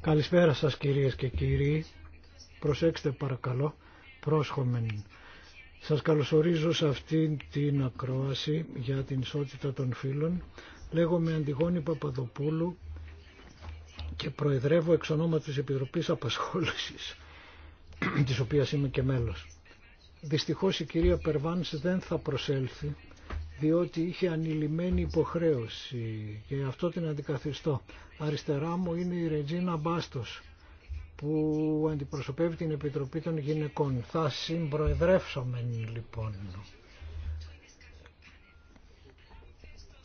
Καλησπέρα σας κυρίες και κύριοι. Προσέξτε παρακαλώ, πρόσχομεν. Σας καλωσορίζω σε αυτή την ακρόαση για την ισότητα των φίλων. Λέγομαι Αντιγόνη Παπαδοπούλου και προεδρεύω εξ ονόματος της Επιτροπής Απασχόλησης, της οποίας είμαι και μέλος. Δυστυχώς η κυρία Περβάνς δεν θα προσέλθει διότι είχε ανηλυμένη υποχρέωση και αυτό την αντικαθιστώ. Αριστερά μου είναι η Ρετζίνα Μπάστος που αντιπροσωπεύει την Επιτροπή των Γυναικών. Θα συμπροεδρεύσομεν λοιπόν.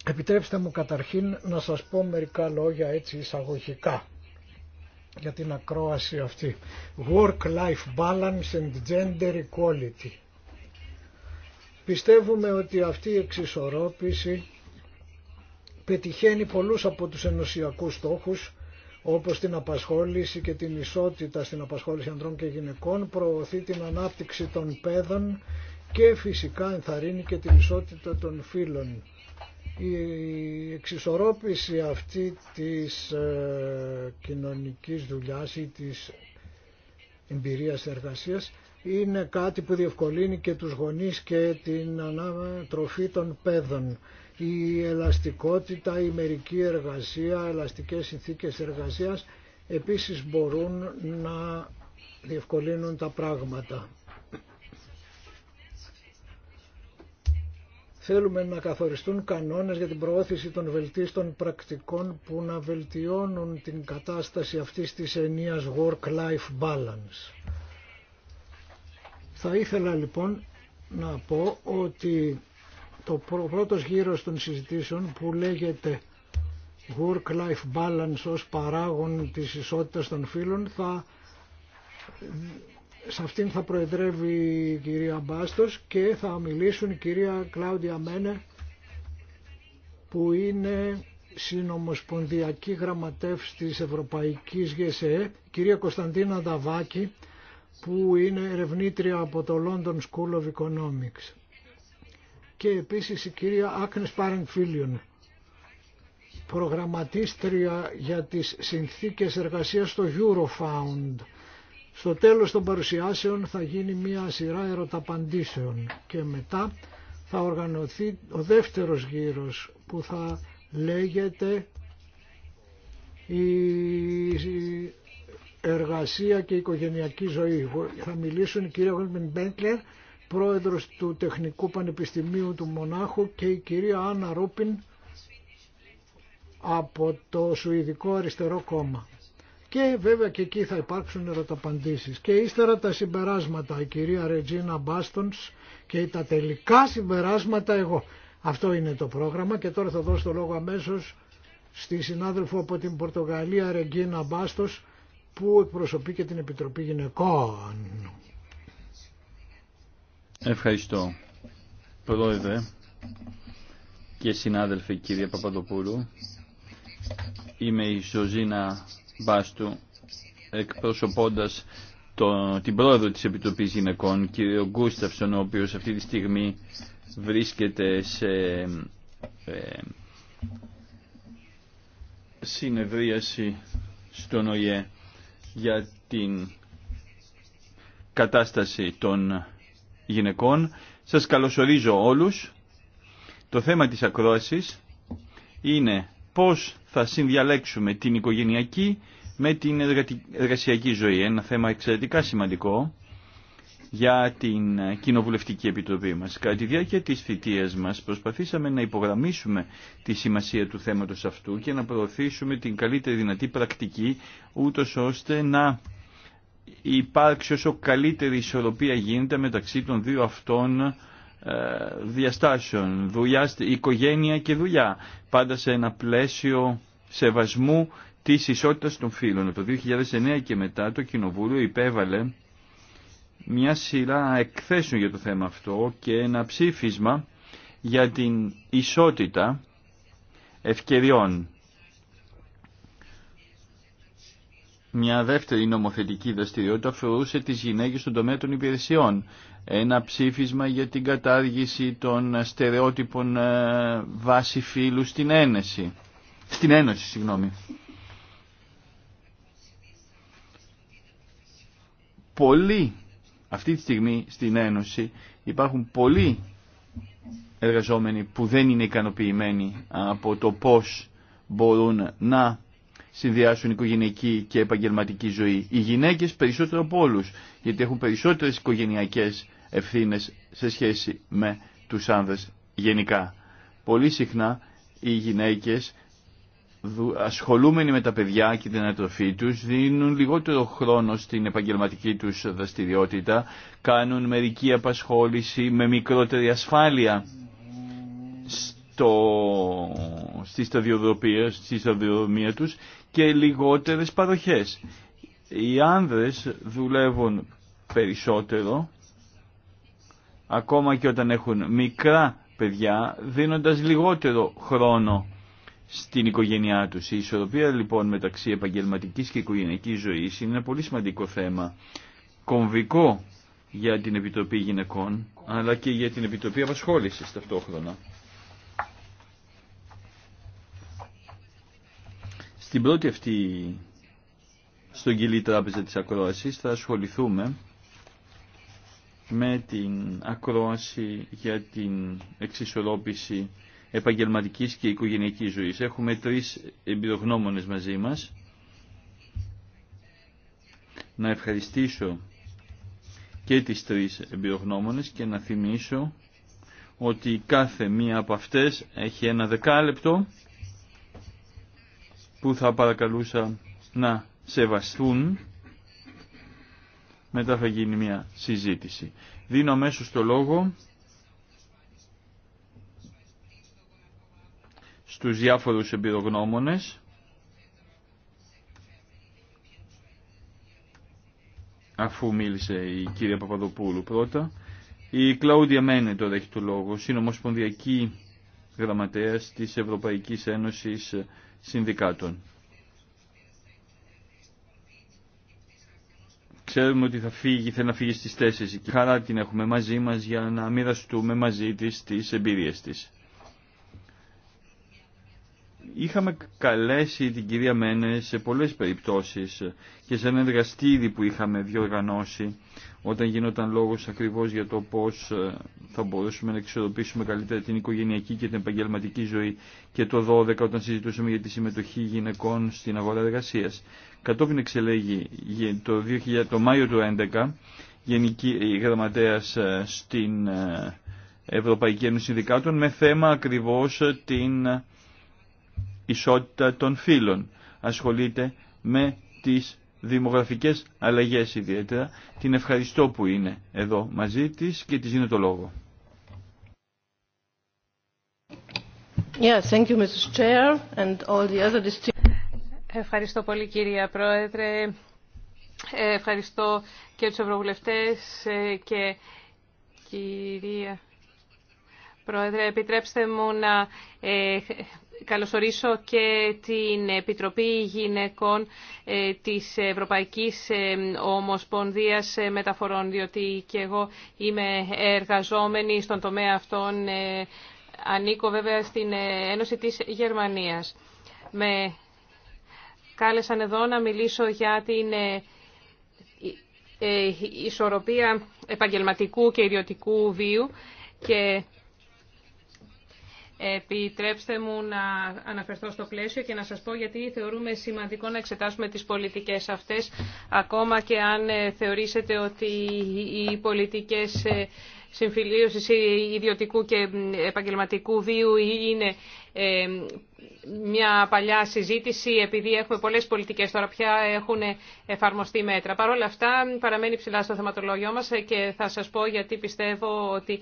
Επιτρέψτε μου καταρχήν να σας πω μερικά λόγια έτσι εισαγωγικά για την ακρόαση αυτή. Work-life balance and gender equality. Πιστεύουμε ότι αυτή η εξισορρόπηση πετυχαίνει πολλούς από τους ενωσιακούς στόχους όπως την απασχόληση και την ισότητα στην απασχόληση ανδρών και γυναικών, προωθεί την ανάπτυξη των παιδών και φυσικά ενθαρρύνει και την ισότητα των φύλων. Η εξισορρόπηση αυτή της ε, κοινωνικής δουλειάς ή της εμπειρίας εργασίας είναι κάτι που διευκολύνει και τους γονείς και την ανατροφή των παιδών. Η ελαστικότητα, η μερική εργασία, ελαστικές συνθήκες εργασίας επίσης μπορούν να διευκολύνουν τα πράγματα. Θέλουμε να καθοριστούν κανόνες για την προώθηση των βελτίστων πρακτικών που να βελτιώνουν την κατάσταση αυτής της ενίας work-life balance. Θα ήθελα λοιπόν να πω ότι το πρώτος γύρος των συζητήσεων που λέγεται work-life balance ως παράγον της ισότητας των φύλων θα σε αυτήν θα προεδρεύει η κυρία Μπάστος και θα μιλήσουν η κυρία Κλάουδια Μένε που είναι συνομοσπονδιακή γραμματεύς της Ευρωπαϊκής ΓΕΣΕ, κυρία Κωνσταντίνα Νταβάκη που είναι ερευνήτρια από το London School of Economics και επίσης η κυρία Άκνες Παρενφίλιον προγραμματίστρια για τις συνθήκες εργασίας στο Eurofound. Στο τέλος των παρουσιάσεων θα γίνει μία σειρά ερωταπαντήσεων και μετά θα οργανωθεί ο δεύτερος γύρος που θα λέγεται η εργασία και οικογενειακή ζωή. Θα μιλήσουν η κυρία Γόλμιν Μπέντλερ, πρόεδρος του Τεχνικού Πανεπιστημίου του Μονάχου και η κυρία Άννα Ρούπιν από το Σουηδικό Αριστερό Κόμμα. Και βέβαια και εκεί θα υπάρξουν ερωταπαντήσεις. Και ύστερα τα συμπεράσματα, η κυρία Ρετζίνα Μπάστονς και τα τελικά συμπεράσματα εγώ. Αυτό είναι το πρόγραμμα και τώρα θα δώσω το λόγο αμέσως στη συνάδελφο από την Πορτογαλία Ρεγκίνα Μπάστος που εκπροσωπεί και την Επιτροπή Γυναικών. Ευχαριστώ. Πρόεδρε και συνάδελφοι κύριε Παπαδοπούλου, είμαι η Ζωζίνα Μπάστου, εκπροσωπώντας την πρόεδρο της Επιτροπής Γυναικών, κύριο Γκούσταυσον, ο οποίος αυτή τη στιγμή βρίσκεται σε ε, συνεδρίαση στον ΟΗΕ για την κατάσταση των γυναικών. Σας καλωσορίζω όλους. Το θέμα της ακρόασης είναι πώς θα συνδιαλέξουμε την οικογενειακή με την εργασιακή ζωή. Ένα θέμα εξαιρετικά σημαντικό για την ε, Κοινοβουλευτική Επιτροπή μας. Κατά τη διάρκεια της θητείας μας προσπαθήσαμε να υπογραμμίσουμε τη σημασία του θέματος αυτού και να προωθήσουμε την καλύτερη δυνατή πρακτική ούτως ώστε να υπάρξει όσο καλύτερη ισορροπία γίνεται μεταξύ των δύο αυτών ε, διαστάσεων, δουλειά, οικογένεια και δουλειά, πάντα σε ένα πλαίσιο σεβασμού της ισότητας των φύλων. Το 2009 και μετά το Κοινοβούλιο υπέβαλε μια σειρά εκθέσεων για το θέμα αυτό και ένα ψήφισμα για την ισότητα ευκαιριών. Μια δεύτερη νομοθετική δραστηριότητα αφορούσε τις γυναίκες στον τομέα των υπηρεσιών. Ένα ψήφισμα για την κατάργηση των στερεότυπων ε, βάση φύλου στην Ένωση. Στην Ένωση, συγγνώμη. Πολλοί αυτή τη στιγμή στην Ένωση υπάρχουν πολλοί εργαζόμενοι που δεν είναι ικανοποιημένοι από το πώς μπορούν να συνδυάσουν οικογενειακή και επαγγελματική ζωή. Οι γυναίκες περισσότερο από όλου, γιατί έχουν περισσότερες οικογενειακές ευθύνες σε σχέση με τους άνδρες γενικά. Πολύ συχνά οι γυναίκες ασχολούμενοι με τα παιδιά και την ανατροφή τους δίνουν λιγότερο χρόνο στην επαγγελματική τους δραστηριότητα, κάνουν μερική απασχόληση με μικρότερη ασφάλεια στο, στη σταδιοδρομία, στη τους και λιγότερες παροχές. Οι άνδρες δουλεύουν περισσότερο, ακόμα και όταν έχουν μικρά παιδιά, δίνοντας λιγότερο χρόνο στην οικογένειά τους. Η ισορροπία λοιπόν μεταξύ επαγγελματικής και οικογενειακή ζωής είναι ένα πολύ σημαντικό θέμα, κομβικό για την Επιτροπή Γυναικών, αλλά και για την Επιτροπή απασχόληση ταυτόχρονα. Στην πρώτη αυτή στρογγυλή τράπεζα της ακρόασης θα ασχοληθούμε με την ακρόαση για την εξισορρόπηση επαγγελματικής και οικογενειακής ζωής. Έχουμε τρεις εμπειρογνώμονες μαζί μας. Να ευχαριστήσω και τις τρεις εμπειρογνώμονες και να θυμίσω ότι κάθε μία από αυτές έχει ένα δεκάλεπτο που θα παρακαλούσα να σεβαστούν. Μετά θα γίνει μια συζήτηση. Δίνω αμέσως το λόγο στους διάφορους εμπειρογνώμονες. Αφού μίλησε η κυρία Παπαδοπούλου πρώτα. Η Κλαούδια Μένε τώρα έχει το λόγο, είναι ομοσπονδιακή γραμματέας της Ευρωπαϊκής Ένωσης Συνδικάτων. Ξέρουμε ότι θα φύγει, θέλει να φύγει στις τέσσερις και χαρά την έχουμε μαζί μας για να μοιραστούμε μαζί της τις εμπειρίες της. Είχαμε καλέσει την κυρία Μένε σε πολλές περιπτώσεις και σε ένα εργαστήρι που είχαμε διοργανώσει όταν γινόταν λόγος ακριβώς για το πώς ε, θα μπορούσαμε να εξορροπήσουμε καλύτερα την οικογενειακή και την επαγγελματική ζωή και το 12 όταν συζητούσαμε για τη συμμετοχή γυναικών στην αγορά εργασία. Κατόπιν εξελέγει το, 2000, το Μάιο του 2011 Γενική Γραμματέας ε, στην ε, Ευρωπαϊκή Ένωση Συνδικάτων με θέμα ακριβώς την ισότητα των φύλων. Ασχολείται με τις δημογραφικές αλλαγές ιδιαίτερα. Την ευχαριστώ που είναι εδώ μαζί της και της δίνω το λόγο. thank you, Mr. Chair, and all the other... Ευχαριστώ πολύ κυρία Πρόεδρε. Ευχαριστώ και τους ευρωβουλευτές ε, και κυρία Πρόεδρε. Επιτρέψτε μου να ε, καλωσορίσω και την Επιτροπή Γυναικών ε, της Ευρωπαϊκής ε, Ομοσπονδίας Μεταφορών, διότι και εγώ είμαι εργαζόμενη στον τομέα αυτόν. Ε, ανήκω βέβαια στην Ένωση της Γερμανίας. Με κάλεσαν εδώ να μιλήσω για την ισορροπία επαγγελματικού και ιδιωτικού βίου και Επιτρέψτε μου να αναφερθώ στο πλαίσιο και να σας πω γιατί θεωρούμε σημαντικό να εξετάσουμε τις πολιτικές αυτές, ακόμα και αν ε, θεωρήσετε ότι οι πολιτικές ε, συμφιλίωσης ε, ιδιωτικού και επαγγελματικού βίου είναι μια παλιά συζήτηση επειδή έχουμε πολλές πολιτικές τώρα πια έχουν εφαρμοστεί μέτρα. Παρ' όλα αυτά παραμένει ψηλά στο θεματολόγιο μας και θα σας πω γιατί πιστεύω ότι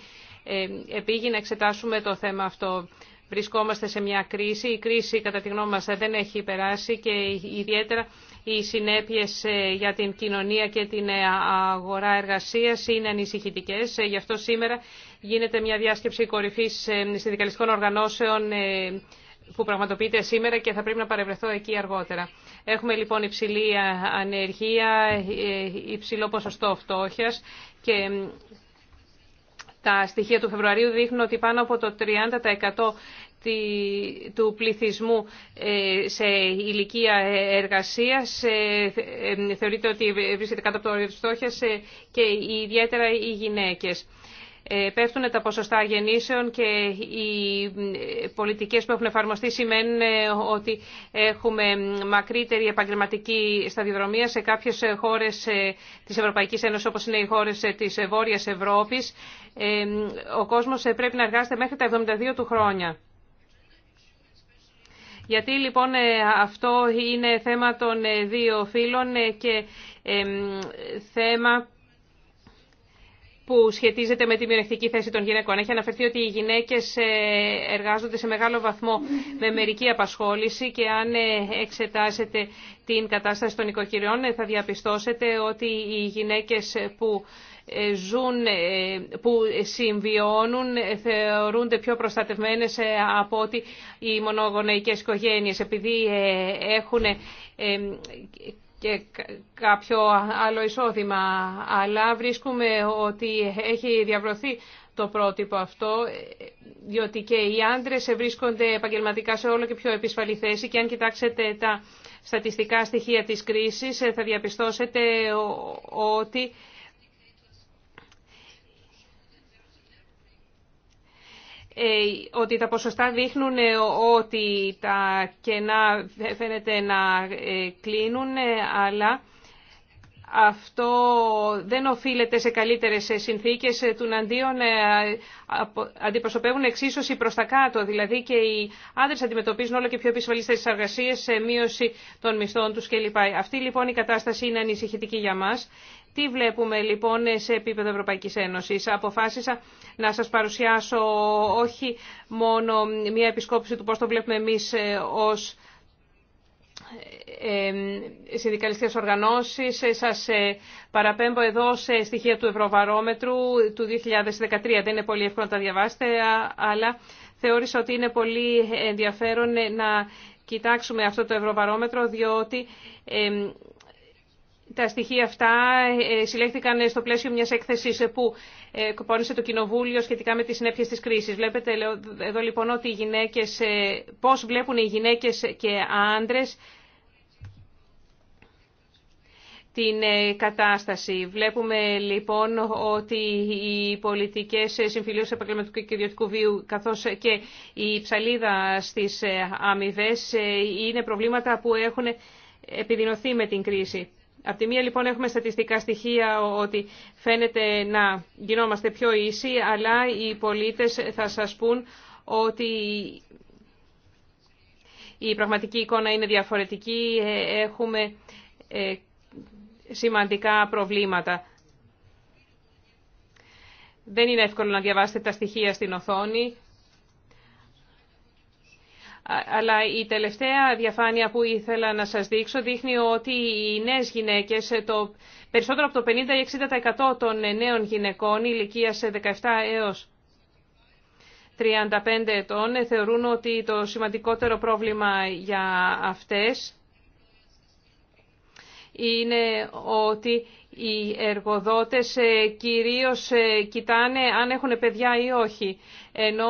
ε, Επίγει να εξετάσουμε το θέμα αυτό. Βρισκόμαστε σε μια κρίση. Η κρίση, κατά τη γνώμη μας, δεν έχει περάσει και ιδιαίτερα οι συνέπειες ε, για την κοινωνία και την ε, αγορά εργασίας είναι ανησυχητικές. Γι' αυτό σήμερα γίνεται μια διάσκεψη κορυφής συνδικαλιστικών οργανώσεων που πραγματοποιείται σήμερα και θα πρέπει να παρευρεθώ εκεί αργότερα. Έχουμε λοιπόν υψηλή ανεργία, υψηλό ποσοστό φτώχειας και τα στοιχεία του Φεβρουαρίου δείχνουν ότι πάνω από το 30% του πληθυσμού ε, σε ηλικία εργασίας ε, ε, θεωρείται ότι βρίσκεται κάτω από το όριο της και ιδιαίτερα οι γυναίκες. Ε, πέφτουν τα ποσοστά γεννήσεων και οι ε, πολιτικές που έχουν εφαρμοστεί σημαίνουν ε, ότι έχουμε μακρύτερη επαγγελματική σταδιοδρομία σε κάποιες χώρες της Ευρωπαϊκής Ένωσης όπως είναι οι χώρες της Βόρειας Ευρώπης. Ο κόσμος πρέπει να εργάζεται μέχρι τα 72 του χρόνια. Γιατί λοιπόν αυτό είναι θέμα των δύο φύλων και θέμα που σχετίζεται με τη μειονεκτική θέση των γυναικών. Έχει αναφερθεί ότι οι γυναίκες ε, εργάζονται σε μεγάλο βαθμό με μερική απασχόληση και αν ε, εξετάσετε την κατάσταση των οικοκυριών ε, θα διαπιστώσετε ότι οι γυναίκες που ζουν, που συμβιώνουν, θεωρούνται πιο προστατευμένες από ότι οι μονογονεϊκές οικογένειες, επειδή έχουν και κάποιο άλλο εισόδημα, αλλά βρίσκουμε ότι έχει διαβρωθεί το πρότυπο αυτό, διότι και οι άντρε βρίσκονται επαγγελματικά σε όλο και πιο επισφαλή θέση και αν κοιτάξετε τα στατιστικά στοιχεία της κρίσης θα διαπιστώσετε ότι Ε, ότι τα ποσοστά δείχνουν ε, ότι τα κενά φαίνεται να ε, κλείνουν, αλλά αυτό δεν οφείλεται σε καλύτερες συνθήκες ε, του αντίον ε, αντιπροσωπεύουν εξίσωση προς τα κάτω. Δηλαδή και οι άντρες αντιμετωπίζουν όλο και πιο επισφαλείς θέσεις εργασίες σε μείωση των μισθών τους κλπ. Αυτή λοιπόν η κατάσταση είναι ανησυχητική για μας. Τι βλέπουμε λοιπόν ε, σε επίπεδο Ευρωπαϊκής Ένωσης. Αποφάσισα να σας παρουσιάσω όχι μόνο μια επισκόπηση του πώς το βλέπουμε εμείς ως συνδικαλιστικές οργανώσεις. Ε, σας ε, παραπέμπω εδώ σε στοιχεία του Ευρωβαρόμετρου του 2013. Δεν είναι πολύ εύκολο να τα διαβάσετε, αλλά θεώρησα ότι είναι πολύ ενδιαφέρον ε, να κοιτάξουμε αυτό το Ευρωβαρόμετρο, διότι τα στοιχεία αυτά ε, συλλέχθηκαν στο πλαίσιο μιας έκθεσης ε, που ε, κοπώνησε το Κοινοβούλιο σχετικά με τις συνέπειες της κρίσης. Βλέπετε εδώ λοιπόν ότι οι γυναίκες, πώς βλέπουν οι γυναίκες και άντρες την κατάσταση. Βλέπουμε λοιπόν ότι οι πολιτικές συμφιλίες επαγγελματικού και ιδιωτικού βίου καθώς και η ψαλίδα στις αμοιβέ είναι προβλήματα που έχουν επιδεινωθεί με την κρίση. Από τη μία λοιπόν έχουμε στατιστικά στοιχεία ότι φαίνεται να γινόμαστε πιο ίσοι, αλλά οι πολίτες θα σας πούν ότι η πραγματική εικόνα είναι διαφορετική, ε, έχουμε ε, σημαντικά προβλήματα. Δεν είναι εύκολο να διαβάσετε τα στοιχεία στην οθόνη. Αλλά η τελευταία διαφάνεια που ήθελα να σας δείξω δείχνει ότι οι νέες γυναίκες, ε, το περισσότερο από το 50 60% των ε, νέων γυναικών σε 17 έως 35 ετών ε, θεωρούν ότι το σημαντικότερο πρόβλημα για αυτές είναι ότι οι εργοδότες κυρίως κοιτάνε αν έχουν παιδιά ή όχι. Ενώ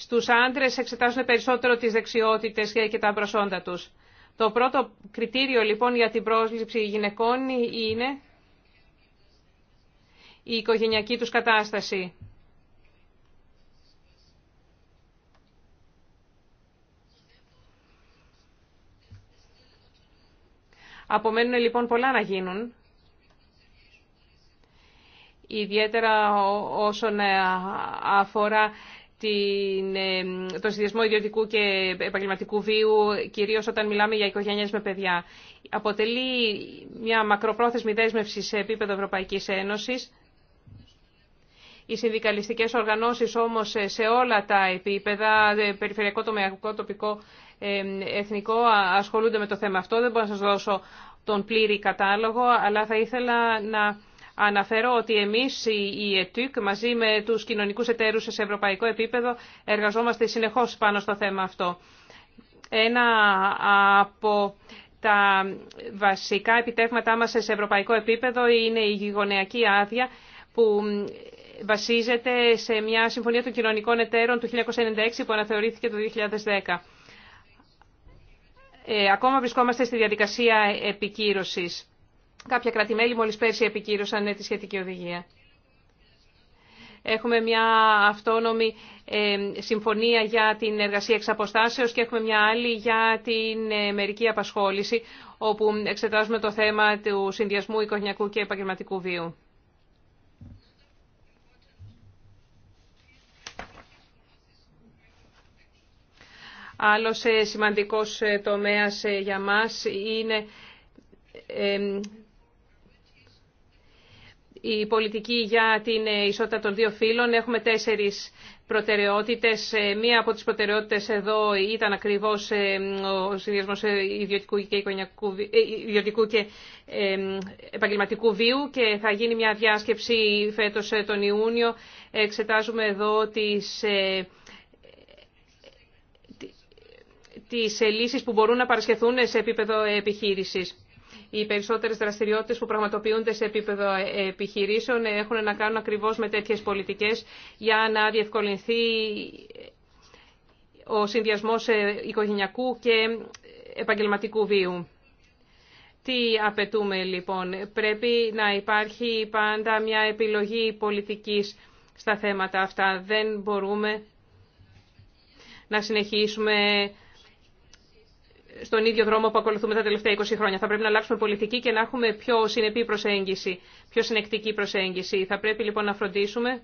στους άντρες εξετάζουν περισσότερο τις δεξιότητες και τα προσόντα τους. Το πρώτο κριτήριο λοιπόν για την πρόσληψη γυναικών είναι η οικογενειακή τους κατάσταση. Απομένουν λοιπόν πολλά να γίνουν, ιδιαίτερα όσον ε, αφορά την, τον συνδυασμό ιδιωτικού και επαγγελματικού βίου, κυρίως όταν μιλάμε για οικογένειες με παιδιά. Αποτελεί μια μακροπρόθεσμη δέσμευση σε επίπεδο Ευρωπαϊκής Ένωσης. Οι συνδικαλιστικές οργανώσεις όμως σε όλα τα επίπεδα, περιφερειακό, τομεακό, τοπικό, εθνικό, ασχολούνται με το θέμα αυτό. Δεν μπορώ να σας δώσω τον πλήρη κατάλογο, αλλά θα ήθελα να αναφέρω ότι εμείς η ΕΤΥΚ μαζί με τους κοινωνικούς εταίρους σε ευρωπαϊκό επίπεδο εργαζόμαστε συνεχώς πάνω στο θέμα αυτό. Ένα από τα βασικά επιτεύγματά μας σε ευρωπαϊκό επίπεδο είναι η γηγονεακή άδεια που βασίζεται σε μια συμφωνία των κοινωνικών εταίρων του 1996 που αναθεωρήθηκε το 2010. Ε, ακόμα βρισκόμαστε στη διαδικασία επικύρωσης. Κάποια κρατημέλη μόλις πέρσι επικύρωσαν ε, τη σχετική οδηγία. Έχουμε μια αυτόνομη ε, συμφωνία για την εργασία εξ και έχουμε μια άλλη για την ε, μερική απασχόληση, όπου εξετάζουμε το θέμα του συνδυασμού οικογενειακού και επαγγελματικού βίου. Άλλος σημαντικός τομέας για μας είναι η πολιτική για την ε, ισότητα των δύο φύλων. Έχουμε τέσσερις προτεραιότητες. Ε, μία από τις προτεραιότητες εδώ ήταν ακριβώς ε, ο συνδυασμός ιδιωτικού και, και επαγγελματικού βίου και θα γίνει μια διάσκεψη φέτος τον Ιούνιο. Εξετάζουμε εδώ τις τις λύσεις που μπορούν να παρασχεθούν σε επίπεδο επιχείρησης οι περισσότερε δραστηριότητε που πραγματοποιούνται σε επίπεδο ε, επιχειρήσεων έχουν να κάνουν ακριβώ με τέτοιε πολιτικέ για να διευκολυνθεί ο συνδυασμό ε, οικογενειακού και επαγγελματικού βίου. Τι απαιτούμε λοιπόν. Πρέπει να υπάρχει πάντα μια επιλογή πολιτικής στα θέματα αυτά. Δεν μπορούμε να συνεχίσουμε στον ίδιο δρόμο που ακολουθούμε τα τελευταία 20 χρόνια. Θα πρέπει να αλλάξουμε πολιτική και να έχουμε πιο συνεπή προσέγγιση, πιο συνεκτική προσέγγιση. Θα πρέπει λοιπόν να φροντίσουμε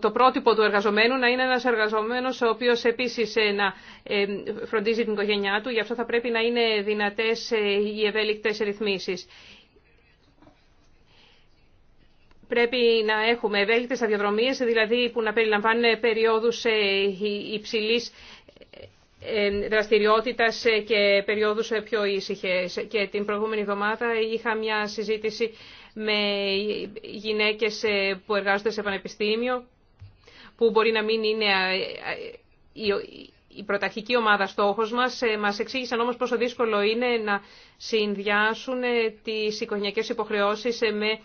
το πρότυπο του εργαζομένου να είναι ένας εργαζομένος ο οποίος επίσης ε, να ε, φροντίζει την οικογένειά του. Γι' αυτό θα πρέπει να είναι δυνατές ε, οι ευέλικτες ρυθμίσεις. Πρέπει να έχουμε ευέλικτες αδιαδρομίες, δηλαδή που να περιλαμβάνουν περιόδους ε, υψηλής ε, δραστηριότητας ε, και περιόδους πιο ήσυχες. Και την προηγούμενη εβδομάδα είχα μια συζήτηση με γυναίκες που εργάζονται σε πανεπιστήμιο, που μπορεί να μην είναι η πρωταρχική ομάδα στόχος μας. Μας εξήγησαν όμως πόσο δύσκολο είναι να συνδυάσουν τις οικογενειακές υποχρεώσεις με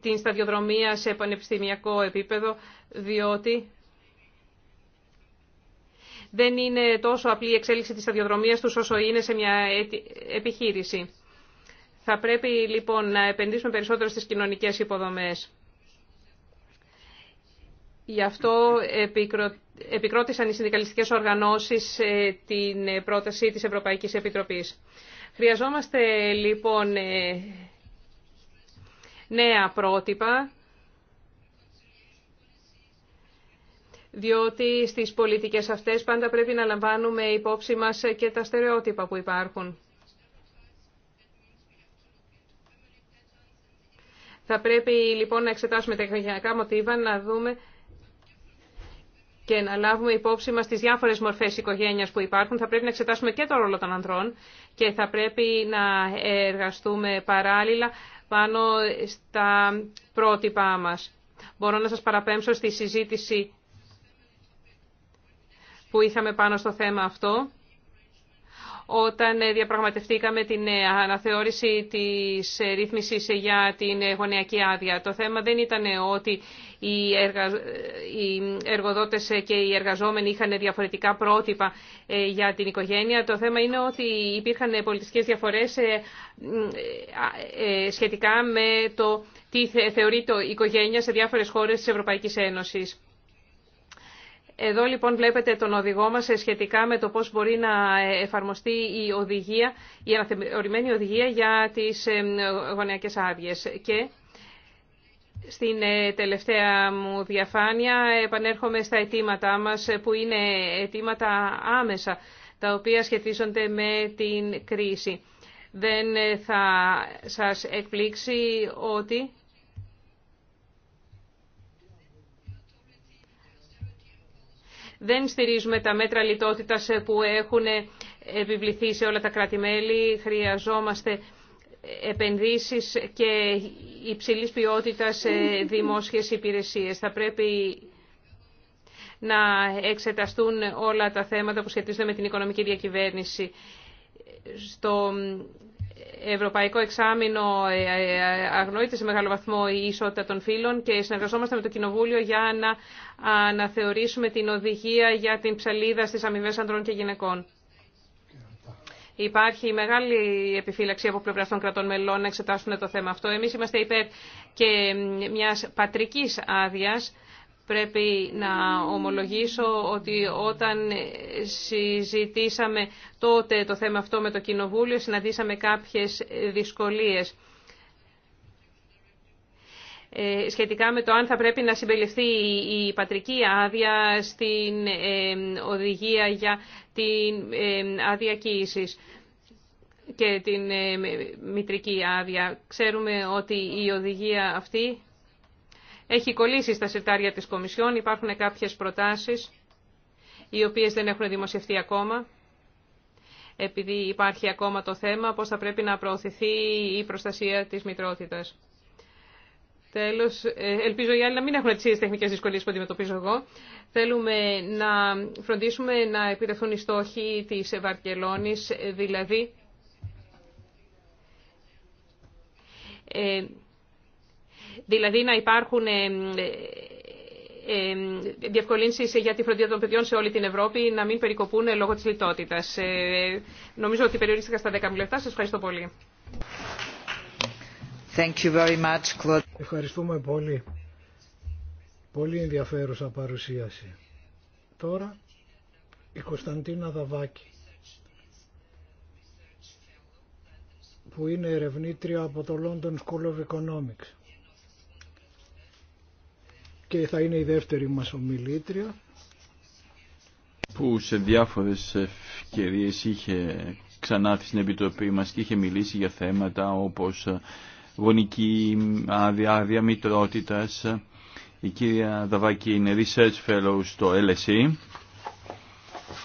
την σταδιοδρομία σε πανεπιστημιακό επίπεδο, διότι δεν είναι τόσο απλή η εξέλιξη της σταδιοδρομίας τους όσο είναι σε μια επιχείρηση. Θα πρέπει λοιπόν να επενδύσουμε περισσότερο στις κοινωνικές υποδομές. Γι' αυτό επικρότησαν οι συνδικαλιστικές οργανώσεις ε, την πρόταση της Ευρωπαϊκής Επιτροπής. Χρειαζόμαστε λοιπόν ε, νέα πρότυπα, διότι στις πολιτικές αυτές πάντα πρέπει να λαμβάνουμε υπόψη μας και τα στερεότυπα που υπάρχουν. Θα πρέπει λοιπόν να εξετάσουμε τα οικογενειακά μοτίβα, να δούμε και να λάβουμε υπόψη μας τις διάφορες μορφές οικογένειας που υπάρχουν. Θα πρέπει να εξετάσουμε και το ρόλο των ανδρών και θα πρέπει να εργαστούμε παράλληλα πάνω στα πρότυπά μας. Μπορώ να σας παραπέμψω στη συζήτηση που είχαμε πάνω στο θέμα αυτό όταν διαπραγματευτήκαμε την αναθεώρηση της ρύθμισης για την γονεακή άδεια. Το θέμα δεν ήταν ότι οι, εργα... εργοδότες και οι εργαζόμενοι είχαν διαφορετικά πρότυπα ε, για την οικογένεια. Το θέμα είναι ότι υπήρχαν πολιτικές διαφορές ε, ε, σχετικά με το τι θεωρείται οικογένεια σε διάφορες χώρες της Ευρωπαϊκής Ένωσης. Εδώ λοιπόν βλέπετε τον οδηγό μας σχετικά με το πώς μπορεί να εφαρμοστεί η οδηγία, η αναθεωρημένη οδηγία για τις γωνιακές άδειες. Και στην ε, τελευταία μου διαφάνεια επανέρχομαι στα αιτήματά μας ε, που είναι αιτήματα άμεσα τα οποία σχετίζονται με την κρίση. Δεν ε, θα σας εκπλήξει ότι δεν στηρίζουμε τα μέτρα λιτότητας που έχουν επιβληθεί σε όλα τα κράτη-μέλη. Χρειαζόμαστε επενδύσεις και υψηλής ποιότητας δημόσιες υπηρεσίες. Θα πρέπει να εξεταστούν όλα τα θέματα που σχετίζονται με την οικονομική διακυβέρνηση. Στο Ευρωπαϊκό Εξάμεινο ε, ε, αγνοείται σε μεγάλο βαθμό η ισότητα των φύλων και συνεργαζόμαστε με το Κοινοβούλιο για να αναθεωρήσουμε την οδηγία για την ψαλίδα στις αμοιβέ ανδρών και γυναικών. Υπάρχει μεγάλη επιφύλαξη από πλευρά των κρατών μελών να εξετάσουν το θέμα αυτό. Εμείς είμαστε υπέρ και μιας πατρικής άδεια. Πρέπει να ομολογήσω ότι όταν συζητήσαμε τότε το θέμα αυτό με το Κοινοβούλιο, συναντήσαμε κάποιες δυσκολίες ε, σχετικά με το αν θα πρέπει να συμπεριληφθεί η πατρική άδεια στην ε, οδηγία για την άδεια κοίησης και την μητρική άδεια. Ξέρουμε ότι η οδηγία αυτή έχει κολλήσει στα σιρτάρια της Κομισιόν. Υπάρχουν κάποιες προτάσεις οι οποίες δεν έχουν δημοσιευτεί ακόμα επειδή υπάρχει ακόμα το θέμα πώς θα πρέπει να προωθηθεί η προστασία της μητρότητας. Τέλος, ε, ελπίζω οι άλλοι να μην έχουν τι ίδιες τεχνικές δυσκολίες που αντιμετωπίζω εγώ. Θέλουμε να φροντίσουμε να επιτευχθούν οι στόχοι τη Βαρκελόνη, ε, δηλαδή ε, δηλαδή να υπάρχουν διευκολύνσεις για τη φροντίδα των παιδιών σε όλη την Ευρώπη να μην περικοπούν λόγω τη λιτότητα. Νομίζω ότι περιορίστηκα στα 10 λεπτά. Σα ευχαριστώ πολύ. Ευχαριστούμε πολύ. Πολύ ενδιαφέρουσα παρουσίαση. Τώρα η Κωνσταντίνα Δαβάκη που είναι ερευνήτρια από το London School of Economics και θα είναι η δεύτερη μας ομιλήτρια που σε διάφορες ευκαιρίες είχε ξανά στην Επιτροπή μας και είχε μιλήσει για θέματα όπως γονική άδεια, Η κυρία Δαβάκη είναι Research Fellow στο LSE.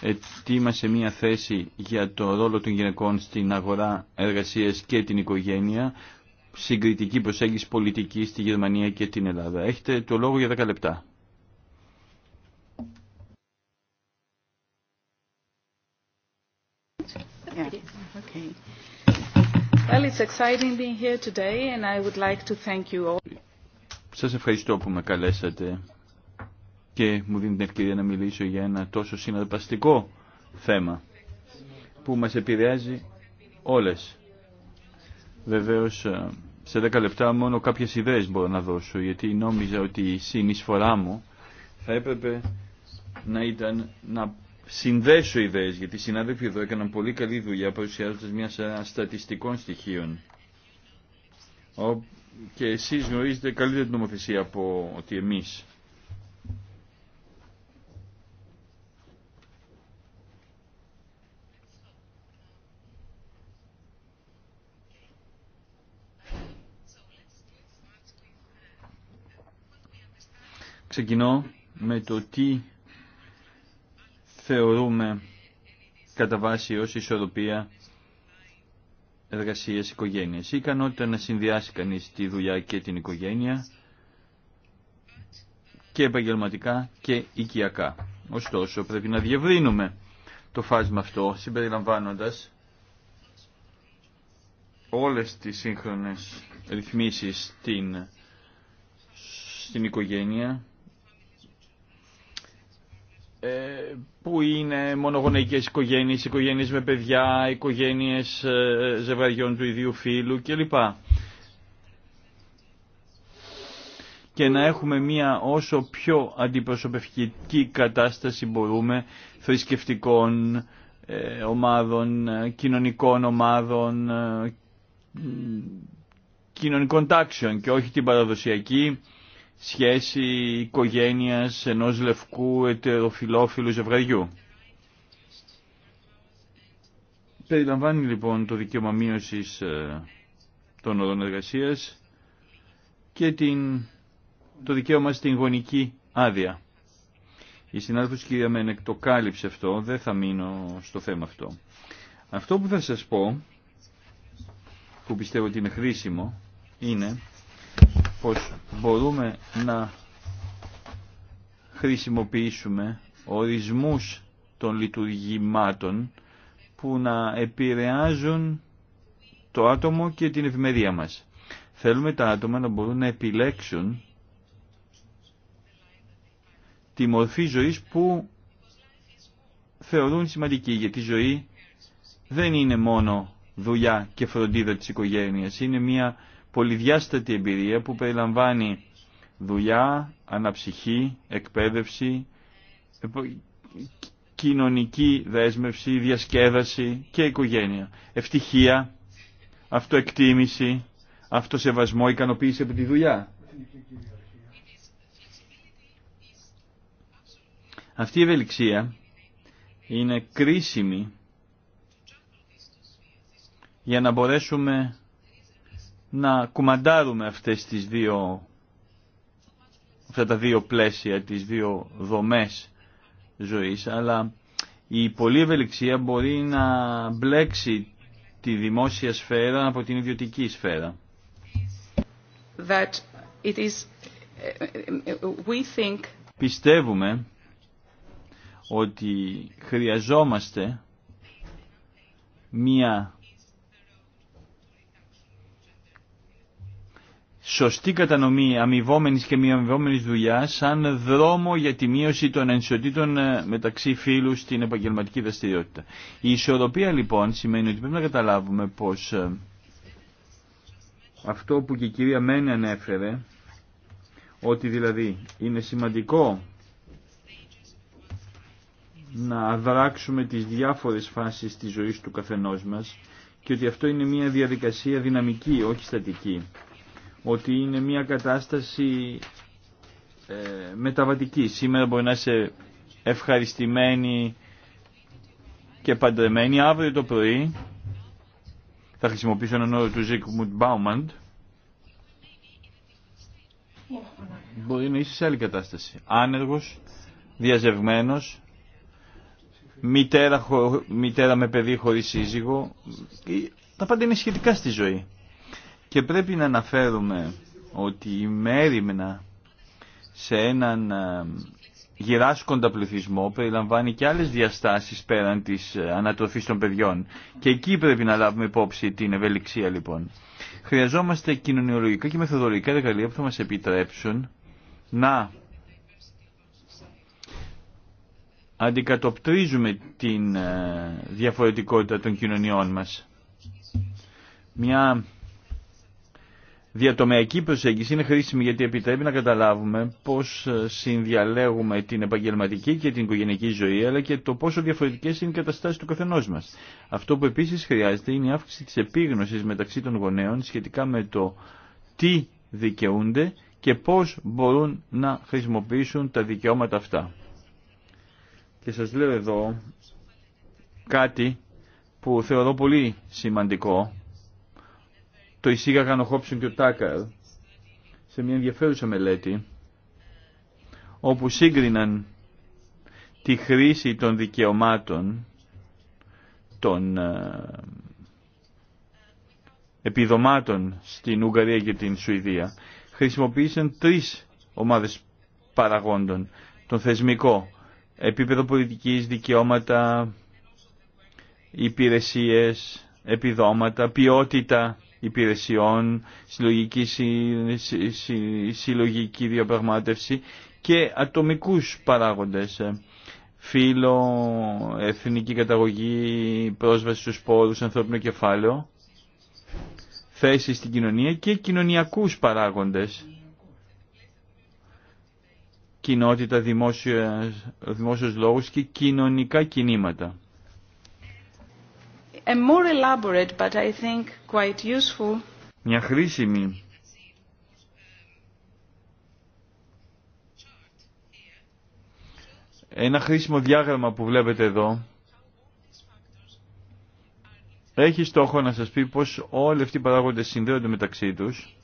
Ετοίμασε μία θέση για το ρόλο των γυναικών στην αγορά εργασίας και την οικογένεια, συγκριτική προσέγγιση πολιτική στη Γερμανία και την Ελλάδα. Έχετε το λόγο για 10 λεπτά. Okay. Well, Σας ευχαριστώ που με καλέσατε και μου δίνετε την ευκαιρία να μιλήσω για ένα τόσο συναρπαστικό θέμα που μας επηρεάζει όλες. Βεβαίως σε δέκα λεπτά μόνο κάποιες ιδέες μπορώ να δώσω γιατί νόμιζα ότι η συνεισφορά μου θα έπρεπε να ήταν να συνδέσω ιδέες, γιατί οι συνάδελφοι εδώ έκαναν πολύ καλή δουλειά παρουσιάζοντας μια στατιστικών στοιχείων. Και εσείς γνωρίζετε καλύτερη νομοθεσία από ότι εμείς. Ξεκινώ με το τι θεωρούμε κατά βάση ως ισορροπία εργασίας οικογένειας. Η ικανότητα να συνδυάσει κανείς τη δουλειά και την οικογένεια και επαγγελματικά και οικιακά. Ωστόσο πρέπει να διευρύνουμε το φάσμα αυτό συμπεριλαμβάνοντας όλες τις σύγχρονες ρυθμίσεις στην, στην οικογένεια ε, που είναι μονογονεϊκές οικογένειες, οικογένειες με παιδιά, οικογένειες ε, ζευγαριών του ιδίου φίλου κλπ. Και να έχουμε μία όσο πιο αντιπροσωπευτική κατάσταση μπορούμε θρησκευτικών ε, ομάδων, κοινωνικών ομάδων, κοινωνικών τάξεων και όχι την παραδοσιακή σχέση οικογένειας ενός λευκού ετεροφιλόφιλου ζευγαριού. Περιλαμβάνει λοιπόν το δικαίωμα μείωσης ε, των ορών εργασίας και την, το δικαίωμα στην γονική άδεια. Η συνάδελφος κυρία Μένεκ το κάλυψε αυτό, δεν θα μείνω στο θέμα αυτό. Αυτό που θα σας πω, που πιστεύω ότι είναι χρήσιμο, είναι πως μπορούμε να χρησιμοποιήσουμε ορισμούς των λειτουργημάτων που να επηρεάζουν το άτομο και την ευημερία μας. Θέλουμε τα άτομα να μπορούν να επιλέξουν τη μορφή ζωής που θεωρούν σημαντική, γιατί η ζωή δεν είναι μόνο δουλειά και φροντίδα της οικογένειας, είναι μια πολυδιάστατη εμπειρία που περιλαμβάνει δουλειά, αναψυχή, εκπαίδευση, κοινωνική δέσμευση, διασκέδαση και οικογένεια. Ευτυχία, αυτοεκτίμηση, αυτοσεβασμό, ικανοποίηση από τη δουλειά. Αυτή η ευελιξία είναι κρίσιμη για να μπορέσουμε να κουμαντάρουμε αυτές τις δύο, αυτά τα δύο πλαίσια, τις δύο δομές ζωής, αλλά η πολλή ευελιξία μπορεί να μπλέξει τη δημόσια σφαίρα από την ιδιωτική σφαίρα. Πιστεύουμε ότι χρειαζόμαστε μία σωστή κατανομή αμοιβόμενης και μη αμοιβόμενης δουλειά σαν δρόμο για τη μείωση των ενισοτήτων ε, μεταξύ φύλου στην επαγγελματική δραστηριότητα. Η ισορροπία λοιπόν σημαίνει ότι πρέπει να καταλάβουμε πως ε, αυτό που και η κυρία Μένε ανέφερε, ότι δηλαδή είναι σημαντικό να αδράξουμε τις διάφορες φάσεις της ζωής του καθενός μας και ότι αυτό είναι μια διαδικασία δυναμική, όχι στατική ότι είναι μια κατάσταση ε, μεταβατική. Σήμερα μπορεί να είσαι ευχαριστημένη και παντρεμένη. Αύριο το πρωί θα χρησιμοποιήσω έναν όρο του Ζίκμουντ Μπάουμαντ. Μπορεί να είσαι σε άλλη κατάσταση. Άνεργος, διαζευμένος, μητέρα, μητέρα με παιδί χωρίς σύζυγο. Τα πάντα είναι σχετικά στη ζωή. Και πρέπει να αναφέρουμε ότι η μέρημνα σε έναν ε, γυράσκοντα πληθυσμό περιλαμβάνει και άλλες διαστάσεις πέραν της ε, ανατροφής των παιδιών. Και εκεί πρέπει να λάβουμε υπόψη την ευελιξία λοιπόν. Χρειαζόμαστε κοινωνιολογικά και μεθοδολογικά εργαλεία που θα μας επιτρέψουν να αντικατοπτρίζουμε την ε, διαφορετικότητα των κοινωνιών μας. Μια διατομεακή προσέγγιση είναι χρήσιμη γιατί επιτρέπει να καταλάβουμε πώς ε, συνδιαλέγουμε την επαγγελματική και την οικογενειακή ζωή αλλά και το πόσο διαφορετικές είναι οι καταστάσεις του καθενός μας. Αυτό που επίσης χρειάζεται είναι η αύξηση της επίγνωσης μεταξύ των γονέων σχετικά με το τι δικαιούνται και πώς μπορούν να χρησιμοποιήσουν τα δικαιώματα αυτά. Και σας λέω εδώ κάτι που θεωρώ πολύ σημαντικό το εισήγαγαν ο Χόψον και ο Τάκαρ σε μια ενδιαφέρουσα μελέτη όπου σύγκριναν τη χρήση των δικαιωμάτων των ε, επιδομάτων στην Ουγγαρία και την Σουηδία χρησιμοποίησαν τρεις ομάδες παραγόντων. Τον θεσμικό, επίπεδο πολιτικής, δικαιώματα, υπηρεσίες, επιδόματα, ποιότητα υπηρεσιών, συλλογική, συ, συ, διαπραγμάτευση και ατομικούς παράγοντες. Φύλλο, εθνική καταγωγή, πρόσβαση στους πόρους, ανθρώπινο κεφάλαιο, θέση στην κοινωνία και κοινωνιακούς παράγοντες. Κοινότητα, δημόσιου δημόσιος λόγος και κοινωνικά κινήματα. Μια χρήσιμη ένα χρήσιμο διάγραμμα που βλέπετε εδώ έχει στόχο να σας πει πως όλοι αυτοί οι παράγοντες συνδέονται μεταξύ τους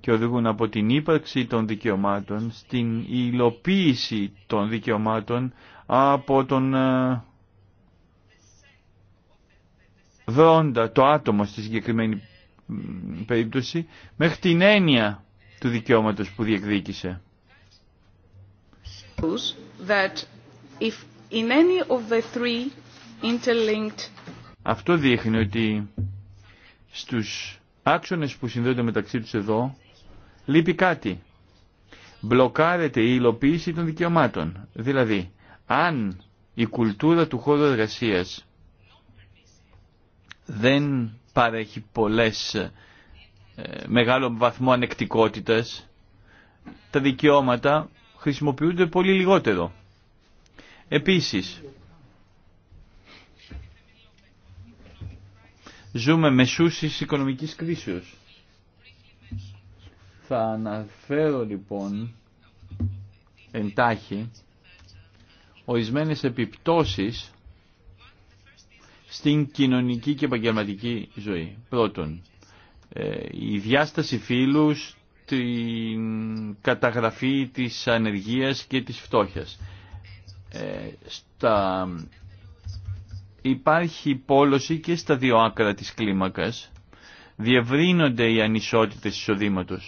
και οδηγούν από την ύπαρξη των δικαιωμάτων στην υλοποίηση των δικαιωμάτων από τον ε, δρόντα το άτομο στη συγκεκριμένη περίπτωση μέχρι την έννοια του δικαιώματος που διεκδίκησε. Αυτό δείχνει ότι στους άξονες που συνδέονται μεταξύ τους εδώ λείπει κάτι. Μπλοκάρεται η υλοποίηση των δικαιωμάτων. Δηλαδή, αν η κουλτούρα του χώρου εργασίας δεν παρέχει πολλές ε, μεγάλο βαθμό ανεκτικότητας τα δικαιώματα χρησιμοποιούνται πολύ λιγότερο. Επίσης, ζούμε μεσούσεις οικονομικής κρίσεως. Θα αναφέρω λοιπόν εντάχει ορισμένες επιπτώσεις στην κοινωνική και επαγγελματική ζωή. Πρώτον, ε, η διάσταση φύλου στην καταγραφή της ανεργίας και της φτώχειας. Ε, στα... Υπάρχει πόλωση και στα δύο άκρα της κλίμακας. Διευρύνονται οι ανισότητες εισοδήματο.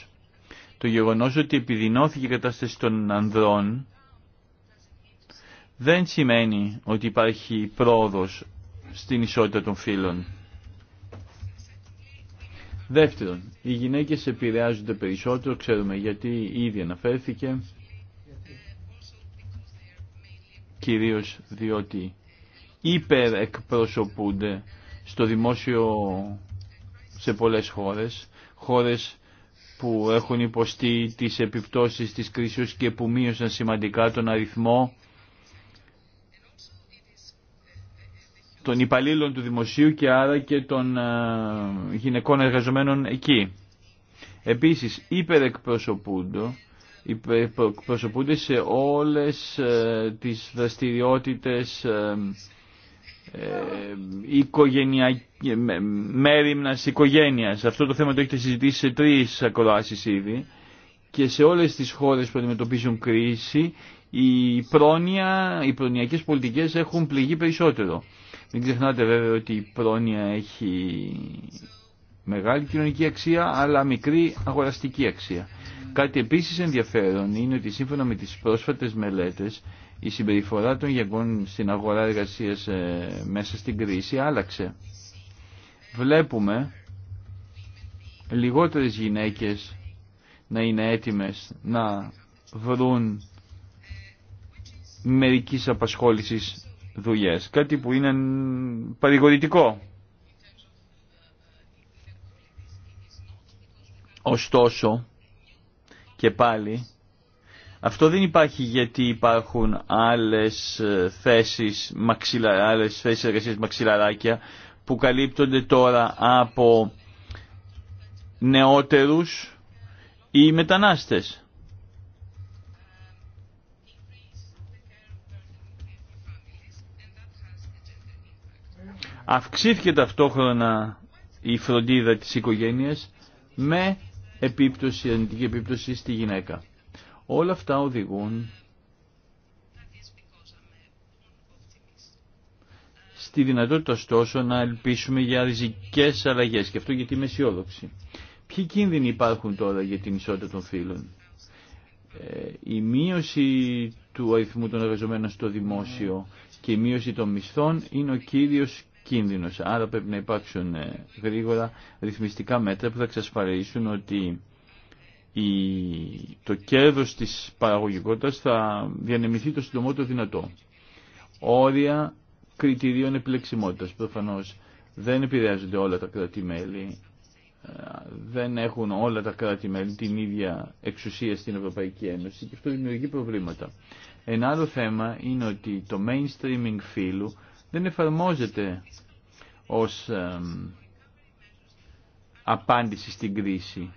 Το γεγονός ότι επιδεινώθηκε η κατάσταση των ανδρών δεν σημαίνει ότι υπάρχει πρόοδος στην ισότητα των φύλων. Δεύτερον, οι γυναίκες επηρεάζονται περισσότερο, ξέρουμε γιατί ήδη αναφέρθηκε, κυρίως διότι υπερεκπροσωπούνται στο δημόσιο σε πολλές χώρες, χώρες που έχουν υποστεί τις επιπτώσεις της κρίσης και που μείωσαν σημαντικά τον αριθμό των υπαλλήλων του δημοσίου και άρα και των ε, γυναικών εργαζομένων εκεί. Επίσης, υπερεκπροσωπούνται σε όλες ε, τις δραστηριότητες ε, οικογενεια... μέρημνας οικογένειας. Αυτό το θέμα το έχετε συζητήσει σε τρεις ακροάσεις ήδη και σε όλες τις χώρες που αντιμετωπίζουν κρίση οι πρόνοια, οι προνοιακές πολιτικές έχουν πληγεί περισσότερο. Μην ξεχνάτε βέβαια ότι η πρόνοια έχει μεγάλη κοινωνική αξία αλλά μικρή αγοραστική αξία. Κάτι επίσης ενδιαφέρον είναι ότι σύμφωνα με τις πρόσφατες μελέτες η συμπεριφορά των γεγών στην αγορά εργασίας ε, μέσα στην κρίση άλλαξε. Βλέπουμε λιγότερες γυναίκες να είναι έτοιμες να βρουν μερικής απασχόλησης δουλειές. Κάτι που είναι παρηγορητικό. Ωστόσο, και πάλι, αυτό δεν υπάρχει γιατί υπάρχουν άλλες θέσεις, μαξιλα, άλλες θέσεις εργασίας μαξιλαράκια που καλύπτονται τώρα από νεότερους ή μετανάστες. Αυξήθηκε ταυτόχρονα η φροντίδα της οικογένειας με επίπτωση, αρνητική επίπτωση στη γυναίκα. Όλα αυτά οδηγούν στη δυνατότητα ωστόσο να ελπίσουμε για ριζικέ αλλαγέ. Και αυτό γιατί είμαι αισιόδοξη. Ποιοι κίνδυνοι υπάρχουν τώρα για την ισότητα των φύλων. Ε, η μείωση του αριθμού των εργαζομένων στο δημόσιο και η μείωση των μισθών είναι ο κύριος κίνδυνος. Άρα πρέπει να υπάρξουν ε, γρήγορα ρυθμιστικά μέτρα που θα εξασφαλίσουν ότι η, το κέρδος της παραγωγικότητας θα διανεμηθεί το συντομότερο δυνατό. Όρια κριτηρίων επιλεξιμότητας προφανώς δεν επηρεάζονται όλα τα κράτη-μέλη, ε, δεν έχουν όλα τα κράτη-μέλη την ίδια εξουσία στην Ευρωπαϊκή Ένωση και αυτό δημιουργεί προβλήματα. Ένα άλλο θέμα είναι ότι το mainstreaming φύλου δεν εφαρμόζεται ως απάντηση στην κρίση.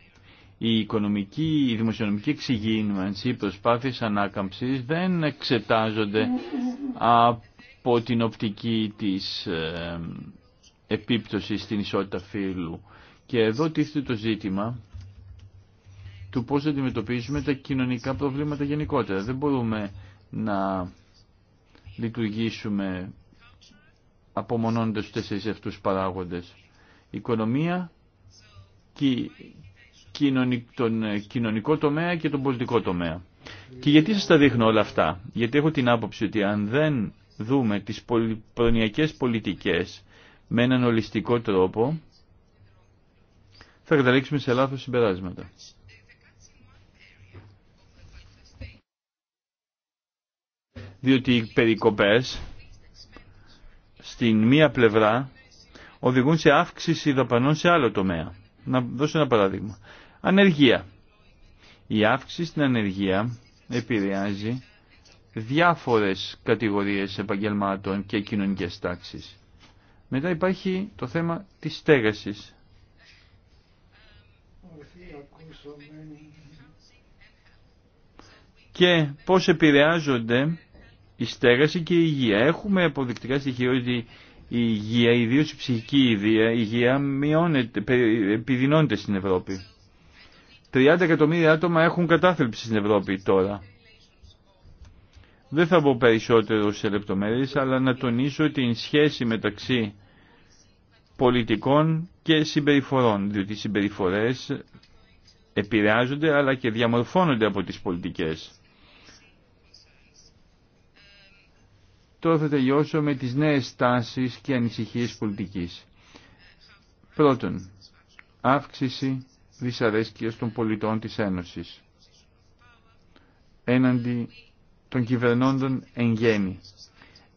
Η οικονομική, η δημοσιονομική εξυγίνηση, οι προσπάθειες ανάκαμψης δεν εξετάζονται από την οπτική της επίπτωσης στην ισότητα φύλου. Και εδώ τίθεται το ζήτημα του πώς αντιμετωπίζουμε τα κοινωνικά προβλήματα γενικότερα. Δεν μπορούμε να λειτουργήσουμε απομονώνοντας στους τέσσερις αυτούς παράγοντες. οικονομία και τον ε, κοινωνικό τομέα και τον πολιτικό τομέα. Και γιατί σας τα δείχνω όλα αυτά. Γιατί έχω την άποψη ότι αν δεν δούμε τις προνοιακές πολιτικές με έναν ολιστικό τρόπο, θα καταλήξουμε σε λάθος συμπεράσματα. Διότι οι περικοπές στην μία πλευρά οδηγούν σε αύξηση δαπανών σε άλλο τομέα. Να δώσω ένα παράδειγμα. Ανεργία. Η αύξηση στην ανεργία επηρεάζει διάφορες κατηγορίες επαγγελμάτων και κοινωνικές τάξεις. Μετά υπάρχει το θέμα της στέγασης. Και πώς επηρεάζονται η στέγαση και η υγεία. Έχουμε αποδεικτικά στοιχεία ότι η υγεία, ιδίως η ψυχική υγεία, υγεία μειώνεται, επιδεινώνεται στην Ευρώπη. 30 εκατομμύρια άτομα έχουν κατάθλιψη στην Ευρώπη τώρα. Δεν θα πω περισσότερο σε λεπτομέρειες, αλλά να τονίσω την σχέση μεταξύ πολιτικών και συμπεριφορών, διότι οι συμπεριφορές επηρεάζονται αλλά και διαμορφώνονται από τις πολιτικές. Τώρα θα τελειώσω με τις νέες τάσεις και ανησυχίες πολιτικής. Πρώτον, αύξηση δυσαρέσκειας των πολιτών της Ένωσης έναντι των κυβερνώντων εν γέννη.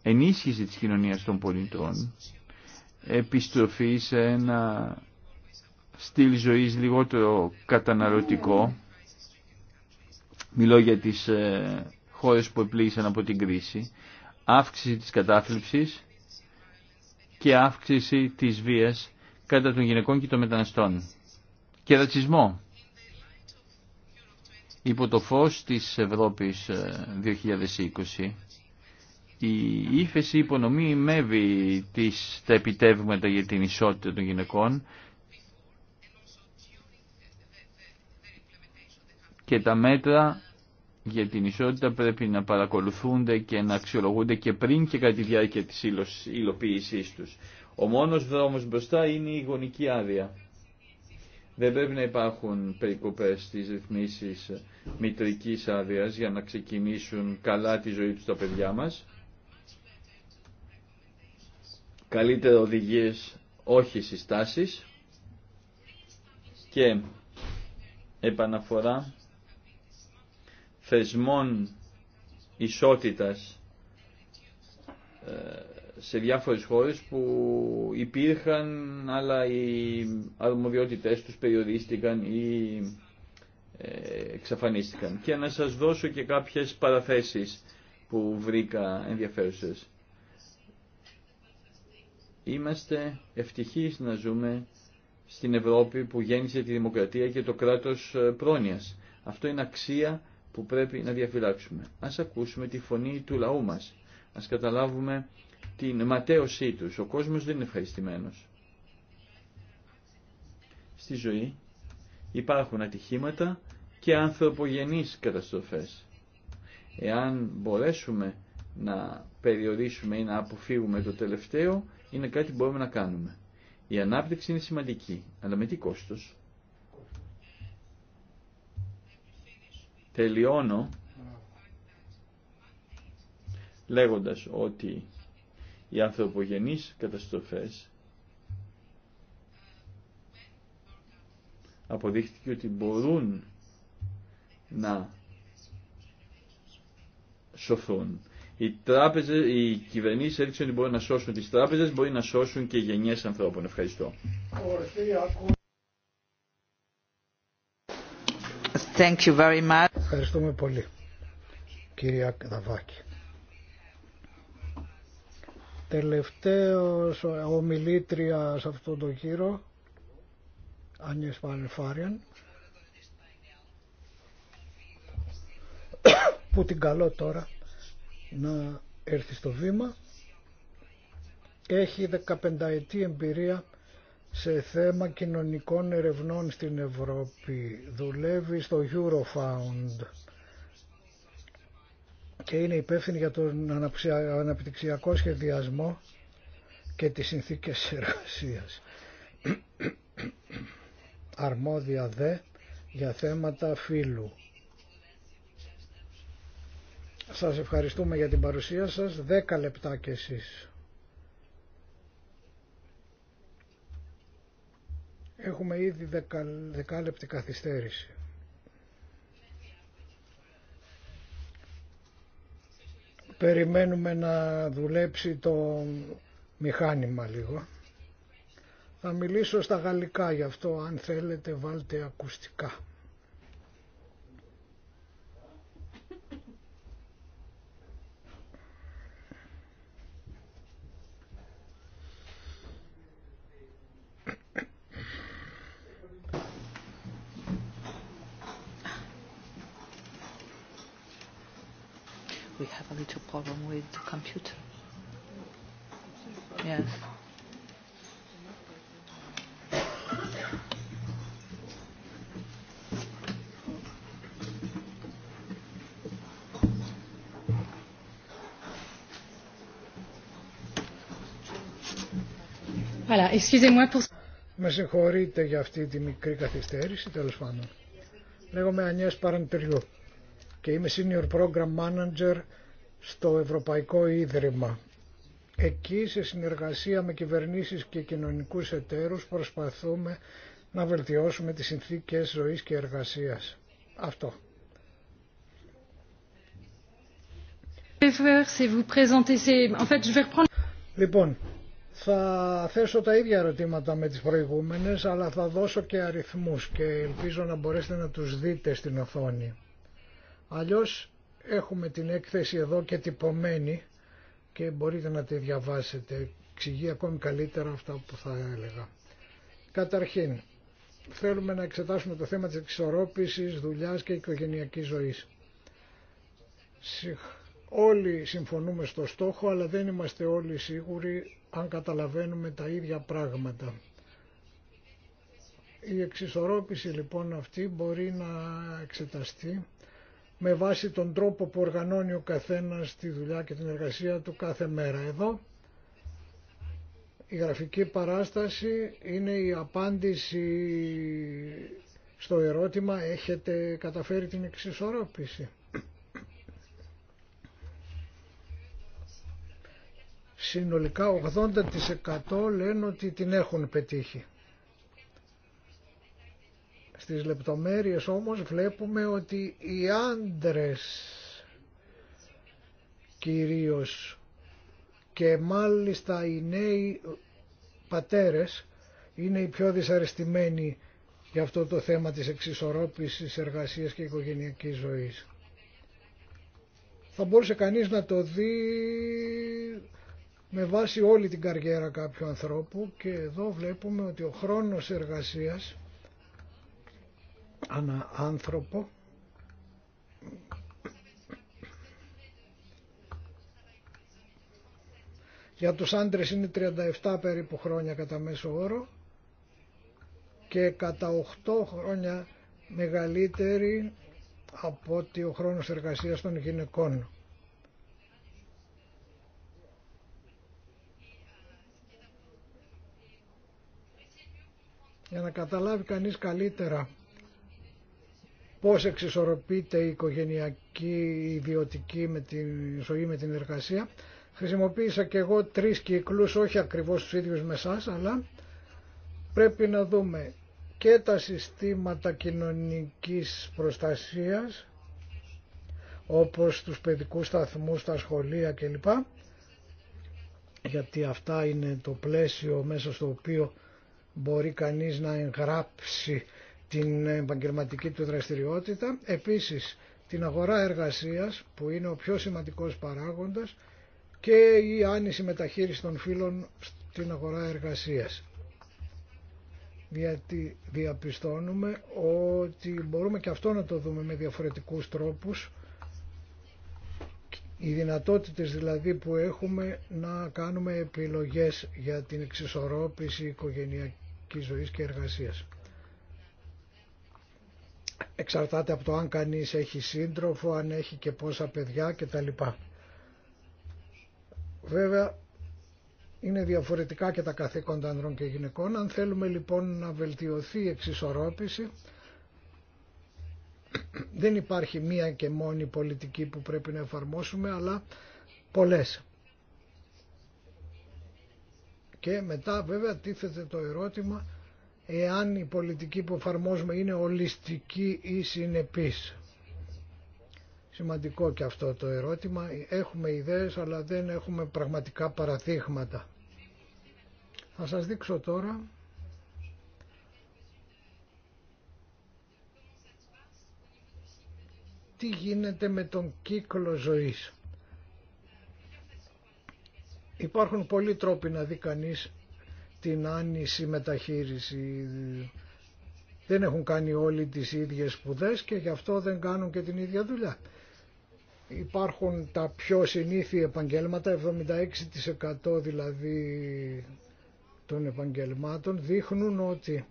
Ενίσχυση της κοινωνίας των πολιτών, επιστροφή σε ένα στυλ ζωής λιγότερο καταναλωτικό, μιλώ για τις ε, χώρες που επλήγησαν από την κρίση, αύξηση της κατάθλιψης και αύξηση της βίας κατά των γυναικών και των μεταναστών. Και ρατσισμό. Υπό το φως της Ευρώπης 2020, ε, η ύφεση υπονομή μεύει τις, τα επιτεύγματα για την ισότητα των γυναικών και τα μέτρα για την ισότητα πρέπει να παρακολουθούνται και να αξιολογούνται και πριν και κατά τη διάρκεια της υλοποίησής τους. Ο μόνος δρόμος μπροστά είναι η γονική άδεια. Δεν πρέπει να υπάρχουν περικοπές στις ρυθμίσεις μητρικής άδεια για να ξεκινήσουν καλά τη ζωή τους τα παιδιά μας. Καλύτερα οδηγίες, όχι συστάσεις. Και επαναφορά θεσμών ισότητας ε, σε διάφορες χώρες που υπήρχαν αλλά οι αρμοδιότητές τους περιορίστηκαν ή ε, εξαφανίστηκαν. Και να σας δώσω και κάποιες παραθέσεις που βρήκα ενδιαφέρουσες. Είμαστε ευτυχείς να ζούμε στην Ευρώπη που γέννησε τη δημοκρατία και το κράτος ε, πρόνοιας. Αυτό είναι αξία που πρέπει να διαφυλάξουμε. Ας ακούσουμε τη φωνή του λαού μας. Ας καταλάβουμε την ματέωσή τους. Ο κόσμος δεν είναι ευχαριστημένος. Στη ζωή υπάρχουν ατυχήματα και ανθρωπογενείς καταστροφές. Εάν μπορέσουμε να περιορίσουμε ή να αποφύγουμε το τελευταίο, είναι κάτι που μπορούμε να κάνουμε. Η ανάπτυξη είναι σημαντική, αλλά με τι κόστος. Τελειώνω λέγοντας ότι οι ανθρωπογενείς καταστροφές αποδείχθηκε ότι μπορούν να σωθούν. Οι, τράπεζες, οι κυβερνήσεις έδειξαν ότι μπορούν να σώσουν τις τράπεζες, μπορεί να σώσουν και γενιές ανθρώπων. Ευχαριστώ. Ευχαριστούμε πολύ, κυρία Καδαβάκη. Τελευταίος ομιλήτρια σε αυτό το γύρο, Άνια Σπανεφάριαν, που την καλώ τώρα να έρθει στο βήμα. Έχει 15 ετή εμπειρία σε θέμα κοινωνικών ερευνών στην Ευρώπη. Δουλεύει στο Eurofound και είναι υπεύθυνη για τον αναπτυξιακό σχεδιασμό και τις συνθήκες εργασίας. Αρμόδια δε για θέματα φύλου. Σας ευχαριστούμε για την παρουσία σας. Δέκα λεπτά κι εσείς. Έχουμε ήδη δεκα, δεκάλεπτη καθυστέρηση. Περιμένουμε να δουλέψει το μηχάνημα λίγο. Θα μιλήσω στα γαλλικά, γι' αυτό αν θέλετε βάλτε ακουστικά. a little problem with the computer. Yes. Voilà, excusez-moi pour... Με συγχωρείτε για αυτή τη μικρή καθυστέρηση, τέλο πάντων. Λέγομαι Ανιές Παραντεριού και είμαι Senior Program Manager στο Ευρωπαϊκό Ίδρυμα. Εκεί σε συνεργασία με κυβερνήσεις και κοινωνικούς εταίρους προσπαθούμε να βελτιώσουμε τις συνθήκες ζωής και εργασίας. Αυτό. Λοιπόν, θα θέσω τα ίδια ερωτήματα με τις προηγούμενες, αλλά θα δώσω και αριθμούς και ελπίζω να μπορέσετε να τους δείτε στην οθόνη. Αλλιώς Έχουμε την έκθεση εδώ και τυπωμένη και μπορείτε να τη διαβάσετε. Εξηγεί ακόμη καλύτερα αυτά που θα έλεγα. Καταρχήν, θέλουμε να εξετάσουμε το θέμα της εξορρόπησης δουλειάς και οικογενειακής ζωής. Όλοι συμφωνούμε στο στόχο, αλλά δεν είμαστε όλοι σίγουροι αν καταλαβαίνουμε τα ίδια πράγματα. Η εξισορρόπηση λοιπόν αυτή μπορεί να εξεταστεί με βάση τον τρόπο που οργανώνει ο καθένας τη δουλειά και την εργασία του κάθε μέρα. Εδώ η γραφική παράσταση είναι η απάντηση στο ερώτημα έχετε καταφέρει την εξισορρόπηση. Συνολικά 80% λένε ότι την έχουν πετύχει. Στις λεπτομέρειες όμως βλέπουμε ότι οι άντρες κυρίως και μάλιστα οι νέοι πατέρες είναι οι πιο δυσαρεστημένοι για αυτό το θέμα της εξισορρόπησης εργασίας και οικογενειακής ζωής. Θα μπορούσε κανείς να το δει με βάση όλη την καριέρα κάποιου ανθρώπου και εδώ βλέπουμε ότι ο χρόνος εργασίας ανά άνθρωπο Για τους άντρες είναι 37 περίπου χρόνια κατά μέσο όρο και κατά 8 χρόνια μεγαλύτερη από ότι ο χρόνος εργασίας των γυναικών. Για να καταλάβει κανείς καλύτερα πώς εξισορροπείται η οικογενειακή, η ιδιωτική με τη ζωή με την εργασία. Χρησιμοποίησα και εγώ τρεις κύκλους, όχι ακριβώς τους ίδιους με εσάς, αλλά πρέπει να δούμε και τα συστήματα κοινωνικής προστασίας, όπως τους παιδικούς σταθμούς, τα σχολεία κλπ. Γιατί αυτά είναι το πλαίσιο μέσα στο οποίο μπορεί κανείς να εγγράψει την επαγγελματική του δραστηριότητα, επίσης την αγορά εργασίας που είναι ο πιο σημαντικός παράγοντας και η άνηση μεταχείριση των φύλων στην αγορά εργασίας. Γιατί διαπιστώνουμε ότι μπορούμε και αυτό να το δούμε με διαφορετικούς τρόπους, οι δυνατότητες δηλαδή που έχουμε να κάνουμε επιλογές για την εξισορρόπηση οικογενειακής ζωής και εργασίας. Εξαρτάται από το αν κανείς έχει σύντροφο, αν έχει και πόσα παιδιά κτλ. Βέβαια είναι διαφορετικά και τα καθήκοντα ανδρών και γυναικών. Αν θέλουμε λοιπόν να βελτιωθεί η εξισορρόπηση, δεν υπάρχει μία και μόνη πολιτική που πρέπει να εφαρμόσουμε, αλλά πολλές. Και μετά βέβαια τίθεται το ερώτημα εάν η πολιτική που εφαρμόζουμε είναι ολιστική ή συνεπής. Σημαντικό και αυτό το ερώτημα. Έχουμε ιδέες αλλά δεν έχουμε πραγματικά παραδείγματα. Θα σας δείξω τώρα τι γίνεται με τον κύκλο ζωής. Υπάρχουν πολλοί τρόποι να δει κανείς την άνηση μεταχείριση. Δεν έχουν κάνει όλοι τις ίδιες σπουδέ και γι' αυτό δεν κάνουν και την ίδια δουλειά. Υπάρχουν τα πιο συνήθιοι επαγγέλματα, 76% δηλαδή των επαγγελμάτων δείχνουν ότι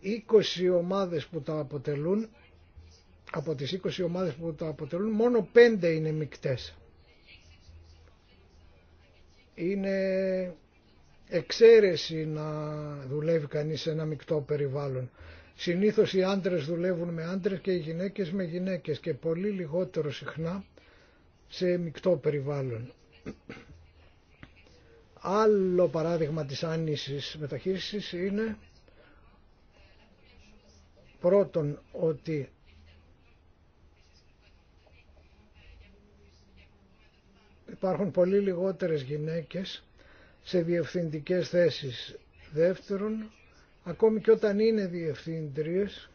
οι 20 ομάδες που τα αποτελούν από τις 20 ομάδες που τα αποτελούν μόνο 5 είναι μικτές. Είναι εξαίρεση να δουλεύει κανείς σε ένα μεικτό περιβάλλον. Συνήθως οι άντρες δουλεύουν με άντρες και οι γυναίκες με γυναίκες και πολύ λιγότερο συχνά σε μεικτό περιβάλλον. Άλλο παράδειγμα της άνησης μεταχείρισης είναι πρώτον ότι υπάρχουν πολύ λιγότερες γυναίκες σε διευθυντικές θέσεις. Δεύτερον, ακόμη και όταν είναι διευθύντριες,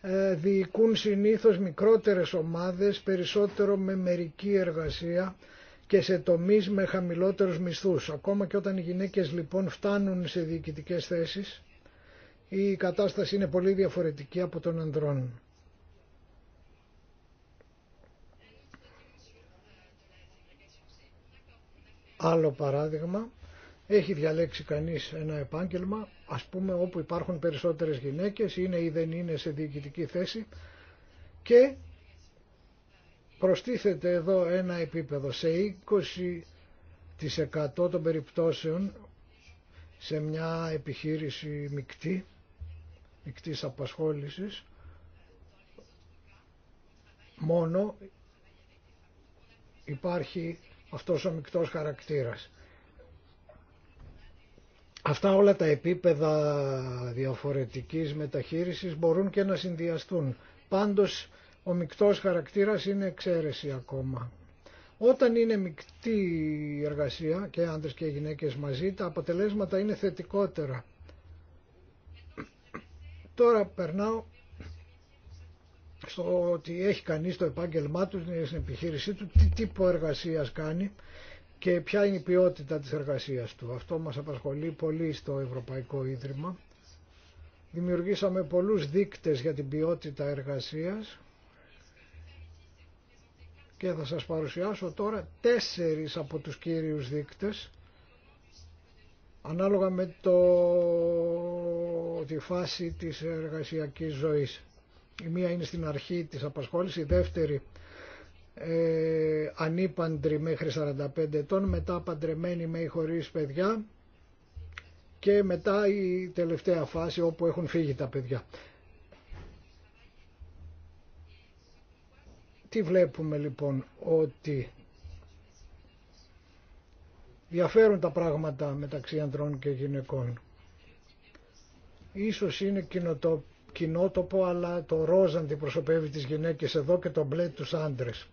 ε, διοικούν συνήθως μικρότερες ομάδες, περισσότερο με μερική εργασία και σε τομείς με χαμηλότερους μισθούς. Ακόμα και όταν οι γυναίκες λοιπόν φτάνουν σε διοικητικές θέσεις, η κατάσταση είναι πολύ διαφορετική από των ανδρών. Άλλο παράδειγμα, έχει διαλέξει κανείς ένα επάγγελμα, ας πούμε όπου υπάρχουν περισσότερες γυναίκες, είναι ή δεν είναι σε διοικητική θέση και προστίθεται εδώ ένα επίπεδο. Σε 20% των περιπτώσεων σε μια επιχείρηση μεικτή, μεικτής απασχόλησης, μόνο υπάρχει αυτός ο μικτός χαρακτήρας. Αυτά όλα τα επίπεδα διαφορετικής μεταχείρισης μπορούν και να συνδυαστούν. Πάντως ο μικτός χαρακτήρας είναι εξαίρεση ακόμα. Όταν είναι μεικτή εργασία και άντρες και γυναίκες μαζί, τα αποτελέσματα είναι θετικότερα. Τώρα περνάω στο ότι έχει κανείς το επάγγελμά του στην επιχείρησή του, τι τύπο εργασίας κάνει και ποια είναι η ποιότητα της εργασίας του. Αυτό μας απασχολεί πολύ στο Ευρωπαϊκό Ίδρυμα. Δημιουργήσαμε πολλούς δείκτες για την ποιότητα εργασίας και θα σας παρουσιάσω τώρα τέσσερις από τους κύριους δείκτες ανάλογα με το... τη φάση της εργασιακής ζωής. Η μία είναι στην αρχή της απασχόλησης, η δεύτερη ε, μέχρι 45 ετών, μετά παντρεμένη με ή χωρίς παιδιά και μετά η τελευταία φάση όπου έχουν φύγει τα παιδιά. Τι βλέπουμε λοιπόν ότι διαφέρουν τα πράγματα μεταξύ ανδρών και γυναικών. Ίσως είναι κοινοτόπο κοινότοπο αλλά το ροζ αντιπροσωπεύει τις γυναίκες εδώ και το μπλε τους άντρες.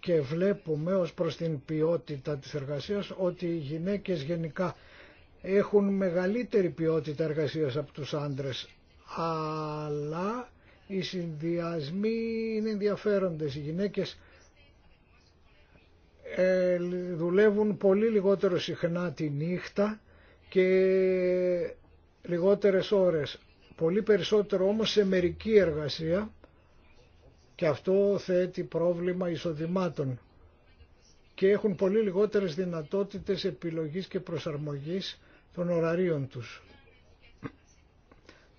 Και βλέπουμε ως προς την ποιότητα της εργασίας ότι οι γυναίκες γενικά έχουν μεγαλύτερη ποιότητα εργασίας από τους άντρες αλλά οι συνδυασμοί είναι ενδιαφέροντες. Οι γυναίκες ε, δουλεύουν πολύ λιγότερο συχνά τη νύχτα και λιγότερες ώρες. Πολύ περισσότερο όμως σε μερική εργασία και αυτό θέτει πρόβλημα εισοδημάτων και έχουν πολύ λιγότερες δυνατότητες επιλογής και προσαρμογής των ωραρίων τους.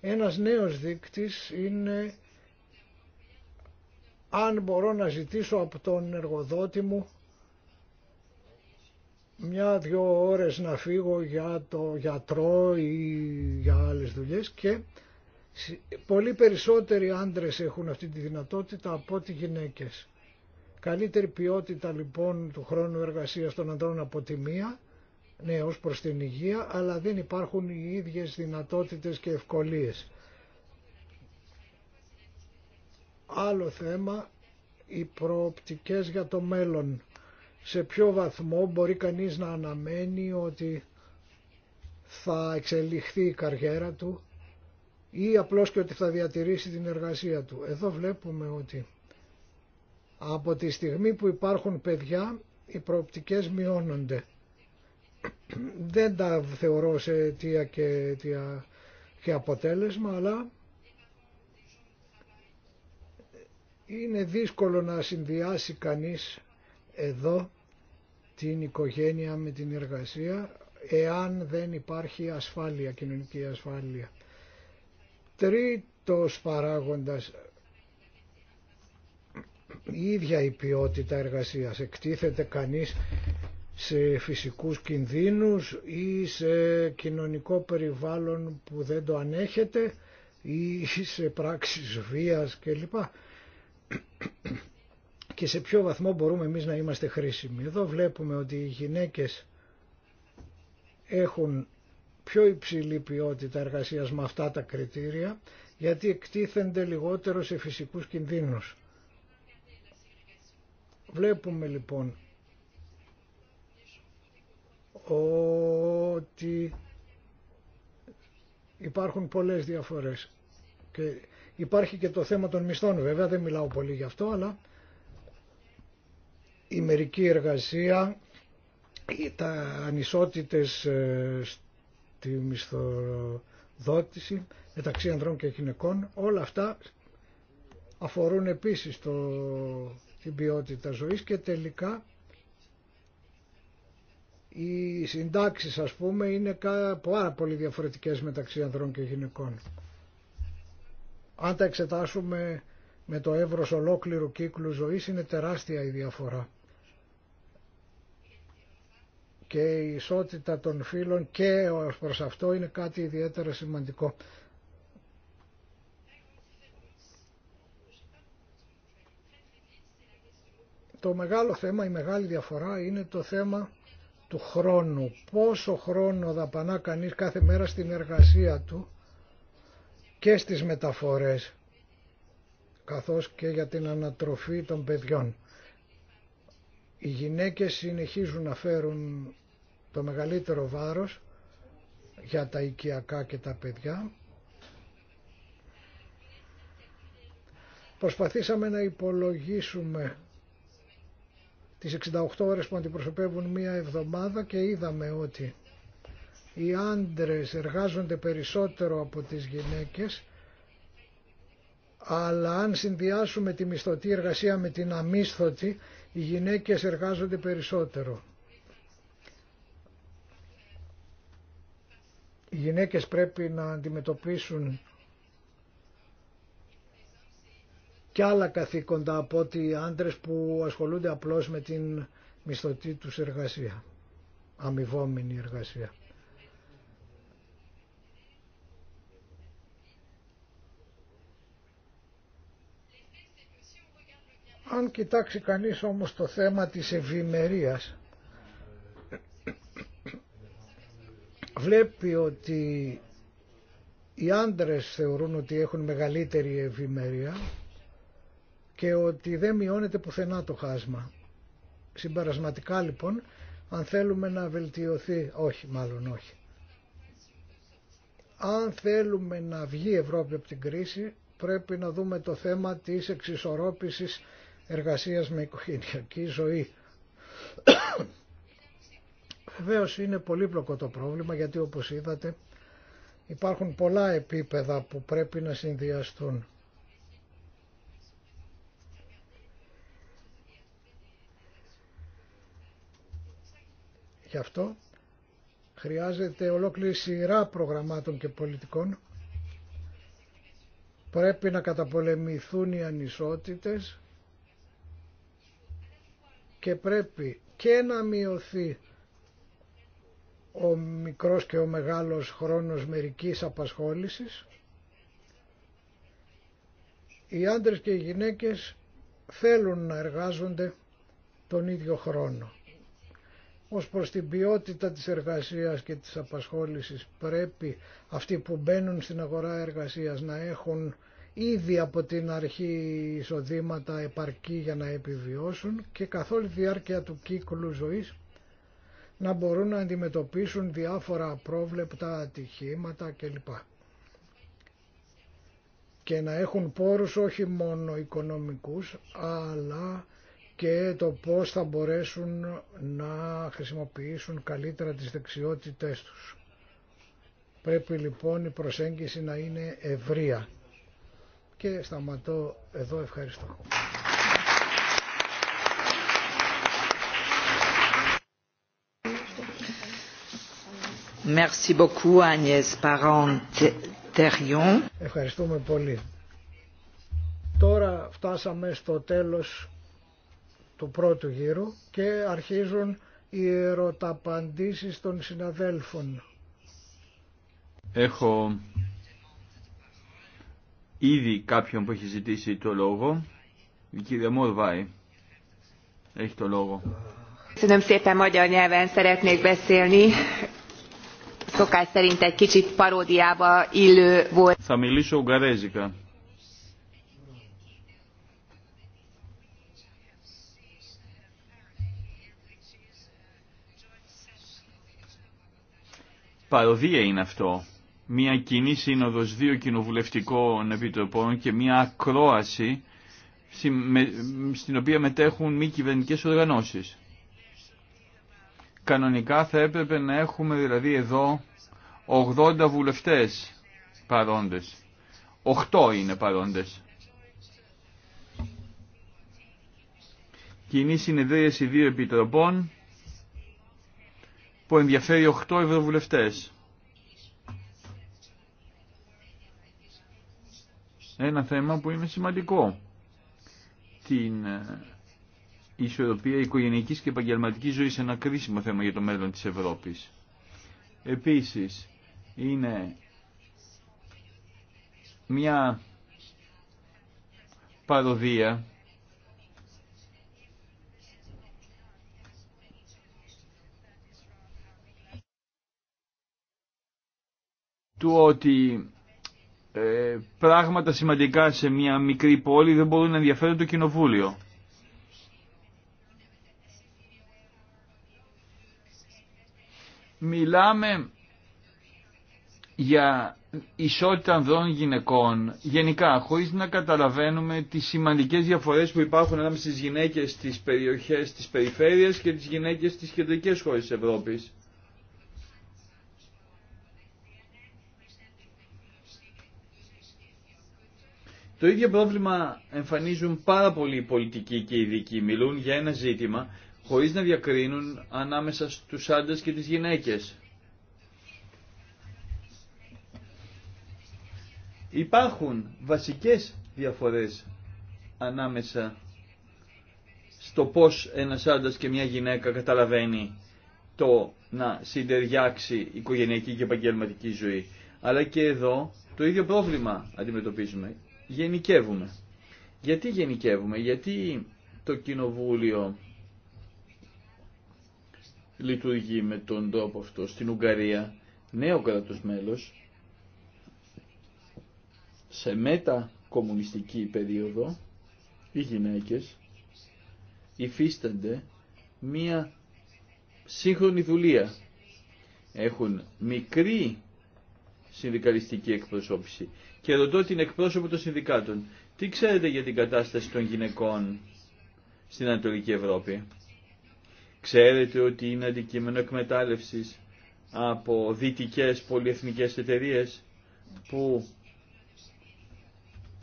Ένας νέος δείκτης είναι αν μπορώ να ζητήσω από τον εργοδότη μου μια-δυο ώρες να φύγω για το γιατρό ή για άλλες δουλειές και πολύ περισσότεροι άντρες έχουν αυτή τη δυνατότητα από ότι γυναίκες. Καλύτερη ποιότητα λοιπόν του χρόνου εργασίας των ανδρών από τη μία, ναι, ως προς την υγεία, αλλά δεν υπάρχουν οι ίδιες δυνατότητες και ευκολίες. Άλλο θέμα, οι προοπτικές για το μέλλον σε ποιο βαθμό μπορεί κανείς να αναμένει ότι θα εξελιχθεί η καριέρα του ή απλώς και ότι θα διατηρήσει την εργασία του. Εδώ βλέπουμε ότι από τη στιγμή που υπάρχουν παιδιά οι προοπτικές μειώνονται. Δεν τα θεωρώ σε αιτία και, αιτία και αποτέλεσμα, αλλά είναι δύσκολο να συνδυάσει κανείς εδώ την οικογένεια με την εργασία εάν δεν υπάρχει ασφάλεια, κοινωνική ασφάλεια. Τρίτος παράγοντας η ίδια η ποιότητα εργασίας. Εκτίθεται κανείς σε φυσικούς κινδύνους ή σε κοινωνικό περιβάλλον που δεν το ανέχεται ή σε πράξεις βίας κλπ και σε ποιο βαθμό μπορούμε εμείς να είμαστε χρήσιμοι. Εδώ βλέπουμε ότι οι γυναίκες έχουν πιο υψηλή ποιότητα εργασίας με αυτά τα κριτήρια γιατί εκτίθενται λιγότερο σε φυσικούς κινδύνους. Βλέπουμε λοιπόν ότι υπάρχουν πολλές διαφορές και υπάρχει και το θέμα των μισθών βέβαια δεν μιλάω πολύ γι' αυτό αλλά η μερική εργασία, τα ανισότητες ε, στη μισθοδότηση μεταξύ ανδρών και γυναικών, όλα αυτά αφορούν επίσης το, την ποιότητα ζωής και τελικά οι συντάξει ας πούμε είναι πάρα πολύ διαφορετικές μεταξύ ανδρών και γυναικών. Αν τα εξετάσουμε με το εύρος ολόκληρου κύκλου ζωής είναι τεράστια η διαφορά και η ισότητα των φύλων και ως προς αυτό είναι κάτι ιδιαίτερα σημαντικό. Το μεγάλο θέμα, η μεγάλη διαφορά είναι το θέμα του χρόνου. Πόσο χρόνο δαπανά κανείς κάθε μέρα στην εργασία του και στις μεταφορές καθώς και για την ανατροφή των παιδιών. Οι γυναίκες συνεχίζουν να φέρουν το μεγαλύτερο βάρος για τα οικιακά και τα παιδιά. Προσπαθήσαμε να υπολογίσουμε τις 68 ώρες που αντιπροσωπεύουν μία εβδομάδα και είδαμε ότι οι άντρες εργάζονται περισσότερο από τις γυναίκες αλλά αν συνδυάσουμε τη μισθωτή εργασία με την αμίσθωτη οι γυναίκες εργάζονται περισσότερο. Οι γυναίκες πρέπει να αντιμετωπίσουν και άλλα καθήκοντα από ότι οι άντρες που ασχολούνται απλώς με την μισθωτή τους εργασία, αμοιβόμενη εργασία. Αν κοιτάξει κανείς όμως το θέμα της ευημερία, βλέπει ότι οι άντρες θεωρούν ότι έχουν μεγαλύτερη ευημερία και ότι δεν μειώνεται πουθενά το χάσμα. Συμπαρασματικά λοιπόν, αν θέλουμε να βελτιωθεί, όχι μάλλον όχι, αν θέλουμε να βγει η Ευρώπη από την κρίση πρέπει να δούμε το θέμα της εξισορρόπησης εργασίας με οικογενειακή ζωή. Βεβαίω είναι πολύπλοκο το πρόβλημα γιατί όπως είδατε υπάρχουν πολλά επίπεδα που πρέπει να συνδυαστούν. Γι' αυτό χρειάζεται ολόκληρη σειρά προγραμμάτων και πολιτικών. Πρέπει να καταπολεμηθούν οι ανισότητες και πρέπει και να μειωθεί ο μικρός και ο μεγάλος χρόνος μερικής απασχόλησης. Οι άντρες και οι γυναίκες θέλουν να εργάζονται τον ίδιο χρόνο. Ως προς την ποιότητα της εργασίας και της απασχόλησης πρέπει αυτοί που μπαίνουν στην αγορά εργασίας να έχουν ήδη από την αρχή εισοδήματα επαρκή για να επιβιώσουν και καθ' όλη τη διάρκεια του κύκλου ζωής να μπορούν να αντιμετωπίσουν διάφορα απρόβλεπτα ατυχήματα κλπ. Και να έχουν πόρους όχι μόνο οικονομικούς αλλά και το πώς θα μπορέσουν να χρησιμοποιήσουν καλύτερα τις δεξιότητές τους. Πρέπει λοιπόν η προσέγγιση να είναι ευρεία και σταματώ εδώ. Ευχαριστώ. Merci beaucoup, agnes Ευχαριστούμε πολύ. Τώρα φτάσαμε στο τέλος του πρώτου γύρου και αρχίζουν οι ερωταπαντήσεις των συναδέλφων. Έχω ήδη κάποιον που έχει ζητήσει το λόγο. Η κυρία Μόρβάη έχει το λόγο. Θα μιλήσω ουγγαρέζικα. Παροδία είναι αυτό μια κοινή σύνοδος δύο κοινοβουλευτικών επιτροπών και μια ακρόαση στην οποία μετέχουν μη κυβερνικές οργανώσεις. Κανονικά θα έπρεπε να έχουμε δηλαδή εδώ 80 βουλευτές παρόντες. 8 είναι παρόντες. Κοινή συνεδρίαση δύο επιτροπών που ενδιαφέρει 8 ευρωβουλευτές. ένα θέμα που είναι σημαντικό. Την ε, ισορροπία οικογενειακή και ζωή ζωής ένα κρίσιμο θέμα για το μέλλον της Ευρώπης. Επίσης, είναι μια παροδία του ότι ε, πράγματα σημαντικά σε μια μικρή πόλη δεν μπορούν να ενδιαφέρουν το κοινοβούλιο. Μιλάμε για ισότητα ανδρών γυναικών γενικά χωρίς να καταλαβαίνουμε τις σημαντικές διαφορές που υπάρχουν ανάμεσα στις γυναίκες στις περιοχές της περιφέρειας και τις γυναίκες στις κεντρικές χώρες της Ευρώπης. Το ίδιο πρόβλημα εμφανίζουν πάρα πολλοί πολιτικοί και ειδικοί. Μιλούν για ένα ζήτημα χωρίς να διακρίνουν ανάμεσα στους άντρες και τις γυναίκες. Υπάρχουν βασικές διαφορές ανάμεσα στο πώς ένας άντρας και μια γυναίκα καταλαβαίνει το να συντεριάξει οικογενειακή και επαγγελματική ζωή. Αλλά και εδώ το ίδιο πρόβλημα αντιμετωπίζουμε γενικεύουμε. Γιατί γενικεύουμε, γιατί το κοινοβούλιο λειτουργεί με τον τρόπο αυτό στην Ουγγαρία, νέο κράτος μέλος, σε μετακομμουνιστική περίοδο, οι γυναίκες υφίστανται μία σύγχρονη δουλεία. Έχουν μικρή συνδικαλιστική εκπροσώπηση. Και ρωτώ την εκπρόσωπο των συνδικάτων, τι ξέρετε για την κατάσταση των γυναικών στην Ανατολική Ευρώπη. Ξέρετε ότι είναι αντικείμενο εκμετάλλευσης από δυτικές πολυεθνικές εταιρείες που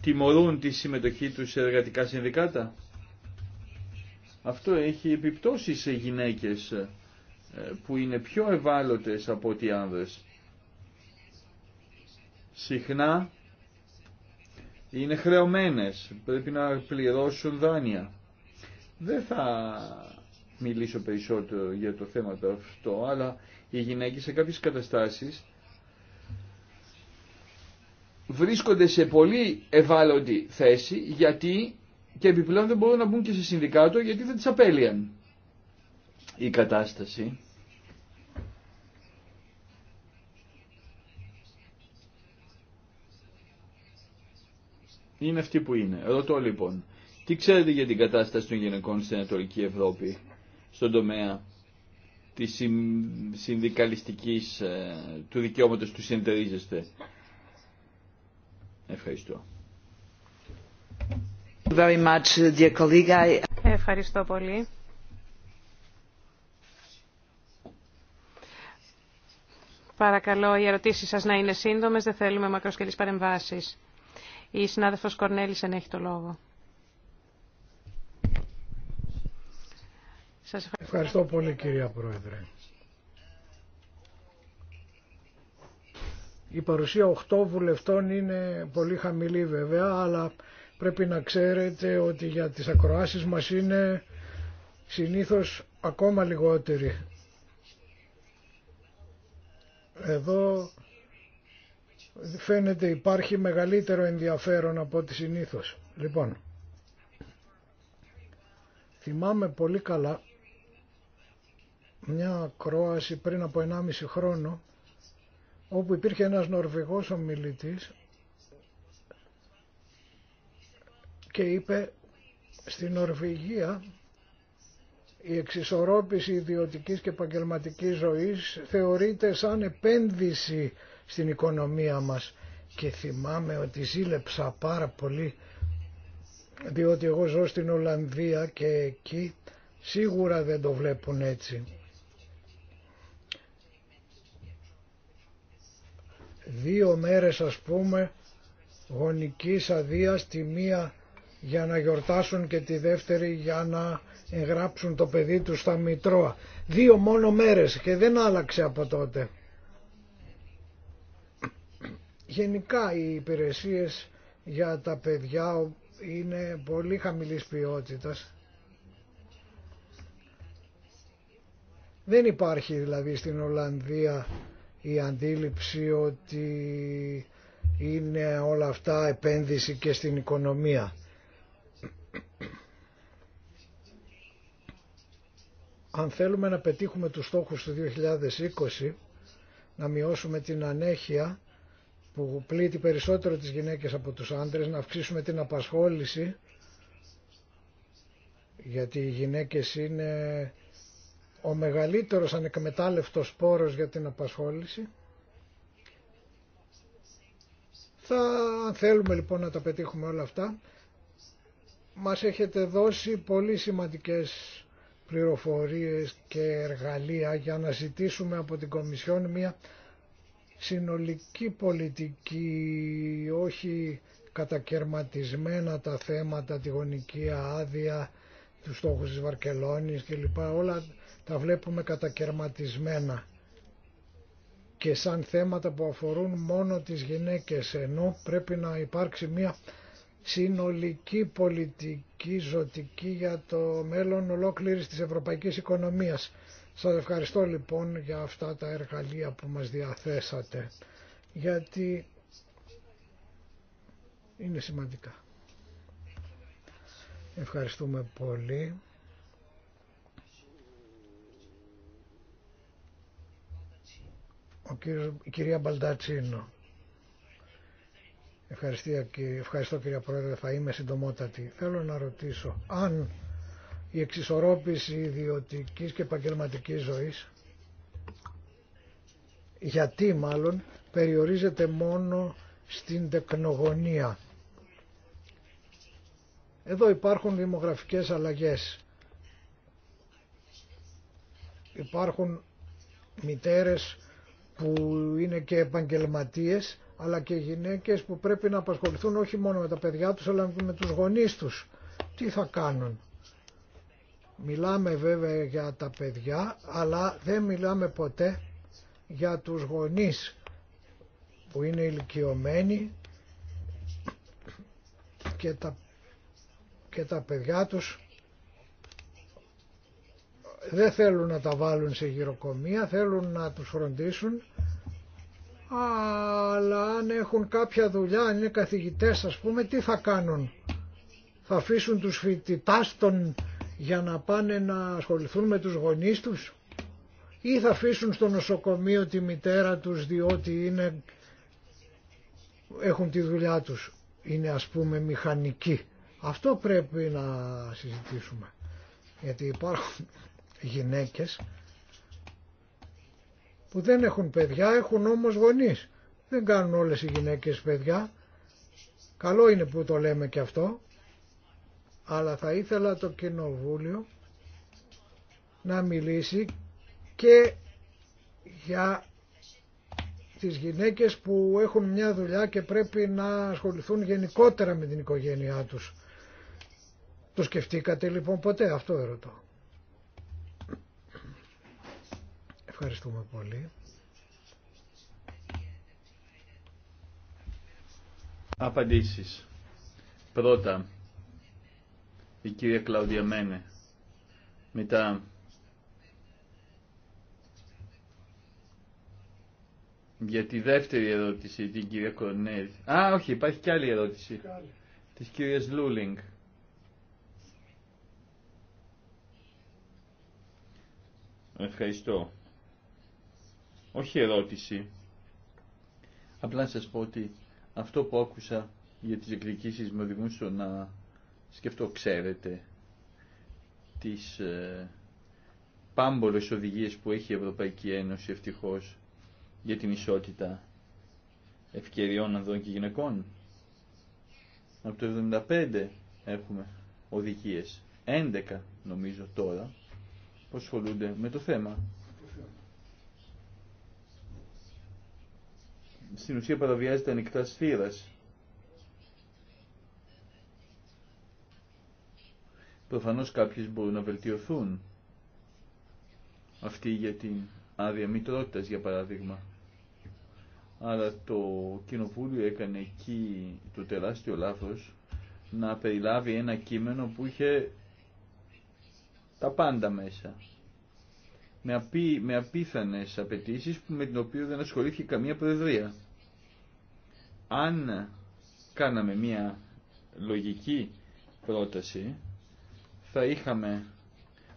τιμωρούν τη συμμετοχή τους σε εργατικά συνδικάτα. Αυτό έχει επιπτώσεις σε γυναίκες ε, που είναι πιο ευάλωτες από ό,τι άνδρες συχνά είναι χρεωμένες, πρέπει να πληρώσουν δάνεια. Δεν θα μιλήσω περισσότερο για το θέμα αυτό, αλλά οι γυναίκες σε κάποιες καταστάσεις βρίσκονται σε πολύ ευάλωτη θέση γιατί και επιπλέον δεν μπορούν να μπουν και σε συνδικάτο γιατί δεν τις απέλυαν. Η κατάσταση είναι αυτή που είναι. Ρωτώ λοιπόν, τι ξέρετε για την κατάσταση των γυναικών στην Ανατολική Ευρώπη στον τομέα της συνδικαλιστικής, ε, του δικαιώματος του συνεταιρίζεστε. Ευχαριστώ. Ευχαριστώ πολύ. Παρακαλώ οι ερωτήσεις σας να είναι σύντομες, δεν θέλουμε μακροσκελείς παρεμβάσεις. Η συνάδελφος Κορνέλης έχει το λόγο. ευχαριστώ. πολύ κυρία Πρόεδρε. Η παρουσία 8 βουλευτών είναι πολύ χαμηλή βέβαια, αλλά πρέπει να ξέρετε ότι για τις ακροάσεις μας είναι συνήθως ακόμα λιγότεροι. Εδώ φαίνεται υπάρχει μεγαλύτερο ενδιαφέρον από ό,τι συνήθως. Λοιπόν, θυμάμαι πολύ καλά μια κρόαση πριν από 1,5 χρόνο όπου υπήρχε ένας Νορβηγός ομιλητής και είπε στην Νορβηγία η εξισορρόπηση ιδιωτικής και επαγγελματικής ζωής θεωρείται σαν επένδυση στην οικονομία μας και θυμάμαι ότι ζήλεψα πάρα πολύ διότι εγώ ζω στην Ολλανδία και εκεί σίγουρα δεν το βλέπουν έτσι. Δύο μέρες ας πούμε γονικής αδείας τη μία για να γιορτάσουν και τη δεύτερη για να εγγράψουν το παιδί τους στα Μητρώα. Δύο μόνο μέρες και δεν άλλαξε από τότε. Γενικά οι υπηρεσίες για τα παιδιά είναι πολύ χαμηλής ποιότητας. Δεν υπάρχει δηλαδή στην Ολλανδία η αντίληψη ότι είναι όλα αυτά επένδυση και στην οικονομία. Αν θέλουμε να πετύχουμε τους στόχους του 2020, να μειώσουμε την ανέχεια, που πλήττει περισσότερο τις γυναίκες από τους άντρες, να αυξήσουμε την απασχόληση, γιατί οι γυναίκες είναι ο μεγαλύτερος ανεκμετάλλευτος πόρος για την απασχόληση. Θα, αν θέλουμε λοιπόν να τα πετύχουμε όλα αυτά, μας έχετε δώσει πολύ σημαντικές πληροφορίες και εργαλεία για να ζητήσουμε από την Κομισιόν μια συνολική πολιτική, όχι κατακαιρματισμένα τα θέματα, τη γονική άδεια, τους στόχους της Βαρκελόνης κλπ. Όλα τα βλέπουμε κατακαιρματισμένα και σαν θέματα που αφορούν μόνο τις γυναίκες ενώ πρέπει να υπάρξει μια συνολική πολιτική ζωτική για το μέλλον ολόκληρης της ευρωπαϊκής οικονομίας σας ευχαριστώ λοιπόν για αυτά τα εργαλεία που μας διαθέσατε, γιατί είναι σημαντικά. Ευχαριστούμε πολύ. Ο κύριος, κυρία Μπαλτατσίνο. Ευχαριστώ, ευχαριστώ κυρία Πρόεδρε, θα είμαι συντομότατη. Θέλω να ρωτήσω αν η εξισορρόπηση ιδιωτικής και επαγγελματική ζωής γιατί μάλλον περιορίζεται μόνο στην τεκνογονία. Εδώ υπάρχουν δημογραφικές αλλαγές. Υπάρχουν μητέρες που είναι και επαγγελματίες αλλά και γυναίκες που πρέπει να απασχοληθούν όχι μόνο με τα παιδιά τους αλλά και με τους γονείς τους. Τι θα κάνουν. Μιλάμε βέβαια για τα παιδιά, αλλά δεν μιλάμε ποτέ για τους γονείς που είναι ηλικιωμένοι και τα, και τα παιδιά τους δεν θέλουν να τα βάλουν σε γυροκομεία, θέλουν να τους φροντίσουν, αλλά αν έχουν κάποια δουλειά, αν είναι καθηγητές ας πούμε, τι θα κάνουν. Θα αφήσουν τους φοιτητάς των για να πάνε να ασχοληθούν με τους γονείς τους ή θα αφήσουν στο νοσοκομείο τη μητέρα τους διότι είναι, έχουν τη δουλειά τους, είναι ας πούμε μηχανικοί. Αυτό πρέπει να συζητήσουμε. Γιατί υπάρχουν γυναίκες που δεν έχουν παιδιά, έχουν όμως γονείς. Δεν κάνουν όλες οι γυναίκες παιδιά. Καλό είναι που το λέμε και αυτό αλλά θα ήθελα το Κοινοβούλιο να μιλήσει και για τις γυναίκες που έχουν μια δουλειά και πρέπει να ασχοληθούν γενικότερα με την οικογένειά τους. Το σκεφτήκατε λοιπόν ποτέ, αυτό ερωτώ. Ευχαριστούμε πολύ. Απαντήσεις. Πρώτα, η κυρία Κλάουδια Μένε. Μετά για τη δεύτερη ερώτηση την κυρία Κορνέλ. Α, όχι, υπάρχει και άλλη ερώτηση Τη της κυρίας Λούλινγκ. Ευχαριστώ. Όχι ερώτηση. Απλά να σας πω ότι αυτό που άκουσα για τις εκδικήσεις με οδηγούν στο να Σκεφτώ, ξέρετε, τις ε, πάμπολες οδηγίες που έχει η Ευρωπαϊκή Ένωση ευτυχώς για την ισότητα ευκαιριών ανδρών και γυναικών. Από το 1975 έχουμε οδηγίες, 11 νομίζω τώρα, που ασχολούνται με το θέμα. Στην ουσία παραβιάζεται ανοιχτά σφύρας Προφανώς κάποιες μπορούν να βελτιωθούν. Αυτή για την άδεια μητρότητας, για παράδειγμα. ...άρα το Κοινοβούλιο έκανε εκεί το τεράστιο λάθος να περιλάβει ένα κείμενο που είχε τα πάντα μέσα. Με, απί, με απίθανες απαιτήσει με την οποία δεν ασχολήθηκε καμία προεδρία. Αν κάναμε μία λογική πρόταση, θα είχαμε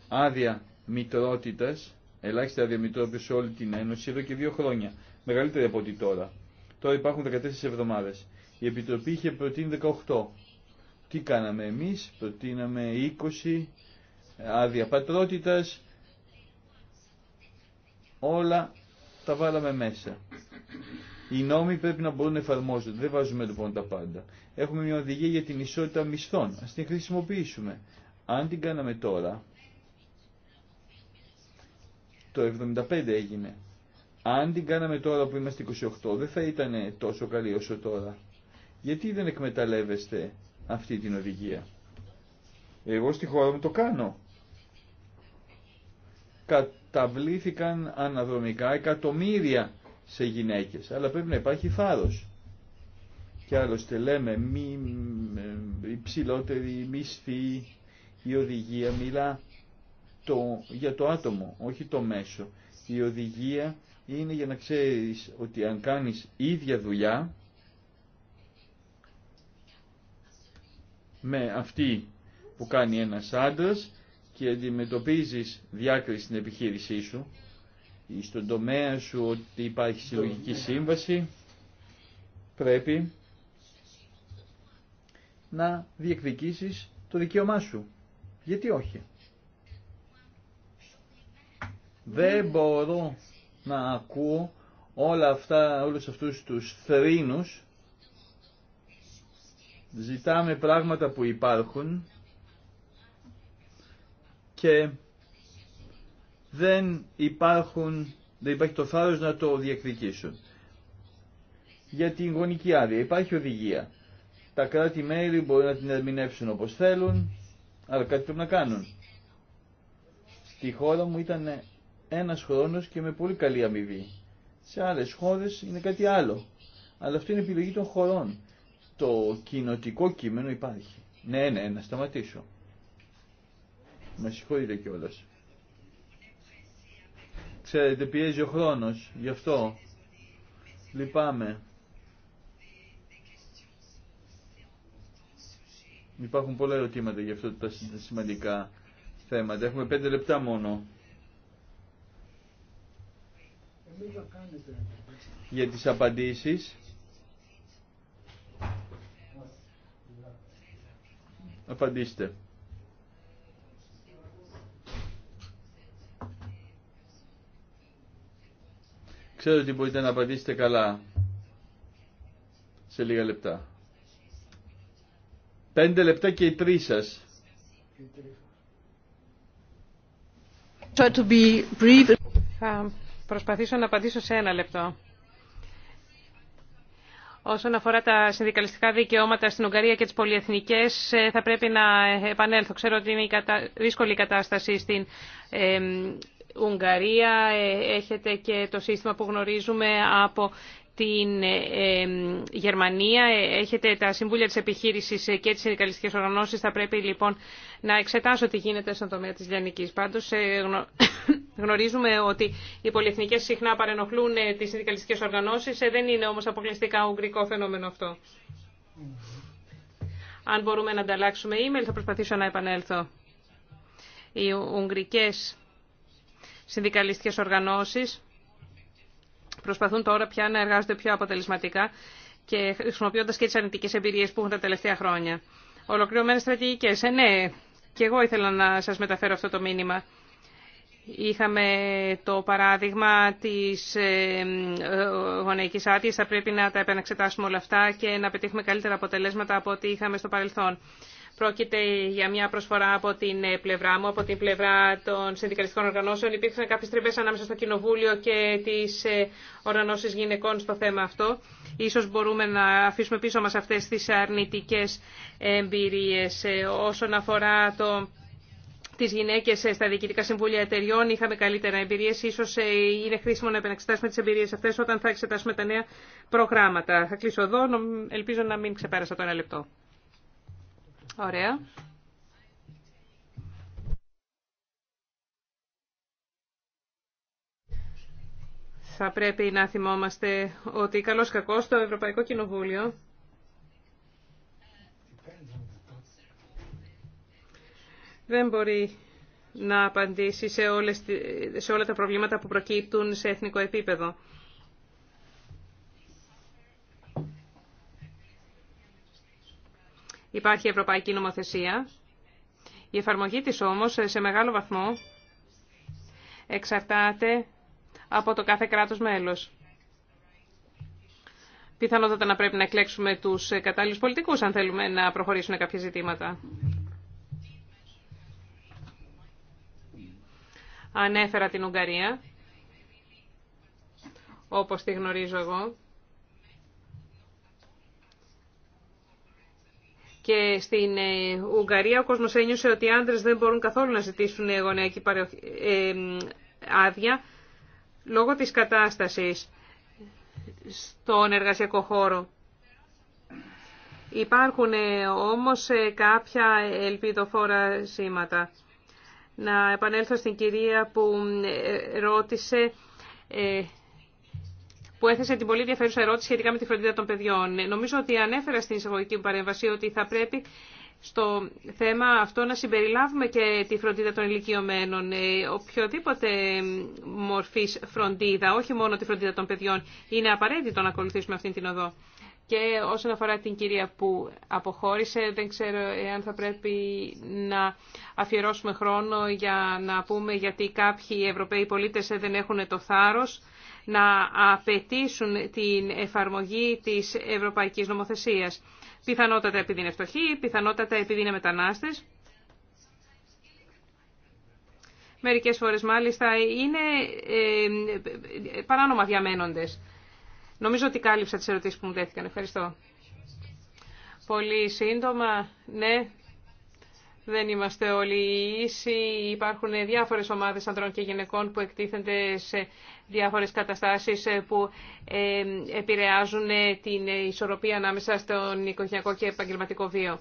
άδεια μητρότητας, ελάχιστη άδεια μητρότητας σε όλη την Ένωση εδώ και δύο χρόνια. Μεγαλύτερη από ό,τι τώρα. Τώρα υπάρχουν 14 εβδομάδες. Η Επιτροπή είχε προτείνει 18. Τι κάναμε εμείς, προτείναμε 20 άδεια πατρότητας, όλα τα βάλαμε μέσα. Οι νόμοι πρέπει να μπορούν να εφαρμόζονται. Δεν βάζουμε λοιπόν τα πάντα. Έχουμε μια οδηγία για την ισότητα μισθών. Α την χρησιμοποιήσουμε. Αν την κάναμε τώρα, το 75 έγινε. Αν την κάναμε τώρα που είμαστε 28, δεν θα ήταν τόσο καλή όσο τώρα. Γιατί δεν εκμεταλλεύεστε αυτή την οδηγία. Εγώ στη χώρα μου το κάνω. Καταβλήθηκαν αναδρομικά εκατομμύρια σε γυναίκες, αλλά πρέπει να υπάρχει θάρρος. Και άλλωστε λέμε μη, υψηλότερη μισθή, η οδηγία μιλά το, για το άτομο, όχι το μέσο. Η οδηγία είναι για να ξέρεις ότι αν κάνεις ίδια δουλειά με αυτή που κάνει ένας άντρας και αντιμετωπίζεις διάκριση στην επιχείρησή σου ή στον τομέα σου ότι υπάρχει συλλογική σύμβαση πρέπει να διεκδικήσεις το δικαίωμά σου. Γιατί όχι. Δεν μπορώ να ακούω όλα αυτά, όλους αυτούς τους θρήνους. Ζητάμε πράγματα που υπάρχουν και δεν υπάρχουν, δεν υπάρχει το θάρρος να το διεκδικήσουν. Για την γονική άδεια υπάρχει οδηγία. Τα κράτη-μέλη μπορούν να την ερμηνεύσουν όπως θέλουν, αλλά κάτι πρέπει να κάνουν. Στη χώρα μου ήταν ένας χρόνος και με πολύ καλή αμοιβή. Σε άλλες χώρες είναι κάτι άλλο. Αλλά αυτή είναι η επιλογή των χωρών. Το κοινοτικό κείμενο υπάρχει. Ναι, ναι, να σταματήσω. Με συγχωρείτε κιόλα. Ξέρετε, πιέζει ο χρόνος, γι' αυτό. Λυπάμαι. Υπάρχουν πολλά ερωτήματα για αυτό τα σημαντικά θέματα. Έχουμε πέντε λεπτά μόνο. Για τις απαντήσεις. Απαντήστε. Ξέρω ότι μπορείτε να απαντήσετε καλά σε λίγα λεπτά. Πέντε λεπτά και οι τρεις σας. Θα προσπαθήσω να απαντήσω σε ένα λεπτό. Όσον αφορά τα συνδικαλιστικά δικαιώματα στην Ουγγαρία και τις πολυεθνικές, ε, θα πρέπει να επανέλθω. Ξέρω ότι είναι δύσκολη η κατάσταση στην Ουγγαρία. Ε, έχετε και το σύστημα που γνωρίζουμε από την ε, Γερμανία. Ε, έχετε τα Συμβούλια της Επιχείρησης ε, και τις συνδικαλιστικές οργανώσεις. Θα πρέπει λοιπόν να εξετάσω τι γίνεται στον τομέα της λιανικής. Πάντως γνωρίζουμε ότι οι πολυεθνικές συχνά παρενοχλούν τις συνδικαλιστικές οργανώσεις. Δεν είναι όμως αποκλειστικά ουγγρικό φαινόμενο αυτό. Αν μπορούμε να ανταλλάξουμε email θα προσπαθήσω να επανέλθω. Οι ουγγρικές συνδικαλιστικές οργανώσεις προσπαθούν τώρα πια να εργάζονται πιο αποτελεσματικά και χρησιμοποιώντα και τι αρνητικέ εμπειρίε που έχουν τα τελευταία χρόνια. Ολοκληρωμένε στρατηγικέ. Ε, ναι, και εγώ ήθελα να σα μεταφέρω αυτό το μήνυμα. Είχαμε το παράδειγμα της ε, ε, γονεϊκής άδεια. Θα πρέπει να τα επαναξετάσουμε όλα αυτά και να πετύχουμε καλύτερα αποτελέσματα από ό,τι είχαμε στο παρελθόν. Πρόκειται για μια προσφορά από την ε, πλευρά μου, από την πλευρά των συνδικαλιστικών οργανώσεων. Υπήρξαν κάποιε τριβέ ανάμεσα στο Κοινοβούλιο και τι ε, οργανώσει γυναικών στο θέμα αυτό. Ίσως μπορούμε να αφήσουμε πίσω μα αυτέ τι αρνητικέ εμπειρίε. Ε, όσον αφορά το τις γυναίκες στα διοικητικά συμβούλια εταιριών είχαμε καλύτερα εμπειρίες. Ίσως είναι χρήσιμο να επαναξετάσουμε τις εμπειρίες αυτές όταν θα εξετάσουμε τα νέα προγράμματα. Θα κλείσω εδώ. Ελπίζω να μην ξεπέρασα το ένα λεπτό. Ωραία. Θα πρέπει να θυμόμαστε ότι καλός κακό το Ευρωπαϊκό Κοινοβούλιο δεν μπορεί να απαντήσει σε, όλες, σε όλα τα προβλήματα που προκύπτουν σε εθνικό επίπεδο. Υπάρχει ευρωπαϊκή νομοθεσία. Η εφαρμογή της όμως ε, σε μεγάλο βαθμό εξαρτάται από το κάθε κράτος μέλος. Πιθανότατα να πρέπει να εκλέξουμε τους ε, κατάλληλους πολιτικούς αν θέλουμε να προχωρήσουν κάποια ζητήματα. Ανέφερα την Ουγγαρία, όπως τη γνωρίζω εγώ. Και στην ε, Ουγγαρία ο κόσμος ένιωσε ότι οι άντρες δεν μπορούν καθόλου να ζητήσουν γονεακή ε, άδεια λόγω της κατάστασης στον εργασιακό χώρο. Υπάρχουν ε, όμως κάποια ελπιδοφόρα σήματα. Να επανέλθω στην κυρία που ρώτησε που έθεσε την πολύ ενδιαφέρουσα ερώτηση σχετικά με τη φροντίδα των παιδιών. Ε, νομίζω ότι ανέφερα στην εισαγωγική μου παρέμβαση ότι θα πρέπει στο θέμα αυτό να συμπεριλάβουμε και τη φροντίδα των ηλικιωμένων, ε, οποιοδήποτε μορφής φροντίδα, όχι μόνο τη φροντίδα των παιδιών. Είναι απαραίτητο να ακολουθήσουμε αυτήν την οδό. Και όσον αφορά την κυρία που αποχώρησε, δεν ξέρω αν θα πρέπει να αφιερώσουμε χρόνο για να πούμε γιατί κάποιοι Ευρωπαίοι πολίτες δεν έχουν το θάρρος να απαιτήσουν την εφαρμογή της ευρωπαϊκής νομοθεσίας. Πιθανότατα επειδή είναι φτωχοί, πιθανότατα επειδή είναι μετανάστες. Μερικές φορές μάλιστα είναι ε, παράνομα διαμένοντες. Νομίζω ότι κάλυψα τις ερωτήσεις που μου τέθηκαν. Ευχαριστώ. Πολύ σύντομα, ναι, δεν είμαστε όλοι ίσοι. Υπάρχουν διάφορες ομάδες ανδρών και γυναικών που εκτίθενται σε διάφορες καταστάσεις ε, που ε, επηρεάζουν ε, την ισορροπία ανάμεσα στον οικογενειακό και επαγγελματικό βίο.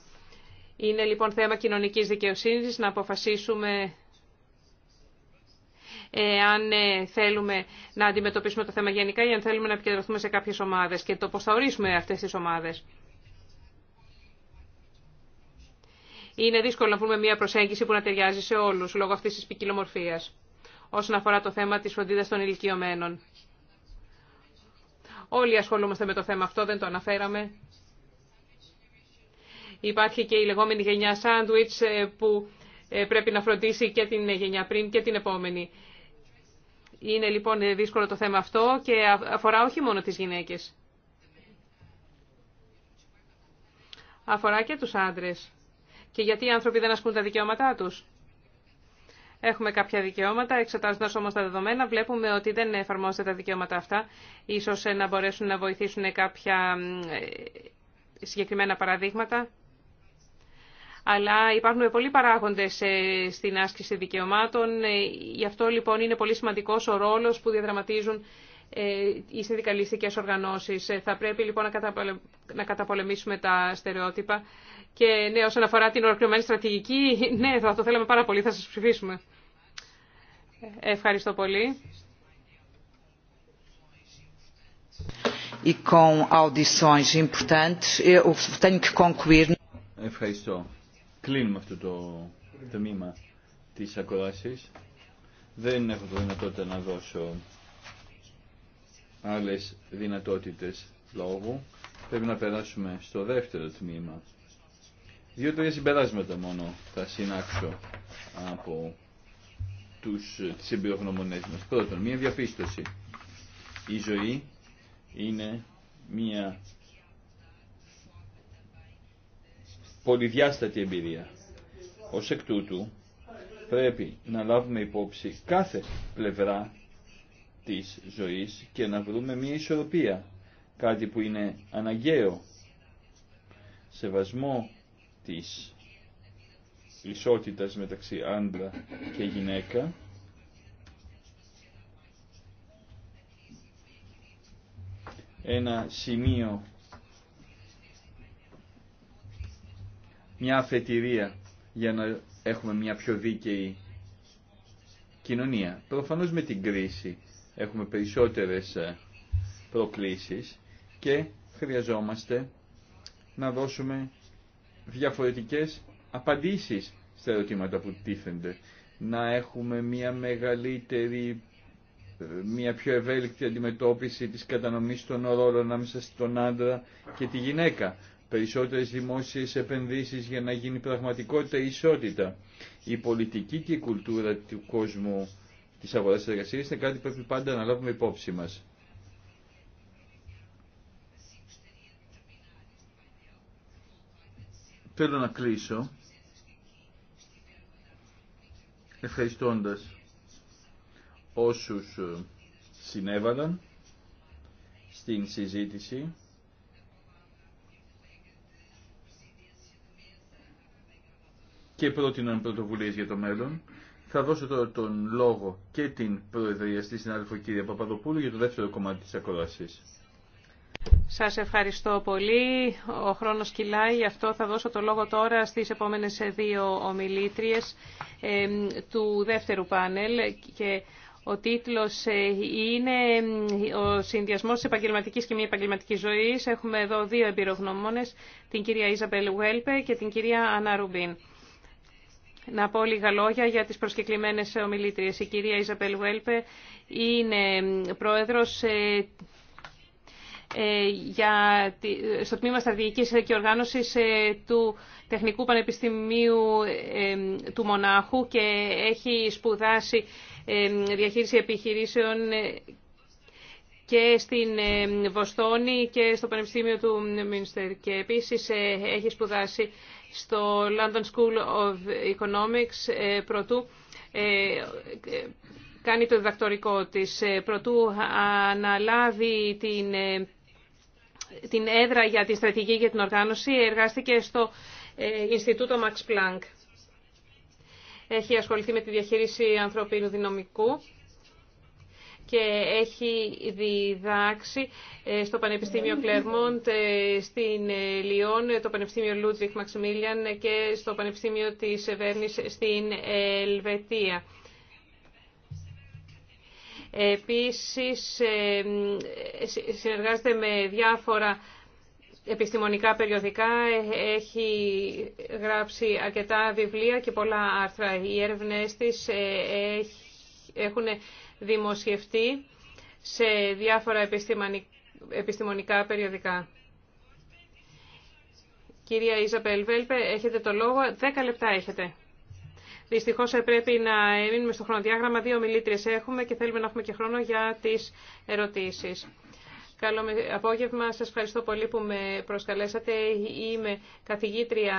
Είναι λοιπόν θέμα κοινωνικής δικαιοσύνης να αποφασίσουμε αν θέλουμε να αντιμετωπίσουμε το θέμα γενικά ή αν θέλουμε να επικεντρωθούμε σε κάποιες ομάδες και το πώς θα ορίσουμε αυτές τις ομάδες. Είναι δύσκολο να βρούμε μια προσέγγιση που να ταιριάζει σε όλους λόγω αυτής της ποικιλομορφίας όσον αφορά το θέμα της φροντίδας των ηλικιωμένων. Όλοι ασχολούμαστε με το θέμα αυτό, δεν το αναφέραμε. Υπάρχει και η λεγόμενη γενιά σάντουιτς ε, που ε, πρέπει να φροντίσει και την γενιά πριν και την επόμενη. Είναι λοιπόν ε, δύσκολο το θέμα αυτό και αφορά όχι μόνο τις γυναίκες. Αφορά και τους άντρες. Και γιατί οι άνθρωποι δεν ασκούν τα δικαιώματά τους. Έχουμε κάποια δικαιώματα, εξετάζοντα όμω τα δεδομένα, βλέπουμε ότι δεν εφαρμόζονται τα δικαιώματα αυτά. Ίσως ε, να μπορέσουν να βοηθήσουν κάποια ε, συγκεκριμένα παραδείγματα. Αλλά υπάρχουν πολλοί παράγοντε ε, στην άσκηση δικαιωμάτων. Γι' αυτό λοιπόν είναι πολύ σημαντικό ο ρόλο που διαδραματίζουν οι συνδικαλιστικέ οργανώσει. Θα πρέπει λοιπόν να καταπολεμήσουμε τα στερεότυπα. Και ναι, όσον αφορά την ολοκληρωμένη στρατηγική, ναι, θα το θέλαμε πάρα πολύ, θα σας ψηφίσουμε. Ευχαριστώ πολύ. E Ευχαριστώ. Κλείνουμε αυτό το τμήμα της ακρόαση. Δεν έχω το δυνατότητα να δώσω άλλες δυνατότητες λόγου. Πρέπει να περάσουμε στο δεύτερο τμήμα. Δύο-τρία συμπεράσματα μόνο θα συνάξω από τους, τις εμπειρογνωμονές μας. Πρώτον, μία διαπίστωση. Η ζωή είναι μία πολυδιάστατη εμπειρία. Ως εκ τούτου πρέπει να λάβουμε υπόψη κάθε πλευρά της ζωής και να βρούμε μία ισορροπία, κάτι που είναι αναγκαίο σεβασμό της ισότητας μεταξύ άντρα και γυναίκα ένα σημείο μια αφετηρία για να έχουμε μια πιο δίκαιη κοινωνία. Προφανώς με την κρίση έχουμε περισσότερες ε, προκλήσεις και χρειαζόμαστε να δώσουμε διαφορετικές απαντήσεις στα ερωτήματα που τίθενται. Να έχουμε μια μεγαλύτερη, μια πιο ευέλικτη αντιμετώπιση της κατανομής των ρόλων ανάμεσα στον άντρα και τη γυναίκα. Περισσότερες δημόσιες επενδύσεις για να γίνει πραγματικότητα η ισότητα. Η πολιτική και η κουλτούρα του κόσμου της αγοράς της εργασίας είναι κάτι που πρέπει πάντα να λάβουμε υπόψη μας. Θέλω να κλείσω ευχαριστώντας όσους ε, συνέβαλαν στην συζήτηση και πρότειναν πρωτοβουλίε για το μέλλον. Θα δώσω τώρα τον λόγο και την Προεδρία στη συνάδελφο κύριε Παπαδοπούλου για το δεύτερο κομμάτι της ακρόασης. Σας ευχαριστώ πολύ. Ο χρόνος κυλάει, γι' αυτό θα δώσω το λόγο τώρα στις επόμενες δύο ομιλήτριες του δεύτερου πάνελ και ο τίτλος ε, είναι ε, «Ο συνδυασμός επαγγελματικής και μη επαγγελματικής ζωής». Έχουμε εδώ δύο εμπειρογνωμόνες, την κυρία Ιζαμπέλ Βουέλπε και την κυρία Ανά Ρουμπίν. Να πω λίγα λόγια για τις προσκεκλημένες ομιλήτριες. Η κυρία Ιζαμπέλ Βέλπε είναι πρόεδρος ε, ε, για, στο τμήμα στρατηγικής και οργάνωσης ε, του Τεχνικού Πανεπιστημίου ε, του Μονάχου και έχει σπουδάσει διαχείριση επιχειρήσεων και στην Βοστόνη και στο Πανεπιστήμιο του Μίνστερ και επίσης έχει σπουδάσει στο London School of Economics προτού κάνει το διδακτορικό της, προτού αναλάβει την την έδρα για τη στρατηγική και την οργάνωση εργάστηκε στο ε, Ινστιτούτο Max Planck. Έχει ασχοληθεί με τη διαχείριση ανθρωπίνου δυναμικού και έχει διδάξει ε, στο Πανεπιστήμιο Κλερμόντ, στην ε, Λιόν, το Πανεπιστήμιο Λούτζικ Μαξιμίλιαν και στο Πανεπιστήμιο της Βέρνης στην Ελβετία. Επίσης, ε, συνεργάζεται με διάφορα επιστημονικά περιοδικά, έχει γράψει αρκετά βιβλία και πολλά άρθρα. Οι έρευνές της ε, έχουν δημοσιευτεί σε διάφορα επιστημονικά περιοδικά. Κυρία Ιζαπέλ Βέλπε, έχετε το λόγο. Δέκα λεπτά έχετε. Δυστυχώ ε, πρέπει να μείνουμε στο χρονοδιάγραμμα. Δύο μιλήτρε έχουμε και θέλουμε να έχουμε και χρόνο για τι ερωτήσει. Καλό απόγευμα. Σας ευχαριστώ πολύ που με προσκαλέσατε. Είμαι καθηγήτρια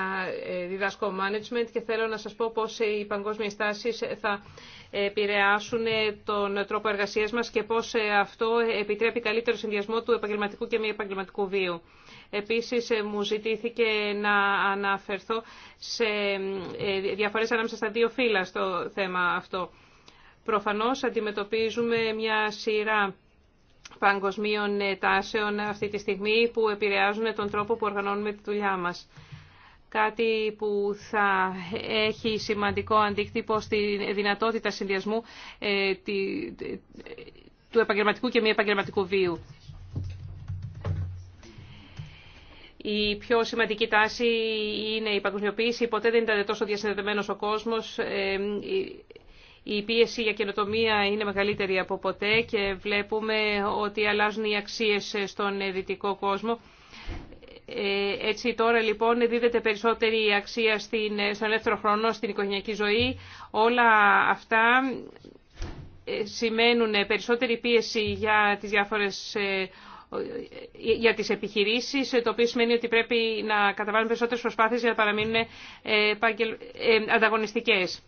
ε, διδάσκω management και θέλω να σας πω πώς οι παγκόσμιες τάσεις ε, θα επηρεάσουν τον τρόπο εργασίας μας και πώς αυτό επιτρέπει καλύτερο συνδυασμό του επαγγελματικού και μη επαγγελματικού βίου. Επίσης ε, μου ζητήθηκε να αναφερθώ σε ε, διαφορές ανάμεσα στα δύο φύλλα στο θέμα αυτό. Προφανώς αντιμετωπίζουμε μια σειρά παγκοσμίων τάσεων αυτή τη στιγμή που επηρεάζουν τον τρόπο που οργανώνουμε τη δουλειά μας. Κάτι που θα έχει σημαντικό αντίκτυπο στη δυνατότητα συνδυασμού ε, του επαγγελματικού και μη επαγγελματικού βίου. Η πιο σημαντική τάση είναι η παγκοσμιοποίηση. Ποτέ δεν ήταν τόσο διασυνδεδεμένο ο κόσμος. Ε, η πίεση για καινοτομία είναι μεγαλύτερη από ποτέ και βλέπουμε ότι αλλάζουν οι αξίες στον δυτικό κόσμο. Ε, έτσι τώρα λοιπόν δίδεται περισσότερη αξία στην, στον ελεύθερο χρόνο, στην οικογενειακή ζωή. Όλα αυτά ε, σημαίνουν περισσότερη πίεση για τις διάφορες για τις επιχειρήσεις, το οποίο σημαίνει ότι πρέπει να καταβάλουν περισσότερες προσπάθειες για να παραμείνουν ε, ε, ανταγωνιστικές.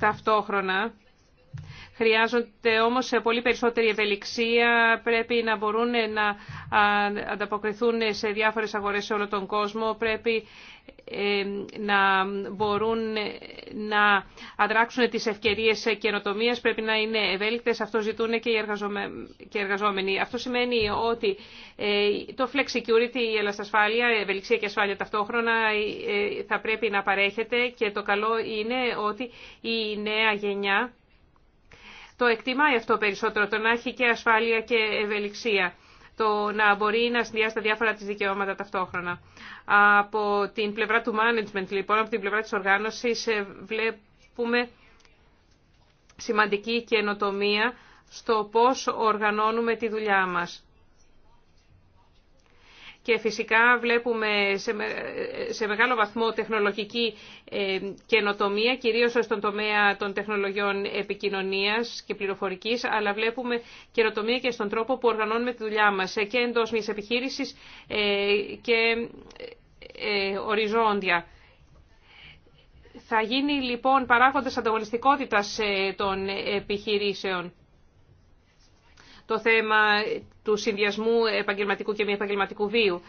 Ταυτόχρονα, χρειάζονται όμως πολύ περισσότερη ευελιξία, πρέπει να μπορούν να ανταποκριθούν σε διάφορες αγορές σε όλο τον κόσμο, πρέπει ε, να μπορούν να αντράξουν τις ευκαιρίες καινοτομία πρέπει να είναι ευέλικτες. Αυτό ζητούν και οι, και εργαζόμενοι. Αυτό σημαίνει ότι ε, το flex security, η ελαστασφάλεια, ευελιξία και ασφάλεια ταυτόχρονα ε, θα πρέπει να παρέχεται και το καλό είναι ότι η νέα γενιά το εκτιμάει αυτό περισσότερο, το να έχει και ασφάλεια και ευελιξία το να μπορεί να συνδυάσει τα διάφορα της δικαιώματα ταυτόχρονα. Από την πλευρά του management, λοιπόν, από την πλευρά της οργάνωσης, ε, βλέπουμε σημαντική καινοτομία στο πώς οργανώνουμε τη δουλειά μας και φυσικά βλέπουμε σε μεγάλο βαθμό τεχνολογική ε, καινοτομία, κυρίως στον τομέα των τεχνολογιών επικοινωνίας και πληροφορικής, αλλά βλέπουμε καινοτομία και στον τρόπο που οργανώνουμε τη δουλειά μας ε, και εντός μιας επιχείρησης ε, και οριζόντια. Θα γίνει λοιπόν παράγοντας ανταγωνιστικότητας των επιχειρήσεων το θέμα του συνδυασμού επαγγελματικού και μη επαγγελματικού βίου.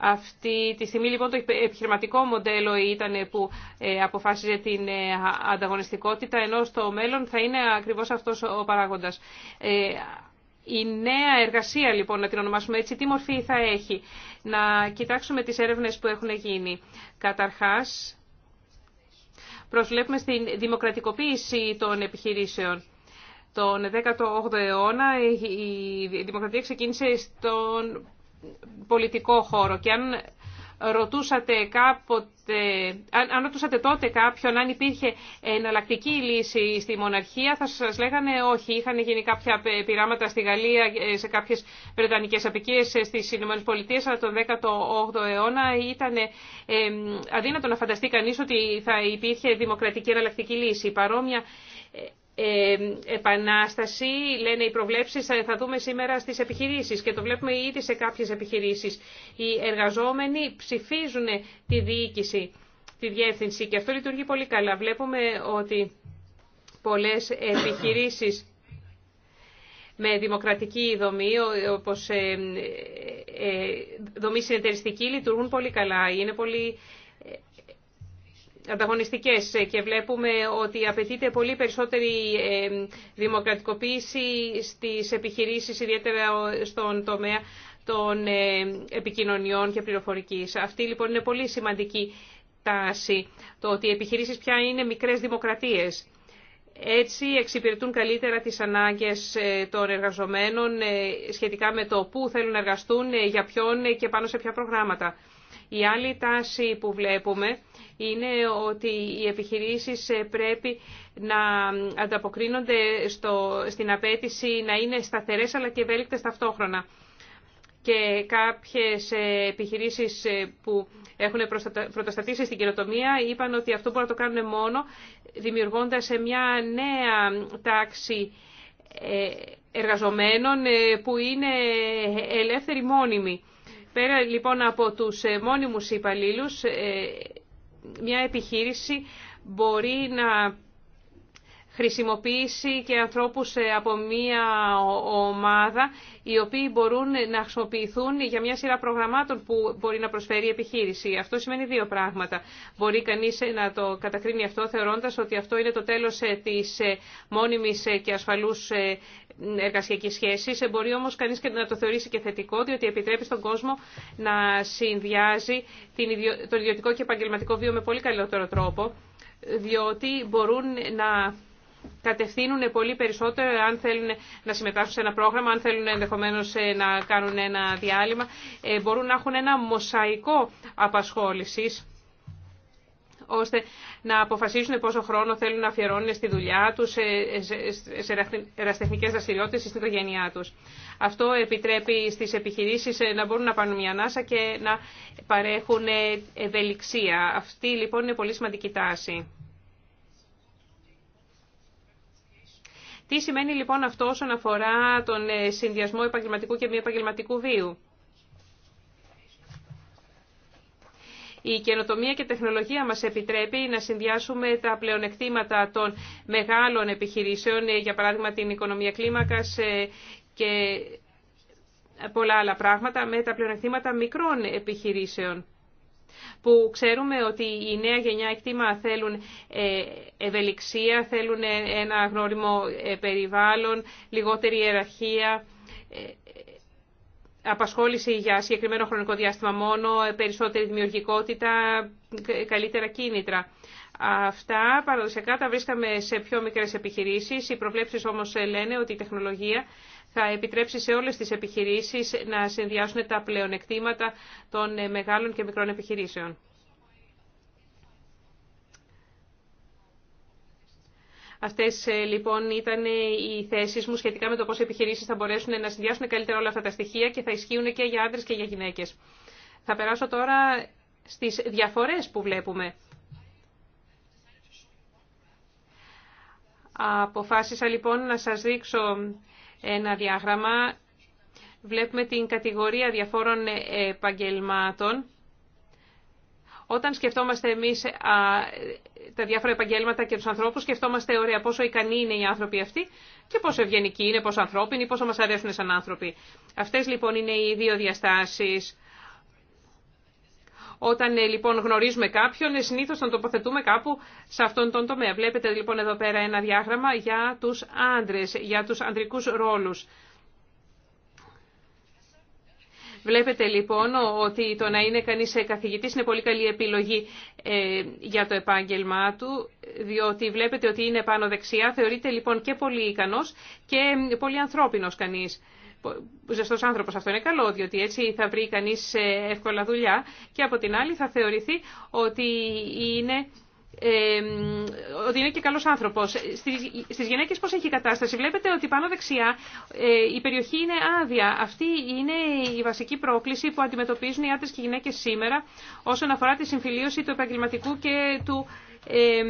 Αυτή τη στιγμή λοιπόν το επιχειρηματικό μοντέλο ήταν που ε, αποφάσιζε την ε, ανταγωνιστικότητα, ενώ στο μέλλον θα είναι ακριβώς αυτός ο παράγοντας. Ε, η νέα εργασία λοιπόν, να την ονομάσουμε έτσι, τι μορφή θα έχει. Να κοιτάξουμε τις έρευνες που έχουν γίνει. Καταρχάς, προσβλέπουμε στην δημοκρατικοποίηση των επιχειρήσεων. Τον 18ο αιώνα η δημοκρατία ξεκίνησε στον πολιτικό χώρο και αν ρωτούσατε κάποτε, αν, ρωτούσατε τότε κάποιον αν υπήρχε εναλλακτική λύση στη μοναρχία θα σας λέγανε όχι. Είχαν γίνει κάποια πειράματα στη Γαλλία ε, σε κάποιες βρετανικές απικίες ε, στις Πολιτείες αλλά τον 18ο αιώνα ήταν αδύνατο να φανταστεί κανείς ότι θα υπήρχε δημοκρατική εναλλακτική λύση. Παρόμοια ε, ε, επανάσταση, λένε οι προβλέψεις, ε, θα, δούμε σήμερα στις επιχειρήσεις και το βλέπουμε ήδη σε κάποιες επιχειρήσεις. Οι εργαζόμενοι ψηφίζουν τη διοίκηση, τη διεύθυνση και αυτό λειτουργεί πολύ καλά. Βλέπουμε ότι πολλές επιχειρήσεις με δημοκρατική δομή, όπως ε, ε, δομή συνεταιριστική, λειτουργούν πολύ καλά. Είναι πολύ ανταγωνιστικές και βλέπουμε ότι απαιτείται πολύ περισσότερη ε, δημοκρατικοποίηση στις επιχειρήσεις, ιδιαίτερα στον τομέα των ε, επικοινωνιών και πληροφορικής. Αυτή λοιπόν είναι πολύ σημαντική τάση, το ότι οι επιχειρήσεις πια είναι μικρές δημοκρατίες. Έτσι εξυπηρετούν καλύτερα τις ανάγκες ε, των εργαζομένων σχετικά με το πού θέλουν να εργαστούν, για ποιον και πάνω σε ποια προγράμματα. Η άλλη τάση που βλέπουμε είναι ότι οι επιχειρήσεις ε, πρέπει να ανταποκρίνονται στο, στην απέτηση να είναι σταθερές αλλά και ευέλικτες ταυτόχρονα. Και κάποιες ε, επιχειρήσεις ε, που έχουν πρωτοστατήσει στην καινοτομία είπαν ότι αυτό μπορούν να το κάνουν μόνο δημιουργώντας μια νέα τάξη εργαζομένων που είναι ελεύθεροι μόνιμοι. Πέρα λοιπόν από τους μόνιμους υπαλλήλους μια επιχείρηση μπορεί να χρησιμοποιήσει και ανθρώπους ε, από μία ομάδα οι οποίοι μπορούν να χρησιμοποιηθούν για μια σειρά προγραμμάτων που μπορεί να προσφέρει η επιχείρηση. Αυτό σημαίνει δύο πράγματα. Μπορεί κανείς ε, να το κατακρίνει αυτό θεωρώντας ότι αυτό είναι το τέλος ε, της μόνιμης και ασφαλούς εργασιακή σχέση. Μπορεί όμως κανείς να το θεωρήσει και θετικό, διότι επιτρέπει στον κόσμο να συνδυάζει το ιδιωτικό και επαγγελματικό βίο με πολύ καλύτερο τρόπο, διότι μπορούν να κατευθύνουν πολύ περισσότερο αν θέλουν να συμμετάσχουν σε ένα πρόγραμμα, αν θέλουν ενδεχομένω ε, να κάνουν ένα διάλειμμα. Ε, μπορούν να έχουν ένα μοσαϊκό απασχόλησης ώστε να αποφασίσουν πόσο χρόνο θέλουν να αφιερώνουν στη δουλειά τους, σε εραστεχνικές δραστηριότητες, στην οικογένειά τους. Αυτό επιτρέπει στις επιχειρήσεις ε, να μπορούν να πάρουν μια ανάσα και να παρέχουν ε, ευελιξία. Αυτή λοιπόν είναι πολύ σημαντική τάση. Τι σημαίνει λοιπόν αυτό όσον αφορά τον ε, συνδυασμό επαγγελματικού και μη επαγγελματικού βίου. Η καινοτομία και τεχνολογία μας επιτρέπει να συνδυάσουμε τα πλεονεκτήματα των μεγάλων επιχειρήσεων, ε, για παράδειγμα την οικονομία κλίμακας ε, και πολλά άλλα πράγματα, με τα πλεονεκτήματα μικρών επιχειρήσεων που ξέρουμε ότι η νέα γενιά εκτίμα θέλουν ε, ευελιξία, θέλουν ένα γνώριμο περιβάλλον, λιγότερη ιεραρχία, απασχόληση για συγκεκριμένο χρονικό διάστημα μόνο, περισσότερη δημιουργικότητα, καλύτερα κίνητρα. Αυτά παραδοσιακά τα βρίσκαμε σε πιο μικρές επιχειρήσεις. Οι προβλέψεις όμως λένε ότι η τεχνολογία θα επιτρέψει σε όλες τις επιχειρήσεις να συνδυάσουν τα πλεονεκτήματα των μεγάλων και μικρών επιχειρήσεων. Αυτέ ε, λοιπόν ήταν ε, οι θέσει μου σχετικά με το πώς οι επιχειρήσεις θα μπορέσουν να συνδυάσουν καλύτερα όλα αυτά τα στοιχεία και θα ισχύουν και για άντρε και για γυναίκες. Θα περάσω τώρα στις διαφορές που βλέπουμε. Αποφάσισα λοιπόν να σας δείξω ένα διάγραμμα. Βλέπουμε την κατηγορία διαφόρων επαγγελμάτων όταν σκεφτόμαστε εμείς τα διάφορα επαγγέλματα και τους ανθρώπους, σκεφτόμαστε ωραία πόσο ικανοί είναι οι άνθρωποι αυτοί και πόσο ευγενικοί είναι, πόσο ανθρώπινοι, πόσο μα αρέσουν σαν άνθρωποι. Αυτές λοιπόν είναι οι δύο διαστάσεις. Όταν ε, λοιπόν γνωρίζουμε κάποιον, ε, συνήθως τον τοποθετούμε κάπου σε αυτόν τον τομέα. Βλέπετε λοιπόν εδώ πέρα ένα διάγραμμα για τους άντρες, για τους ανδρικούς ρόλους. Βλέπετε λοιπόν ότι το να είναι κανείς ε, καθηγητής είναι πολύ καλή επιλογή ε, για το επάγγελμά του, διότι βλέπετε ότι είναι πάνω δεξιά, θεωρείται λοιπόν και πολύ ικανός και πολύ ανθρώπινος κανείς. Ζεστός άνθρωπος αυτό είναι καλό, διότι έτσι θα βρει κανείς ε, εύκολα δουλειά και από την άλλη θα θεωρηθεί ότι είναι ότι είναι και καλός άνθρωπος. Στις γυναίκες πώ έχει η κατάσταση. Βλέπετε ότι πάνω δεξιά ε, η περιοχή είναι άδεια. Αυτή είναι η βασική πρόκληση που αντιμετωπίζουν οι άντρε και οι γυναίκες σήμερα όσον αφορά τη συμφιλίωση του επαγγελματικού και του ε,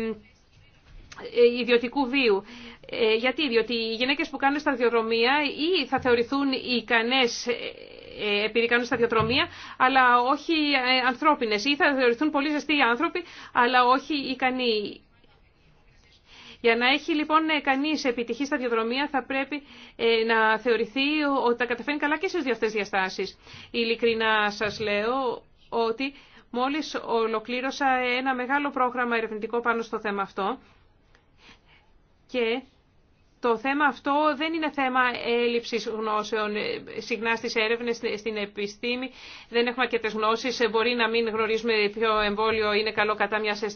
ιδιωτικού βίου. Ε, γιατί, διότι οι γυναίκες που κάνουν σταδιοδρομία ή θα θεωρηθούν ικανές ε, επειδή κάνουν σταδιοδρομία, αλλά όχι ε, ανθρώπινες. Ή θα θεωρηθούν πολύ ζεστοί οι άνθρωποι, αλλά όχι ικανοί. Για να έχει λοιπόν ε, κανείς επιτυχή σταδιοδρομία θα πρέπει να θεωρηθεί ότι τα καταφέρνει καλά και στι δύο αυτέ διαστάσει. Ειλικρινά σα λέω ότι μόλις ολοκλήρωσα ένα μεγάλο πρόγραμμα ερευνητικό πάνω στο θέμα αυτό και το θέμα αυτό δεν είναι θέμα έλλειψης γνώσεων. Συχνά στις έρευνες στην επιστήμη δεν έχουμε αρκετέ γνώσεις. Μπορεί να μην γνωρίζουμε ποιο εμβόλιο είναι καλό κατά μιας ε,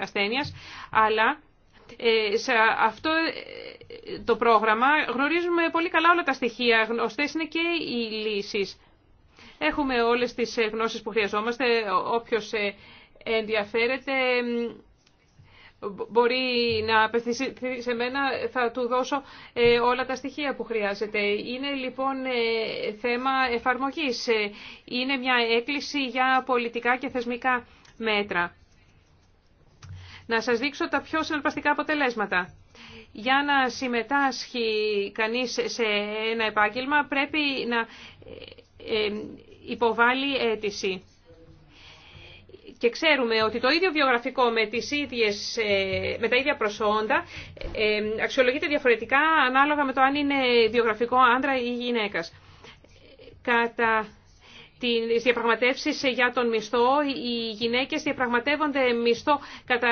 ασθένειας, αλλά ε, σε αυτό ε, το πρόγραμμα γνωρίζουμε πολύ καλά όλα τα στοιχεία. Γνωστές είναι και οι λύσεις. Έχουμε όλες τις γνώσεις που χρειαζόμαστε. Όποιος ενδιαφέρεται μπορεί να απευθυνθεί σε μένα, θα του δώσω ε, όλα τα στοιχεία που χρειάζεται. Είναι λοιπόν ε, θέμα εφαρμογής. Ε, είναι μια έκκληση για πολιτικά και θεσμικά μέτρα. Να σας δείξω τα πιο συναρπαστικά αποτελέσματα. Για να συμμετάσχει κανείς σε ένα επάγγελμα πρέπει να υποβάλει αίτηση και ξέρουμε ότι το ίδιο βιογραφικό με, τις ίδιες, ε, με τα ίδια προσόντα ε, αξιολογείται διαφορετικά ανάλογα με το αν είναι βιογραφικό άντρα ή γυναίκας. Κατά τις διαπραγματεύσεις για τον μισθό, οι γυναίκες διαπραγματεύονται μισθό κατά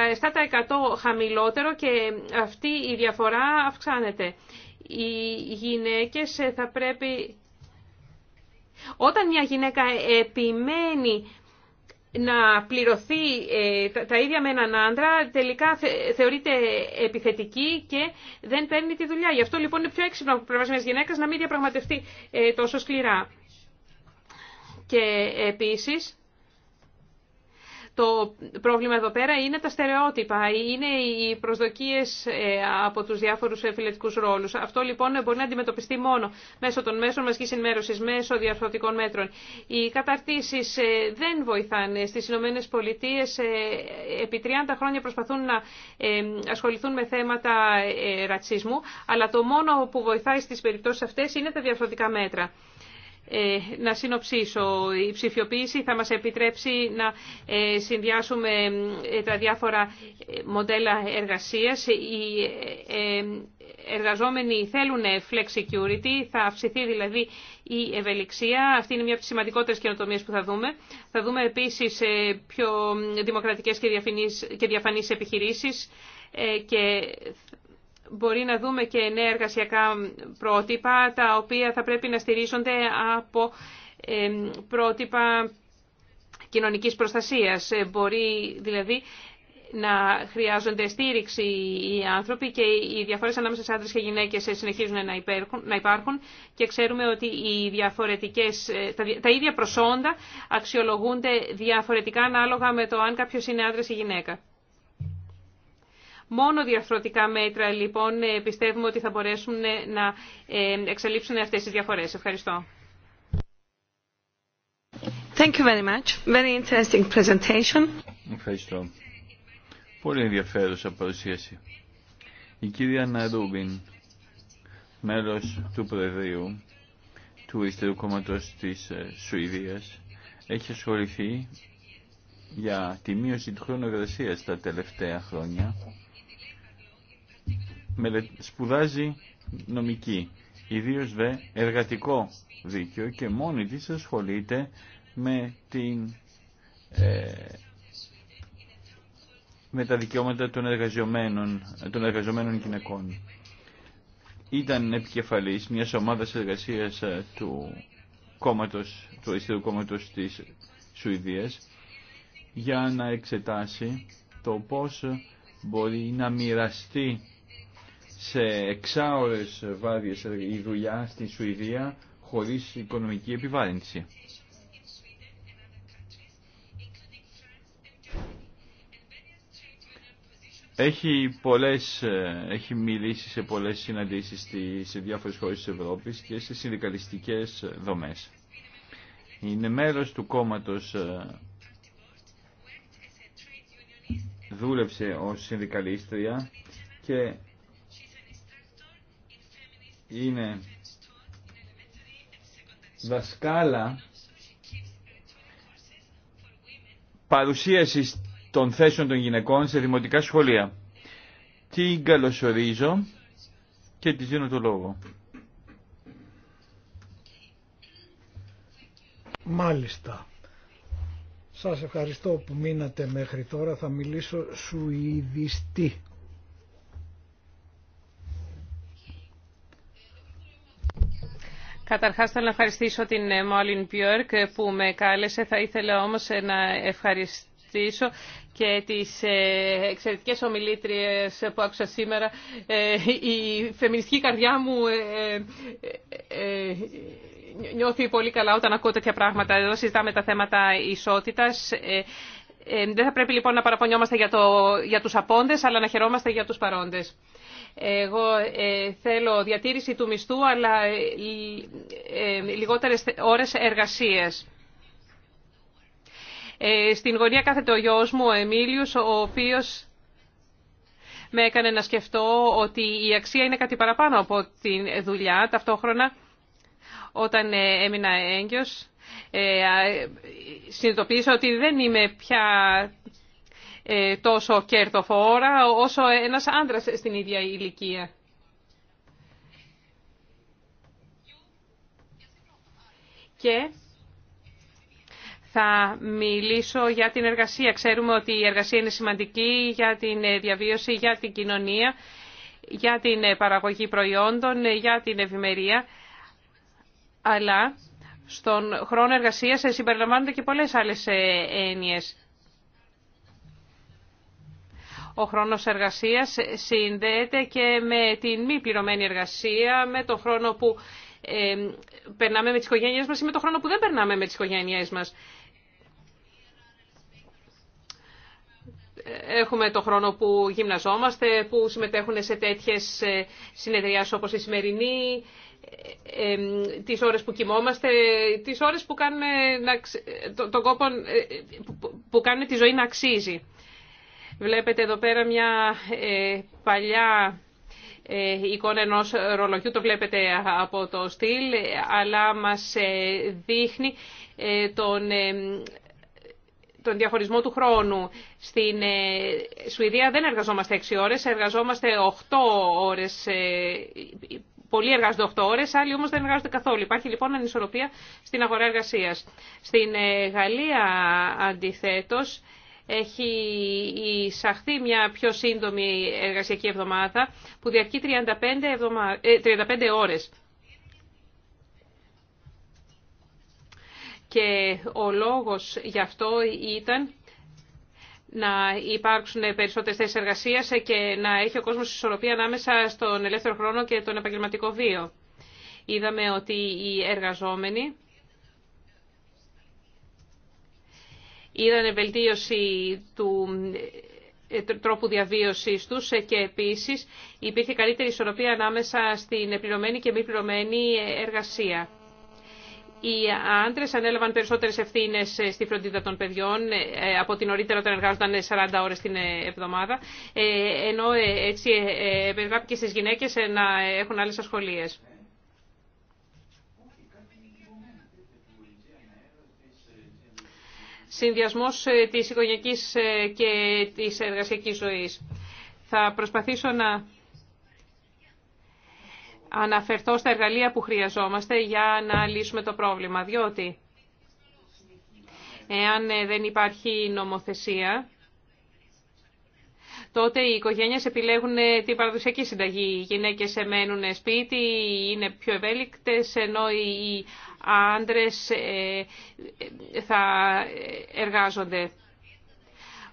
7% χαμηλότερο και αυτή η διαφορά αυξάνεται. Οι γυναίκες θα πρέπει... Όταν μια γυναίκα επιμένει να πληρωθεί ε, τα ίδια με έναν άντρα τελικά θεωρείται επιθετική και δεν παίρνει τη δουλειά. Γι' αυτό λοιπόν είναι πιο έξυπνο από πλευρά μια γυναίκα να μην διαπραγματευτεί ε, τόσο σκληρά. Και επίσης το πρόβλημα εδώ πέρα είναι τα στερεότυπα, είναι οι προσδοκίες ε, από τους διάφορους φιλετικούς ρόλους. Αυτό λοιπόν μπορεί να αντιμετωπιστεί μόνο μέσω των μέσων μαζικής ενημέρωσης, μέσω διαρθρωτικών μέτρων. Οι καταρτήσεις ε, δεν βοηθάνε. Στις Ηνωμένες Πολιτείες ε, επί 30 χρόνια προσπαθούν να ασχοληθούν με θέματα ρατσισμού, αλλά το μόνο που βοηθάει στις περιπτώσεις αυτές είναι τα διαρθρωτικά μέτρα. Ε, να συνοψίσω. Η ψηφιοποίηση θα μας επιτρέψει να ε, συνδυάσουμε ε, τα διάφορα μοντέλα εργασίας. Οι εργαζόμενοι θέλουν flex security, θα αυξηθεί δηλαδή η ευελιξία. Αυτή είναι μια από τις σημαντικότερες καινοτομίες που θα δούμε. Θα δούμε επίσης πιο δημοκρατικές και διαφανείς επιχειρήσεις και μπορεί να δούμε και νέα εργασιακά πρότυπα, τα οποία θα πρέπει να στηρίζονται από πρότυπα κοινωνικής προστασίας. Ε, μπορεί δηλαδή να χρειάζονται στήριξη οι άνθρωποι και οι διαφορές ανάμεσα σε άντρες και γυναίκες ε, συνεχίζουν να υπάρχουν και ξέρουμε ότι οι διαφορετικές, ε, τα ίδια προσόντα αξιολογούνται διαφορετικά ανάλογα με το αν κάποιος είναι άντρας ή γυναίκα. Μόνο διαρθρωτικά μέτρα λοιπόν ε, πιστεύουμε ότι θα μπορέσουν ε, να ε, εξαλείψουν αυτές τις διαφορές. Ευχαριστώ. Ευχαριστώ. Πολύ ενδιαφέρουσα παρουσίαση. Η κυρία Ναρούμπιν, μέλος του Προεδρείου του Ιστερού Κόμματος της Σουηδίας, έχει ασχοληθεί για τη μείωση του χρόνου τα τελευταία χρόνια σπουδάζει νομική, ιδίως δε εργατικό δίκαιο και μόνη της ασχολείται με, την, ε, με τα δικαιώματα των εργαζομένων, των εργαζομένων γυναικών. Ήταν επικεφαλής μια ομάδας εργασίας ε, του κόμματος, του αριστερού κόμματος της Σουηδίας για να εξετάσει το πώς μπορεί να μοιραστεί σε εξάωρες βάδιες η δουλειά στη Σουηδία χωρίς οικονομική επιβάρυνση. Έχει, πολλές, έχει μιλήσει σε πολλές συναντήσεις σε διάφορες χώρες της Ευρώπης και σε συνδικαλιστικές δομές. Είναι μέρος του κόμματος ε, δούλεψε ως συνδικαλίστρια και είναι δασκάλα παρουσίαση των θέσεων των γυναικών σε δημοτικά σχολεία. Την καλωσορίζω και τη δίνω το λόγο. Μάλιστα. Σας ευχαριστώ που μείνατε μέχρι τώρα. Θα μιλήσω σου ειδιστή. Καταρχάς θέλω να ευχαριστήσω την ε, Μόλιν Πιόρκ ε, που με κάλεσε. Θα ήθελα όμως ε, να ευχαριστήσω και τις εξαιρετικές ομιλήτριες που άκουσα σήμερα. Η φεμινιστική καρδιά μου νιώθει πολύ καλά όταν ακούω τέτοια πράγματα. Εδώ συζητάμε τα θέματα ισότητας. Δεν θα πρέπει λοιπόν να παραπονιόμαστε για, το, για τους απόντες, αλλά να χαιρόμαστε για τους παρόντες. Εγώ ε, θέλω διατήρηση του μισθού αλλά ε, ε, λιγότερες ώρες εργασίας. Στην γωνία κάθεται ο γιος μου, ο Εμίλιος, ο οποίος με έκανε να σκεφτώ ότι η αξία είναι κάτι παραπάνω από τη δουλειά. Ταυτόχρονα, όταν έμεινα έγκυος, συνειδητοποίησα ότι δεν είμαι πια ε, τόσο κέρδοφόρα όσο ένας άντρας στην ίδια ηλικία. Και θα μιλήσω για την εργασία. Ξέρουμε ότι η εργασία είναι σημαντική για την ε, διαβίωση, για την κοινωνία, για την ε, παραγωγή προϊόντων, για την ευημερία. Αλλά στον χρόνο εργασίας συμπεριλαμβάνονται και πολλές άλλες έννοιες. Ο χρόνος εργασίας συνδέεται και με την μη πληρωμένη εργασία, με το χρόνο που ε, περνάμε με τις οικογένειές μας ή με το χρόνο που δεν περνάμε με τις οικογένειές μας. Έχουμε το χρόνο που γυμναζόμαστε, που συμμετέχουν σε τέτοιες ε, συνεδριάσεις όπως η σημερινή, ε, τις ώρες που κοιμόμαστε, τις ώρες που κάνουμε, τον κόπο, που κάνουμε τη ζωή να αξίζει. Βλέπετε εδώ πέρα μια ε, παλιά ε, εικόνα ενός ρολογιού, το βλέπετε από το στυλ, αλλά μας ε, δείχνει τον τον διαχωρισμό του χρόνου. Στην Σουηδία δεν εργαζόμαστε 6 ώρες, εργαζόμαστε 8 ώρες. Πολλοί εργάζονται 8 ώρες, άλλοι όμως δεν εργάζονται καθόλου. Υπάρχει λοιπόν ανισορροπία στην αγορά εργασίας. Στην Γαλλία αντιθέτως έχει εισαχθεί μια πιο σύντομη εργασιακή εβδομάδα που διαρκεί 35, εβδομα... 35 ε, ώρες. Και ο λόγος γι' αυτό ήταν να υπάρξουν περισσότερες θέσεις εργασίας και να έχει ο κόσμος ισορροπία ανάμεσα στον ελεύθερο χρόνο και τον επαγγελματικό βίο. Είδαμε ότι οι εργαζόμενοι είδανε βελτίωση του ε, τρόπου διαβίωσης τους ε, και επίσης υπήρχε καλύτερη ισορροπία ανάμεσα στην πληρωμένη και μη πληρωμένη ε, εργασία. Οι άντρε ανέλαβαν περισσότερες ευθύνες στη φροντίδα των παιδιών από την νωρίτερα όταν εργάζονταν 40 ώρες την εβδομάδα, ενώ έτσι περιγράφηκε στι γυναίκες να έχουν άλλες ασχολίες. συνδυασμός ε, της οικογενειακής ε, και της εργασιακής ζωής. Θα προσπαθήσω να αναφερθώ στα εργαλεία που χρειαζόμαστε για να λύσουμε το πρόβλημα, διότι εάν ε, δεν υπάρχει νομοθεσία, τότε οι οικογένειες επιλέγουν την παραδοσιακή συνταγή. Οι γυναίκες μένουν σπίτι, είναι πιο ευέλικτες, ενώ οι άντρες ε, ε, θα εργάζονται.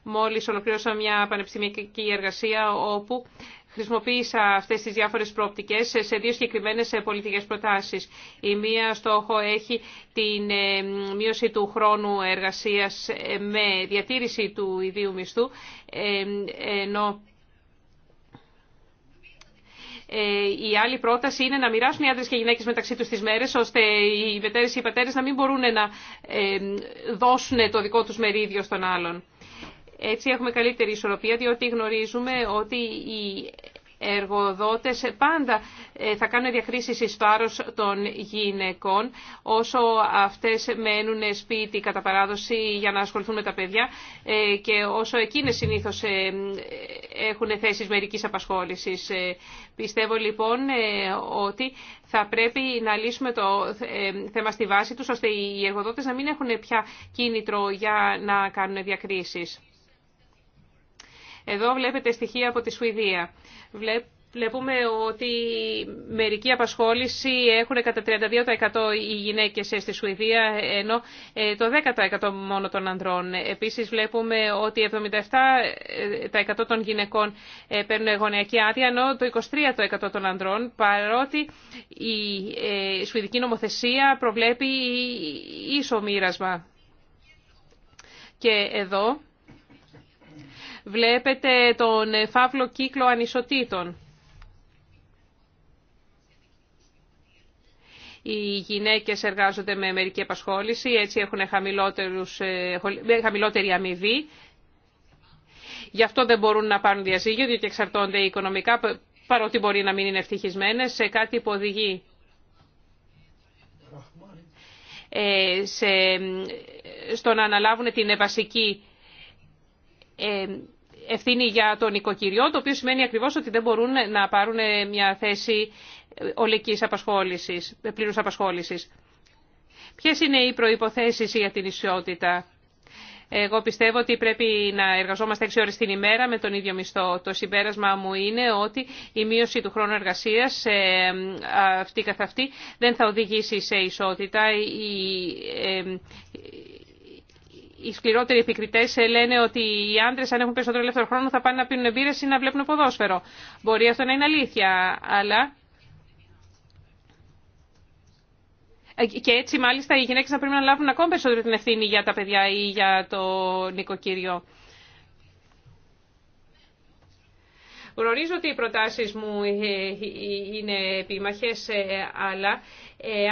Μόλις ολοκλήρωσα μια πανεπιστημιακή εργασία όπου χρησιμοποίησα αυτές τις διάφορες προοπτικές σε δύο συγκεκριμένες πολιτικές προτάσεις. Η μία στόχο έχει την ε, μείωση του χρόνου εργασίας με διατήρηση του ιδίου μισθού, ενώ ε, η άλλη πρόταση είναι να μοιράσουν οι άντρε και οι γυναίκες μεταξύ τους τι μέρες, ώστε οι μητέρες και οι πατέρες να μην μπορούν να ε, δώσουν το δικό τους μερίδιο στον άλλον. Έτσι έχουμε καλύτερη ισορροπία, διότι γνωρίζουμε ότι η εργοδότες πάντα ε, θα κάνουν διακρίσεις εις βάρος των γυναικών όσο αυτές μένουν σπίτι κατά παράδοση για να ασχοληθούν με τα παιδιά ε, και όσο εκείνες συνήθως ε, έχουν θέσεις μερικής απασχόλησης. Πιστεύω λοιπόν ότι θα πρέπει να λύσουμε το θέμα στη βάση τους ώστε οι εργοδότες να μην έχουν πια κίνητρο για να κάνουν διακρίσεις. Εδώ βλέπετε στοιχεία από τη Σουηδία. Βλέπουμε ότι μερική απασχόληση έχουν κατά 32% οι γυναίκες ε, στη Σουηδία, ενώ ε, το 10% μόνο των ανδρών. Επίσης βλέπουμε ότι 77% των γυναικών ε, παίρνουν γονεακή άδεια, ενώ το 23% των ανδρών, παρότι η σουηδική νομοθεσία προβλέπει ίσο μοίρασμα. Και εδώ βλέπετε τον ε, φαύλο κύκλο ανισοτήτων. Οι γυναίκες εργάζονται με μερική επασχόληση, έτσι έχουν ε, χαμηλότερη αμοιβή. Γι' αυτό δεν μπορούν να πάρουν διαζύγιο, διότι εξαρτώνται οικονομικά, παρότι μπορεί να μην είναι ευτυχισμένε. σε κάτι που οδηγεί ε, στο να αναλάβουν την βασική ευθύνη για τον οικοκυριό, το οποίο σημαίνει ακριβώς ότι δεν μπορούν να πάρουν μια θέση ολικής απασχόλησης, πλήρους απασχόλησης. Ποιες είναι οι προϋποθέσεις για την ισότητα. Εγώ πιστεύω ότι πρέπει να εργαζόμαστε 6 ώρες την ημέρα με τον ίδιο μισθό. Το συμπέρασμα μου είναι ότι η μείωση του χρόνου εργασίας ε, αυτή καθ' αυτή δεν θα οδηγήσει σε ισότητα. Η ε, οι σκληρότεροι επικριτέ λένε ότι οι άντρε, αν έχουν περισσότερο ελεύθερο χρόνο, θα πάνε να πίνουν μπύρε ή να βλέπουν ποδόσφαιρο. Μπορεί αυτό να είναι αλήθεια, αλλά. Και έτσι, μάλιστα, οι γυναίκε θα πρέπει να λάβουν ακόμα περισσότερο την ευθύνη για τα παιδιά ή για το νοικοκύριο. Γνωρίζω ότι οι προτάσεις μου ε, ε, είναι επίμαχες, ε, αλλά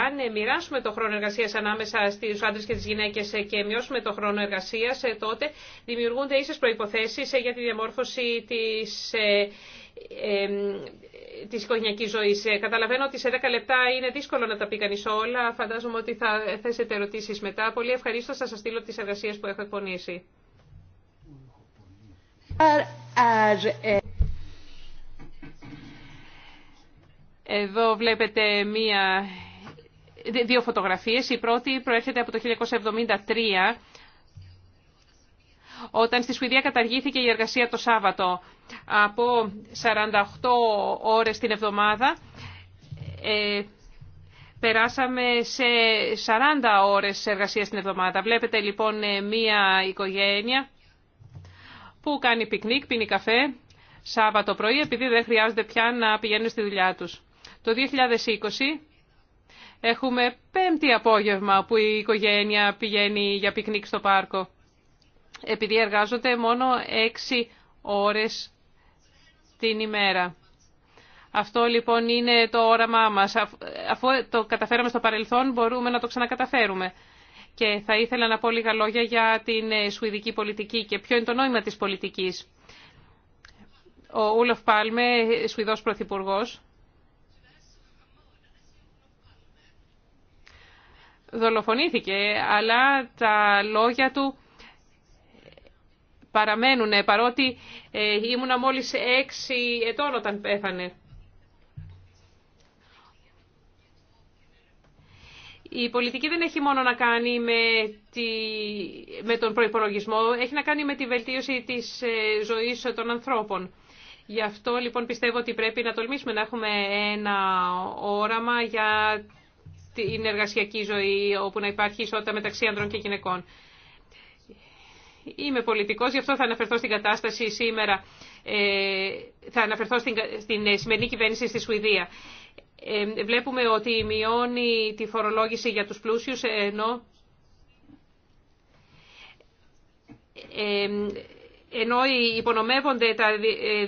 αν μοιράσουμε το χρόνο εργασίας ανάμεσα στους άντρες και τις γυναίκες και μειώσουμε το χρόνο εργασίας, τότε δημιουργούνται ίσες προϋποθέσεις για τη διαμόρφωση της της οικογενειακής ζωής. Καταλαβαίνω ότι σε 10 λεπτά είναι δύσκολο να τα πει κανείς όλα. Φαντάζομαι ότι θα θέσετε ερωτήσεις μετά. Πολύ ευχαρίστω θα σας στείλω τις εργασίες που έχω εκπονήσει. Εδώ βλέπετε μία, δύο φωτογραφίες. Η πρώτη προέρχεται από το 1973, όταν στη Σουηδία καταργήθηκε η εργασία το Σάββατο. Από 48 ώρες την εβδομάδα ε, περάσαμε σε 40 ώρες εργασίας την εβδομάδα. Βλέπετε λοιπόν ε, μία οικογένεια που κάνει πικνίκ, πίνει καφέ Σάββατο πρωί, επειδή δεν χρειάζονται πια να πηγαίνουν στη δουλειά τους. Το 2020 έχουμε πέμπτη απόγευμα που η οικογένεια πηγαίνει για πικνίκ στο πάρκο. Επειδή εργάζονται μόνο έξι ώρες την ημέρα. Αυτό λοιπόν είναι το όραμά μας. Αφού το καταφέραμε στο παρελθόν μπορούμε να το ξανακαταφέρουμε. Και θα ήθελα να πω λίγα λόγια για την ε, σουηδική πολιτική και ποιο είναι το νόημα της πολιτικής. Ο Ούλοφ Πάλμε, ε, Σουηδός Πρωθυπουργός, δολοφονήθηκε, αλλά τα λόγια του παραμένουν, παρότι ε, ήμουνα μόλις έξι ετών όταν πέθανε. Η πολιτική δεν έχει μόνο να κάνει με, τον προϋπολογισμό, έχει να κάνει με τη βελτίωση της ε, ζωής των ανθρώπων. Γι' αυτό λοιπόν πιστεύω ότι πρέπει να τολμήσουμε να έχουμε ένα όραμα για την εργασιακή ζωή όπου να υπάρχει ισότητα μεταξύ ανδρών και γυναικών. Είμαι πολιτικός, γι' αυτό θα αναφερθώ στην κατάσταση σήμερα, ε, θα αναφερθώ στην, στην ε, σημερινή κυβέρνηση στη Σουηδία. Ε, βλέπουμε ότι μειώνει τη φορολόγηση για τους πλούσιους, ενώ ενώ υπονομεύονται τα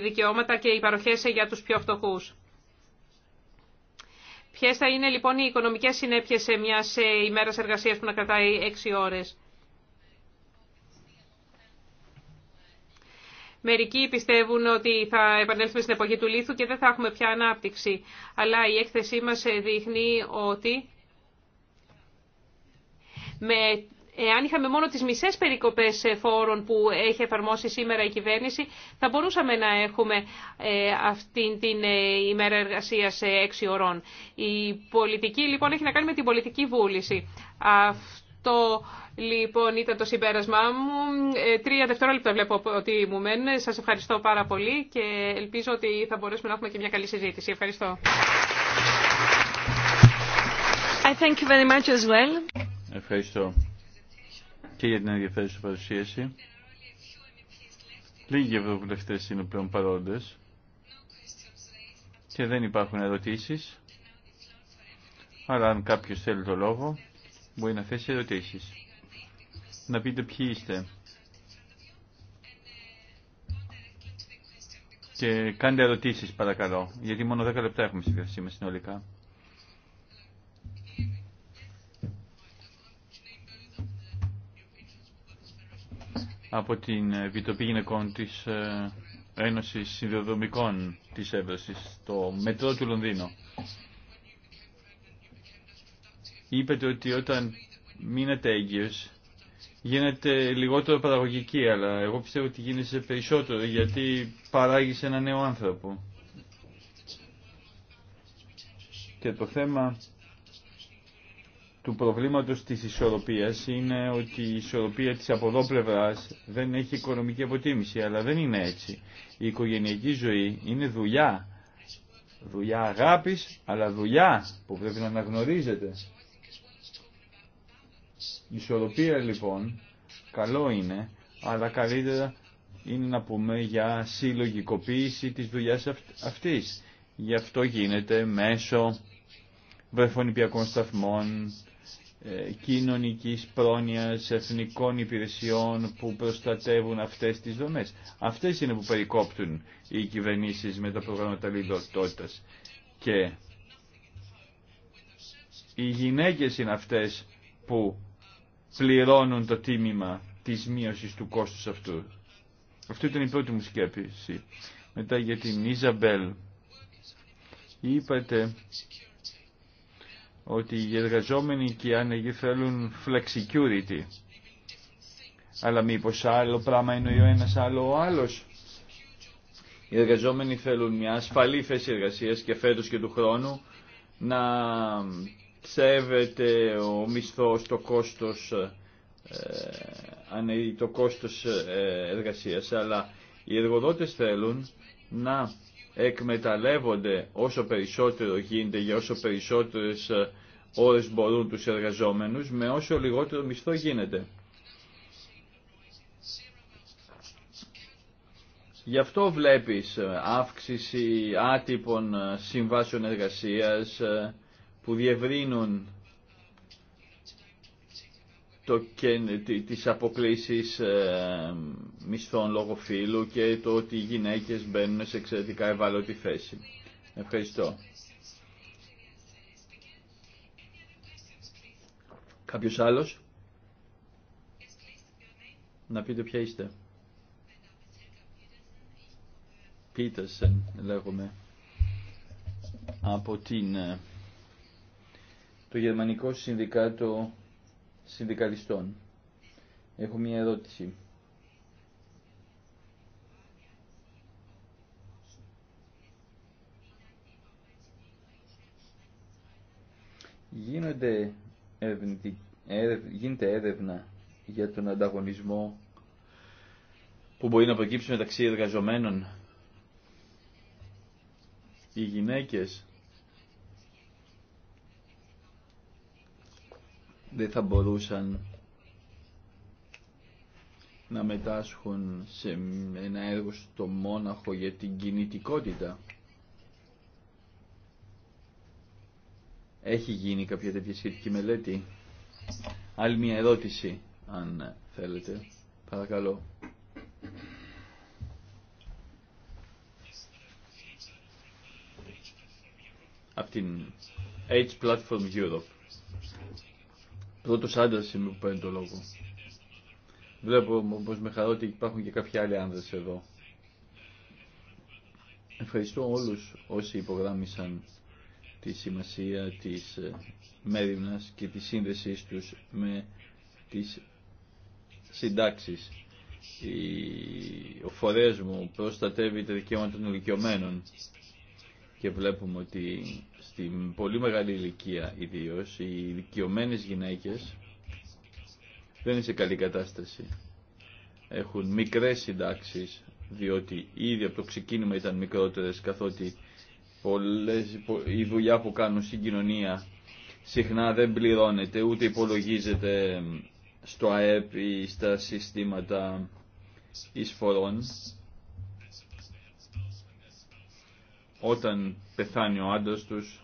δικαιώματα και οι παροχές για τους πιο φτωχούς. Ποιε θα είναι λοιπόν οι οικονομικέ συνέπειε μια ημέρα εργασία που να κρατάει 6 ώρε. Μερικοί πιστεύουν ότι θα επανέλθουμε στην εποχή του λίθου και δεν θα έχουμε πια ανάπτυξη. Αλλά η έκθεσή μας δείχνει ότι με αν είχαμε μόνο τις μισές περικοπές ε, φόρων που έχει εφαρμόσει σήμερα η κυβέρνηση, θα μπορούσαμε να έχουμε ε, αυτή την ε, ημέρα σε έξι ωρών. Η πολιτική λοιπόν έχει να κάνει με την πολιτική βούληση. Αυτό λοιπόν ήταν το συμπέρασμά μου. Τρία δευτερόλεπτα βλέπω ότι μου μένουν. Σας ευχαριστώ πάρα πολύ και ελπίζω ότι θα μπορέσουμε να έχουμε και μια καλή συζήτηση. Ευχαριστώ. I thank you very much as well. Ευχαριστώ και για την ενδιαφέρουσα παρουσίαση. Λίγοι ευρωβουλευτέ είναι πλέον παρόντε και δεν υπάρχουν ερωτήσει. αλλά αν κάποιο θέλει το λόγο, μπορεί να θέσει ερωτήσει. Να πείτε ποιοι είστε. Και κάντε ερωτήσεις παρακαλώ, γιατί μόνο 10 λεπτά έχουμε στη διάθεσή μας συνολικά. από την Επιτροπή Γυναικών της ε, Ένωσης Συνδεδομικών της Εύρωσης, το Μετρό του Λονδίνου. Είπετε ότι όταν μείνετε έγκυος γίνεται λιγότερο παραγωγική, αλλά εγώ πιστεύω ότι γίνεσαι περισσότερο γιατί παράγεις ένα νέο άνθρωπο. Και το θέμα του προβλήματος της ισορροπίας είναι ότι η ισορροπία της αποδόπλευρας δεν έχει οικονομική αποτίμηση, αλλά δεν είναι έτσι. Η οικογενειακή ζωή είναι δουλειά, δουλειά αγάπης, αλλά δουλειά που πρέπει να αναγνωρίζετε Η ισορροπία λοιπόν καλό είναι, αλλά καλύτερα είναι να πούμε για συλλογικοποίηση της δουλειάς αυτής. Γι' αυτό γίνεται μέσω βρεφονιπιακών σταθμών, ε, κοινωνικής πρόνοιας, εθνικών υπηρεσιών που προστατεύουν αυτές τις δομές. Αυτές είναι που περικόπτουν οι κυβερνήσεις με τα προγράμματα λιδωτότητας. Και οι γυναίκες είναι αυτές που πληρώνουν το τίμημα της μείωσης του κόστους αυτού. Αυτή ήταν η πρώτη μου σκέψη. Μετά για την Ιζαμπέλ. Είπατε ότι οι εργαζόμενοι και οι άνεργοι θέλουν flexicurity. Αλλά μήπως άλλο πράγμα εννοεί ο ένας άλλο ο άλλος. Οι εργαζόμενοι θέλουν μια ασφαλή θέση εργασίας και φέτος και του χρόνου να σέβεται ο μισθός το κόστος, ε, ε το κόστος ε, εργασίας. Αλλά οι εργοδότες θέλουν να εκμεταλλεύονται όσο περισσότερο γίνεται για όσο περισσότερες ε, ώρες μπορούν τους εργαζόμενους με όσο λιγότερο μισθό γίνεται. Γι' αυτό βλέπεις ε, αύξηση άτυπων ε, συμβάσεων εργασίας που διευρύνουν το, και, τις αποκλήσεις ε, μισθών λόγω φύλου και το ότι οι γυναίκες μπαίνουν σε εξαιρετικά ευάλωτη θέση. Ευχαριστώ. Κάποιος άλλος? Να πείτε ποια είστε. Πίτερσεν λέγομαι. Από την... Ε, το Γερμανικό Συνδικάτο συνδικαλιστών. Έχω μία ερώτηση. Γίνονται γίνεται έρευνα για τον ανταγωνισμό που μπορεί να προκύψει μεταξύ εργαζομένων. Οι γυναίκες δεν θα μπορούσαν να μετάσχουν σε ένα έργο στο μόναχο για την κινητικότητα. Έχει γίνει κάποια τέτοια σχετική μελέτη. Άλλη μια ερώτηση, αν θέλετε. Παρακαλώ. Από την H Platform Europe. Πρώτος άντρας είμαι που παίρνει το λόγο. Βλέπω με χαρά ότι υπάρχουν και κάποιοι άλλοι άνδρες εδώ. Ευχαριστώ όλους όσοι υπογράμμισαν τη σημασία της ε, μέρημνας και τη σύνδεσή τους με τις συντάξεις. Ο φορέας μου προστατεύει τα δικαιώματα των ηλικιωμένων και βλέπουμε ότι στην πολύ μεγάλη ηλικία ιδίω οι ηλικιωμένε γυναίκες δεν είναι σε καλή κατάσταση. Έχουν μικρές συντάξει διότι ήδη από το ξεκίνημα ήταν μικρότερες καθότι πολλές, η δουλειά που κάνουν στην κοινωνία συχνά δεν πληρώνεται ούτε υπολογίζεται στο ΑΕΠ ή στα συστήματα εισφορών όταν πεθάνει ο άντρας τους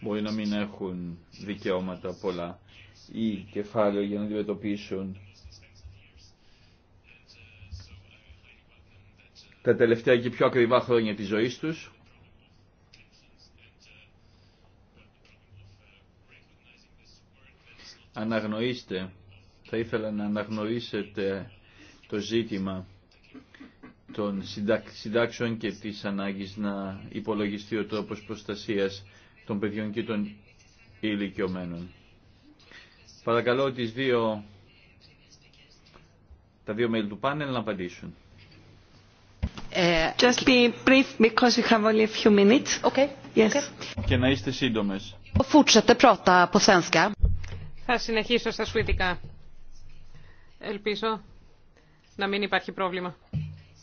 μπορεί να μην έχουν δικαιώματα πολλά ή κεφάλαιο για να αντιμετωπίσουν τα τελευταία και πιο ακριβά χρόνια της ζωής τους. Αναγνωρίστε, θα ήθελα να αναγνωρίσετε το ζήτημα των συντάξεων και της ανάγκης να υπολογιστεί ο τρόπος προστασίας των παιδιών και των ηλικιωμένων. Παρακαλώ τις δύο, τα δύο μέλη του πάνελ να απαντήσουν. Ε, Just be brief because we have only a few minutes. Okay. Yes. Και να είστε σύντομες. Θα συνεχίσω στα σουηδικά. Ελπίζω να μην υπάρχει πρόβλημα.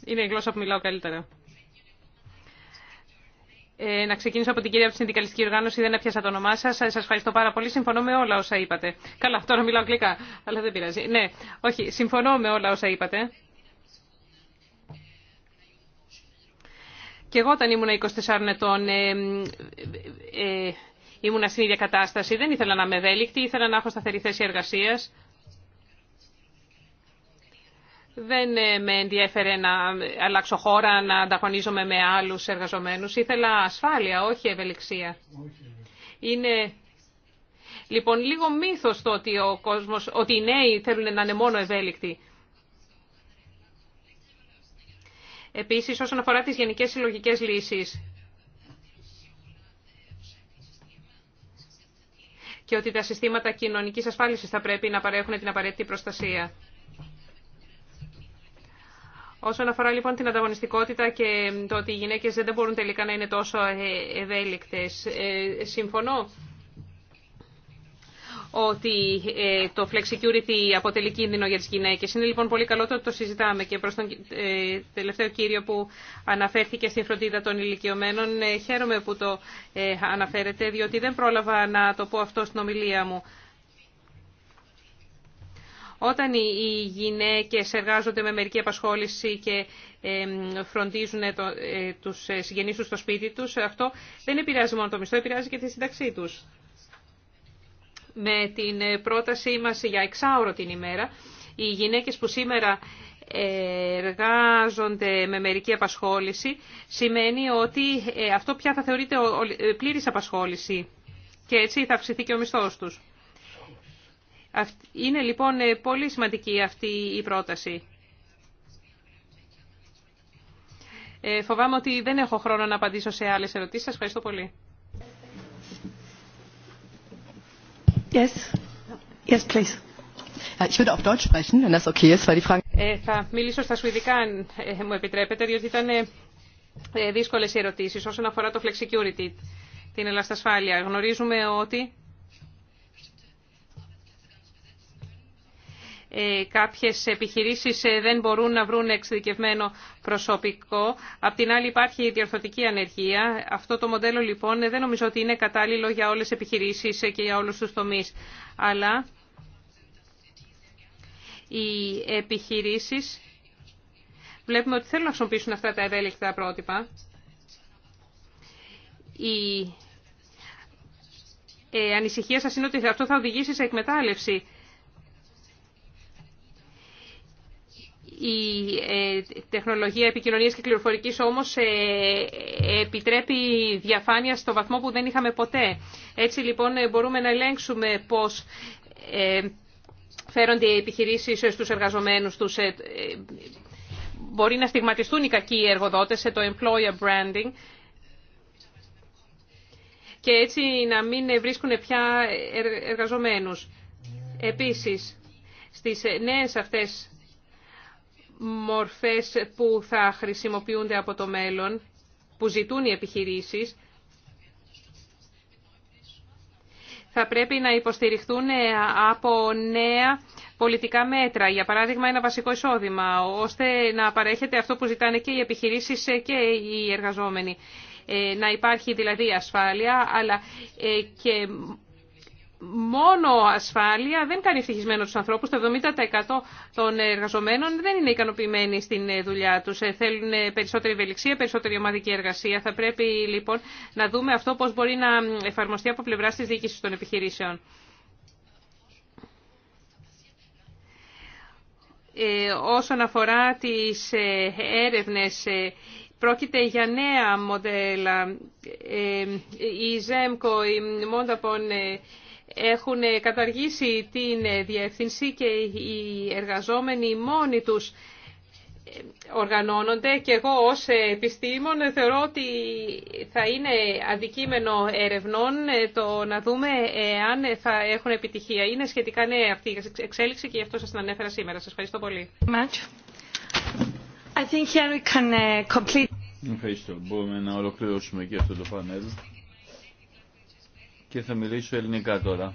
Είναι η γλώσσα που μιλάω καλύτερα. Ε, να ξεκινήσω από την κυρία από τη συνδικαλιστική οργάνωση. Δεν έπιασα το όνομά σα. Σα ευχαριστώ πάρα πολύ. Συμφωνώ με όλα όσα είπατε. Καλά, τώρα μιλάω αγγλικά, αλλά δεν πειράζει. Ναι, όχι, συμφωνώ με όλα όσα είπατε. Και εγώ όταν ήμουν 24 ετών ε, ε, ε, ήμουνα στην ίδια κατάσταση. Δεν ήθελα να είμαι ευέλικτη, ήθελα να έχω σταθερή θέση εργασία. Δεν ε, με ενδιέφερε να αλλάξω χώρα, να ανταγωνίζομαι με άλλους εργαζομένους. Ήθελα ασφάλεια, όχι ευελιξία. Είναι λοιπόν λίγο μύθος το ότι, ο κόσμος, ότι οι νέοι θέλουν να είναι μόνο ευέλικτοι. Επίσης, όσον αφορά τις γενικές συλλογικέ λύσεις, και ότι τα συστήματα κοινωνικής ασφάλισης θα πρέπει να παρέχουν την απαραίτητη προστασία. Όσον αφορά λοιπόν την ανταγωνιστικότητα και το ότι οι γυναίκες δεν μπορούν τελικά να είναι τόσο ε, ευέλικτες, ε, συμφωνώ ότι ε, το flexicurity αποτελεί κίνδυνο για τις γυναίκες. Είναι λοιπόν πολύ καλό το ότι το συζητάμε και προς τον τελευταίο κύριο που αναφέρθηκε στην φροντίδα των ηλικιωμένων. Χαίρομαι που το αναφέρετε, διότι δεν πρόλαβα να το πω αυτό στην ομιλία μου. Όταν οι γυναίκες εργάζονται με μερική απασχόληση και φροντίζουν ε, ε, τους ε, συγγενείς τους στο σπίτι τους, αυτό δεν επηρεάζει μόνο το μισθό, επηρεάζει και τη σύνταξή τους. Με την πρότασή μας για εξάωρο την ημέρα, οι γυναίκες που σήμερα εργάζονται με μερική απασχόληση, σημαίνει ότι αυτό πια θα θεωρείται πλήρης απασχόληση και έτσι θα αυξηθεί και ο μισθός τους. Είναι λοιπόν ε, πολύ σημαντική αυτή η πρόταση. Ε, φοβάμαι ότι δεν έχω χρόνο να απαντήσω σε άλλες ερωτήσεις. Σας ευχαριστώ πολύ. Yes. θα μιλήσω στα σουηδικά, αν ε, μου επιτρέπετε, διότι ήταν δύσκολες οι ερωτήσεις όσον αφορά το flexicurity, την ελαστασφάλεια. Γνωρίζουμε ότι Ε, κάποιες επιχειρήσεις ε, δεν μπορούν να βρουν εξειδικευμένο προσωπικό. Απ' την άλλη υπάρχει η διορθωτική ανεργία. Αυτό το μοντέλο λοιπόν δεν νομίζω ότι είναι κατάλληλο για όλες τις επιχειρήσεις ε, και για όλους τους τομείς. Αλλά οι επιχειρήσεις βλέπουμε ότι θέλουν να χρησιμοποιήσουν αυτά τα ευέλικτα πρότυπα. Η ε, ανησυχία σας είναι ότι αυτό θα οδηγήσει σε εκμετάλλευση. Η ε, τεχνολογία επικοινωνίας και πληροφορική όμως ε, επιτρέπει διαφάνεια στο βαθμό που δεν είχαμε ποτέ. Έτσι λοιπόν ε, μπορούμε να ελέγξουμε πώς φέρονται οι επιχειρήσεις στους εργαζομένους τους. Μπορεί να στιγματιστούν οι κακοί εργοδότες σε το employer branding και έτσι να μην βρίσκουν πια εργαζομένους. Επίσης, στις νέες αυτές μορφές που θα χρησιμοποιούνται από το μέλλον, που ζητούν οι επιχειρήσεις, θα πρέπει να υποστηριχθούν ε, από νέα πολιτικά μέτρα, για παράδειγμα ένα βασικό εισόδημα, ώστε να παρέχεται αυτό που ζητάνε και οι επιχειρήσεις ε, και οι εργαζόμενοι. Ε, να υπάρχει δηλαδή ασφάλεια, αλλά και μόνο ασφάλεια δεν κάνει ευτυχισμένο τους ανθρώπους. Το 70% των εργαζομένων δεν είναι ικανοποιημένοι στην ε, δουλειά τους. Ε, θέλουν ε, περισσότερη ευελιξία, περισσότερη ομαδική εργασία. Θα πρέπει λοιπόν να δούμε αυτό πώς μπορεί να εφαρμοστεί από πλευρά της διοίκησης των επιχειρήσεων. όσον αφορά τις έρευνες, πρόκειται για νέα μοντέλα. η ΖΕΜΚΟ, η έχουν καταργήσει την διεύθυνση και οι εργαζόμενοι μόνοι τους οργανώνονται και εγώ ως επιστήμον θεωρώ ότι θα είναι αντικείμενο ερευνών το να δούμε αν θα έχουν επιτυχία. Είναι σχετικά νέα αυτή η εξέλιξη και γι' αυτό σας την ανέφερα σήμερα. Σας ευχαριστώ πολύ. I think here we can uh, Ευχαριστώ. Μπορούμε να ολοκληρώσουμε και αυτό το πάνελ και θα μιλήσω ελληνικά τώρα.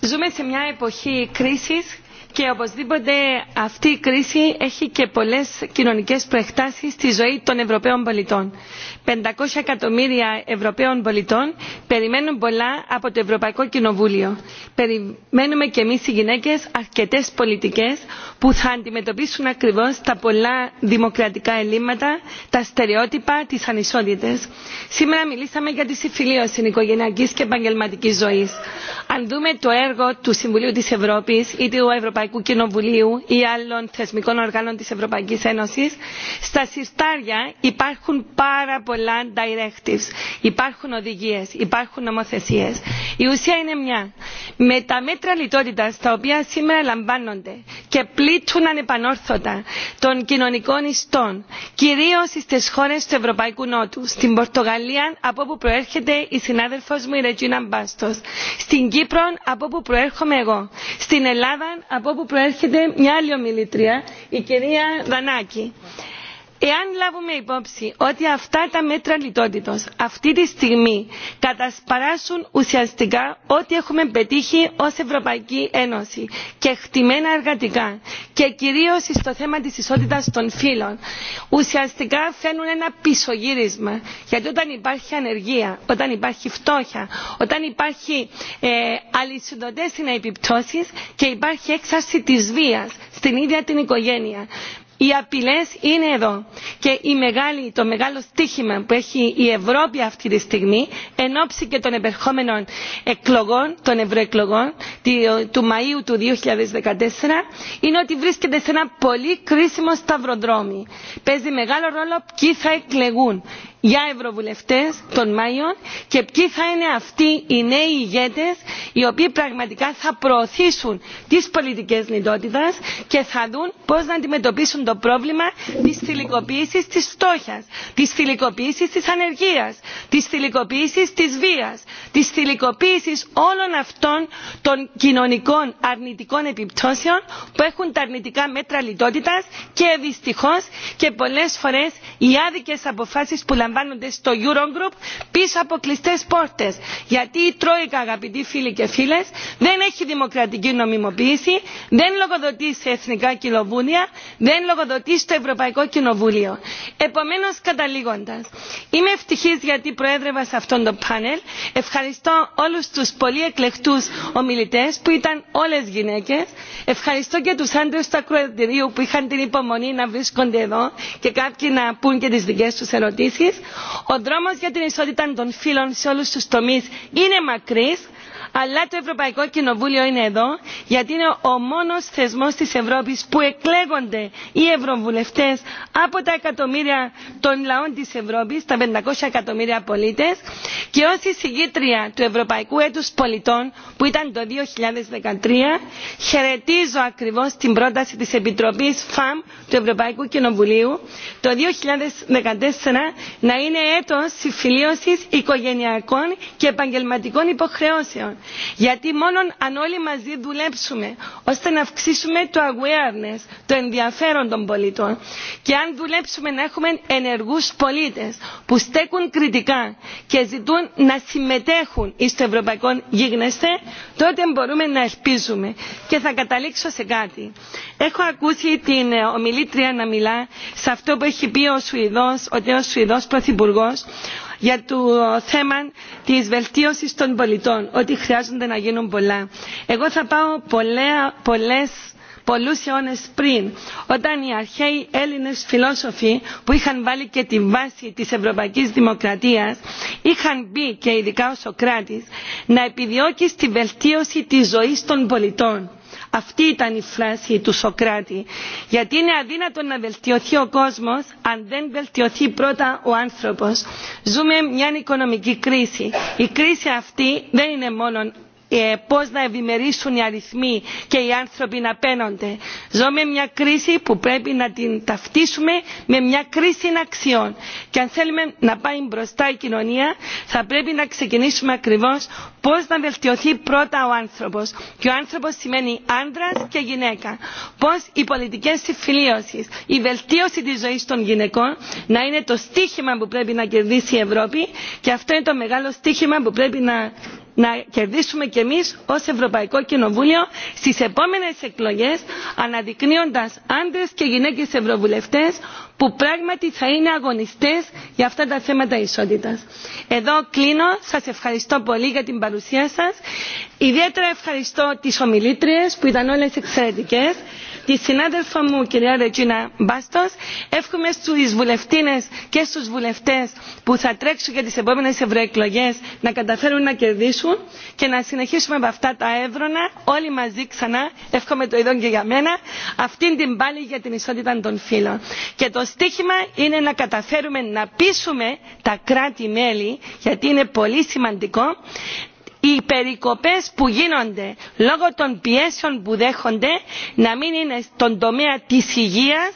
Ζούμε σε μια εποχή κρίσης και οπωσδήποτε αυτή η κρίση έχει και πολλές κοινωνικές προεκτάσεις στη ζωή των Ευρωπαίων πολιτών. 500 εκατομμύρια Ευρωπαίων πολιτών περιμένουν πολλά από το Ευρωπαϊκό Κοινοβούλιο. Περιμένουμε και εμείς οι γυναίκες αρκετές πολιτικές που θα αντιμετωπίσουν ακριβώς τα πολλά δημοκρατικά ελλείμματα, τα στερεότυπα, τις ανισότητες. Σήμερα μιλήσαμε για τη συμφιλίωση οικογενειακής και επαγγελματικής ζωής. Αν δούμε το έργο του Συμβουλίου της Ευρώπης ή του Ευρωπαϊκού Ευρωπαϊκού Κοινοβουλίου ή άλλων θεσμικών οργάνων της Ευρωπαϊκής Ένωσης, στα συρτάρια υπάρχουν πάρα πολλά directives, υπάρχουν οδηγίες, υπάρχουν νομοθεσίες. Η ουσία είναι μια. Με τα μέτρα λιτότητα τα οποία σήμερα λαμβάνονται και πλήττουν ανεπανόρθωτα των κοινωνικών ιστών, κυρίως στις χώρες του Ευρωπαϊκού Νότου, στην Πορτογαλία από όπου προέρχεται η συνάδελφός μου η Ρετζίνα Μπάστος, στην Κύπρο από όπου προέρχομαι εγώ, στην Ελλάδα από που προέρχεται μια άλλη ομιλήτρια, η κυρία Δανάκη εάν λάβουμε υπόψη ότι αυτά τα μέτρα λιτότητος αυτή τη στιγμή κατασπαράσουν ουσιαστικά ό,τι έχουμε πετύχει ως Ευρωπαϊκή Ένωση και χτυμένα εργατικά και κυρίως στο θέμα της ισότητας των φύλων ουσιαστικά φαίνουν ένα πισωγύρισμα γιατί όταν υπάρχει ανεργία, όταν υπάρχει φτώχεια, όταν υπάρχει ε, αλυσιδωτές και υπάρχει έξαρση της βίας στην ίδια την οικογένεια οι απειλέ είναι εδώ και μεγάλη, το μεγάλο στίχημα που έχει η ευρώπη αυτή τη στιγμή εν ώψη και των επερχόμενων εκλογών των ευρωεκλογών του μαΐου του 2014 είναι ότι βρίσκεται σε ένα πολύ κρίσιμο σταυροδρόμι. παίζει μεγάλο ρόλο ποιοι θα εκλεγούν για ευρωβουλευτέ, τον Μάιο και ποιοι θα είναι αυτοί οι νέοι ηγέτε οι οποίοι πραγματικά θα προωθήσουν τι πολιτικέ λιτότητα και θα δουν πώ να αντιμετωπίσουν το πρόβλημα τη θηλυκοποίηση τη φτώχεια, τη θηλυκοποίηση τη ανεργία, τη θηλυκοποίηση τη βία, τη θηλυκοποίηση όλων αυτών των κοινωνικών αρνητικών επιπτώσεων που έχουν τα αρνητικά μέτρα λιτότητα και δυστυχώ και πολλέ φορέ οι άδικε αποφάσει που λαμβάνουν λαμβάνονται στο eurogroup πίσω από κλειστέ πόρτε. γιατί η τρόικα αγαπητοί φίλοι και φίλε δεν έχει δημοκρατική νομιμοποίηση δεν λογοδοτεί σε εθνικά κοινοβούλια δεν λογοδοτεί στο ευρωπαϊκό κοινοβούλιο. επομένω καταλήγοντα είμαι ευτυχή γιατί προέδρευα σε αυτό το πάνελ ευχαριστώ όλου του πολύ εκλεκτού ομιλητέ που ήταν όλε γυναίκε ευχαριστώ και του άντρε του ακροατηρίου που είχαν την υπομονή να βρίσκονται εδώ και κάποιοι να πούν και τι δικέ του ερωτήσει ο δρόμος για την ισότητα των φύλων σε όλους τους τομείς είναι μακρύς αλλά το ευρωπαϊκό κοινοβούλιο είναι εδώ γιατί είναι ο μόνος θεσμός της ευρώπης που εκλέγονται οι ευρωβουλευτές από τα εκατομμύρια των λαών της ευρώπης τα 500 εκατομμύρια πολίτες και ως εισηγήτρια του ευρωπαϊκού έτους πολιτών που ήταν το 2013 χαιρετίζω ακριβώς την πρόταση της επιτροπής φαμ του ευρωπαϊκού κοινοβουλίου το 2014 να είναι έτος συμφιλίωσης οικογενειακών και επαγγελματικών υποχρεώσεων γιατί μόνο αν όλοι μαζί δουλέψουμε ώστε να αυξήσουμε το awareness το ενδιαφέρον των πολιτών και αν δουλέψουμε να έχουμε ενεργούς πολίτες που στέκουν κριτικά και ζητούν να συμμετέχουν στο ευρωπαϊκό γίγνεσθε τότε μπορούμε να ελπίζουμε. και θα καταλήξω σε κάτι. έχω ακούσει την ομιλήτρια να μιλά σε αυτό που έχει πει ο ο νέος Σουηδός Πρωθυπουργός για το θέμα τη βελτίωση των πολιτών, ότι χρειάζονται να γίνουν πολλά. Εγώ θα πάω πολλέ πολλούς αιώνες πριν όταν οι αρχαίοι έλληνες φιλόσοφοι που είχαν βάλει και τη βάση της ευρωπαϊκής δημοκρατίας είχαν μπει και ειδικά ο Σοκράτης να επιδιώκει στη βελτίωση της ζωής των πολιτών αυτή ήταν η φράση του Σοκράτη. Γιατί είναι αδύνατο να βελτιωθεί ο κόσμος αν δεν βελτιωθεί πρώτα ο άνθρωπος. Ζούμε μια οικονομική κρίση. Η κρίση αυτή δεν είναι μόνο ε, πώς να ευημερήσουν οι αριθμοί και οι άνθρωποι να παίρνονται. Ζούμε μια κρίση που πρέπει να την ταυτίσουμε με μια κρίση αξιών. Και αν θέλουμε να πάει μπροστά η κοινωνία θα πρέπει να ξεκινήσουμε ακριβώς πώς να βελτιωθεί πρώτα ο άνθρωπος. Και ο άνθρωπος σημαίνει άντρα και γυναίκα. Πώς οι πολιτικέ συμφιλίωσεις, η βελτίωση της ζωής των γυναικών να είναι το στίχημα που πρέπει να κερδίσει η Ευρώπη και αυτό είναι το μεγάλο στίχημα που πρέπει να να κερδίσουμε κι εμείς ως Ευρωπαϊκό Κοινοβούλιο στις επόμενες εκλογές αναδεικνύοντας άντρες και γυναίκες ευρωβουλευτές που πράγματι θα είναι αγωνιστές για αυτά τα θέματα ισότητας. Εδώ κλείνω. Σας ευχαριστώ πολύ για την παρουσία σας. Ιδιαίτερα ευχαριστώ τις ομιλήτριες που ήταν όλες εξαιρετικές τη συνάδελφο μου κυρία Ρετζίνα Μπάστος. Εύχομαι στους βουλευτίνες και στους βουλευτές που θα τρέξουν για τις επόμενες ευρωεκλογέ να καταφέρουν να κερδίσουν και να συνεχίσουμε από αυτά τα έβρονα, όλοι μαζί ξανά, εύχομαι το ειδόν και για μένα, αυτήν την πάλη για την ισότητα των φύλων. Και το στίχημα είναι να καταφέρουμε να πείσουμε τα κράτη-μέλη, γιατί είναι πολύ σημαντικό, οι περικοπές που γίνονται λόγω των πιέσεων που δέχονται να μην είναι στον τομέα της υγείας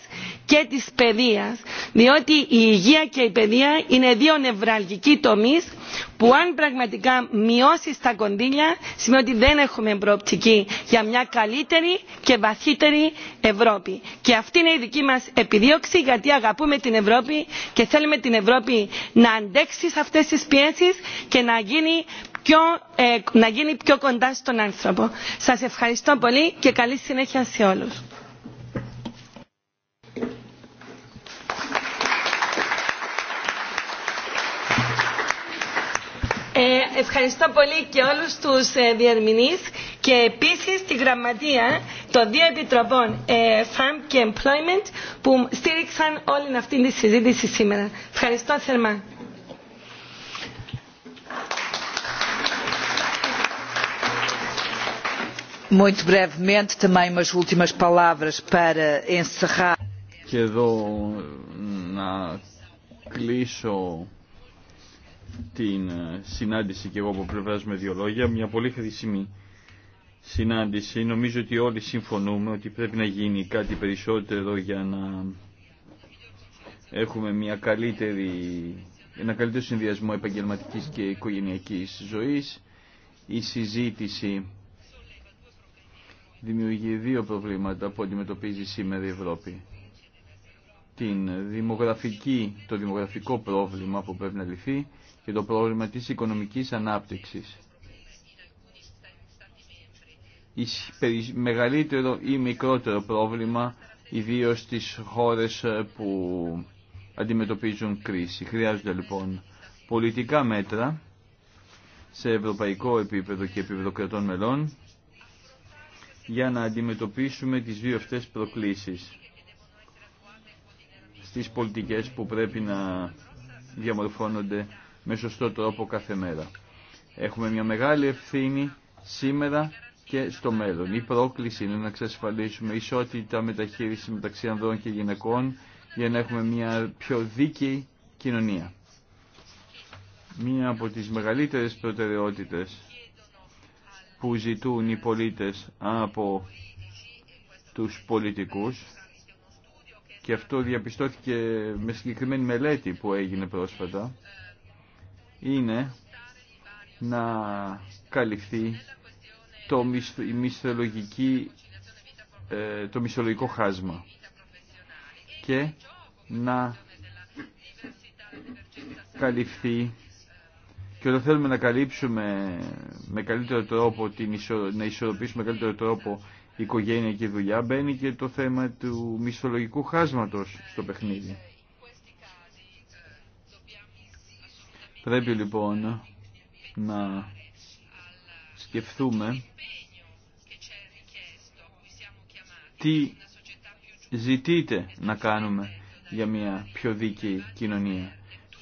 και της παιδείας διότι η υγεία και η παιδεία είναι δύο νευραλγικοί τομείς που αν πραγματικά μειώσει τα κονδύλια σημαίνει ότι δεν έχουμε προοπτική για μια καλύτερη και βαθύτερη Ευρώπη. Και αυτή είναι η δική μας επιδίωξη γιατί αγαπούμε την Ευρώπη και θέλουμε την Ευρώπη να αντέξει σε αυτές τις πιέσεις και να γίνει ε, να γίνει πιο κοντά στον άνθρωπο. Σας ευχαριστώ πολύ και καλή συνέχεια σε όλους. Ε, ευχαριστώ πολύ και όλους τους ε, διερμηνείς και επίσης τη γραμματεία των δύο επιτροπών ε, και Employment που στήριξαν όλη αυτή τη συζήτηση σήμερα. Ευχαριστώ θερμά. Muito brevemente, também umas últimas palavras para Και εδώ να κλείσω την συνάντηση και εγώ από πλευρά με δύο λόγια. Μια πολύ χρήσιμη συνάντηση. Νομίζω ότι όλοι συμφωνούμε ότι πρέπει να γίνει κάτι περισσότερο για να έχουμε μια καλύτερη, ένα καλύτερο συνδυασμό επαγγελματικής και οικογενειακής ζωής. Η συζήτηση δημιουργεί δύο προβλήματα που αντιμετωπίζει σήμερα η Ευρώπη. Την δημογραφική, το δημογραφικό πρόβλημα που πρέπει να λυθεί και το πρόβλημα της οικονομικής ανάπτυξης. Η μεγαλύτερο ή μικρότερο πρόβλημα, ιδίως στις χώρες ε, που αντιμετωπίζουν κρίση. Χρειάζονται λοιπόν πολιτικά μέτρα σε ευρωπαϊκό επίπεδο και επίπεδο κρατών μελών για να αντιμετωπίσουμε τις δύο αυτές προκλήσεις στις πολιτικές που πρέπει να διαμορφώνονται με σωστό τρόπο κάθε μέρα. Έχουμε μια μεγάλη ευθύνη σήμερα και στο μέλλον. Η πρόκληση είναι να εξασφαλίσουμε ισότητα μεταχείριση μεταξύ ανδρών και γυναικών για να έχουμε μια πιο δίκαιη κοινωνία. Μία από τις μεγαλύτερες προτεραιότητες που ζητούν οι πολίτες από τους πολιτικούς και αυτό διαπιστώθηκε με συγκεκριμένη μελέτη που έγινε πρόσφατα είναι να καλυφθεί το, ε, το μισθολογικό χάσμα και να καλυφθεί και όταν θέλουμε να καλύψουμε με καλύτερο τρόπο, την να ισορροπήσουμε με καλύτερο τρόπο οικογένεια και δουλειά, μπαίνει και το θέμα του μισθολογικού χάσματος στο παιχνίδι. Πρέπει λοιπόν να σκεφτούμε τι ζητείτε να κάνουμε για μια πιο δίκαιη κοινωνία.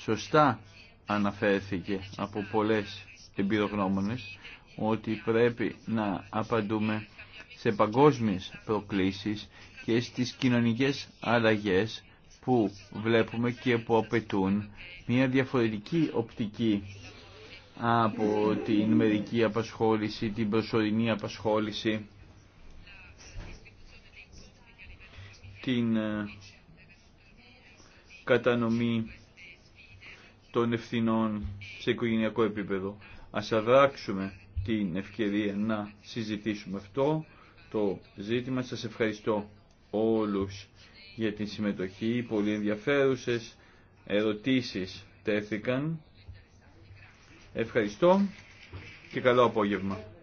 Σωστά αναφέρθηκε από πολλές εμπειρογνώμονες ότι πρέπει να απαντούμε σε παγκόσμιες προκλήσεις και στις κοινωνικές αλλαγές που βλέπουμε και που απαιτούν μια διαφορετική οπτική από την μερική απασχόληση, την προσωρινή απασχόληση, την ε, κατανομή των ευθυνών σε οικογενειακό επίπεδο. Ας αδράξουμε την ευκαιρία να συζητήσουμε αυτό το ζήτημα. Σας ευχαριστώ όλους για την συμμετοχή. Πολύ ενδιαφέρουσες ερωτήσεις τέθηκαν. Ευχαριστώ και καλό απόγευμα.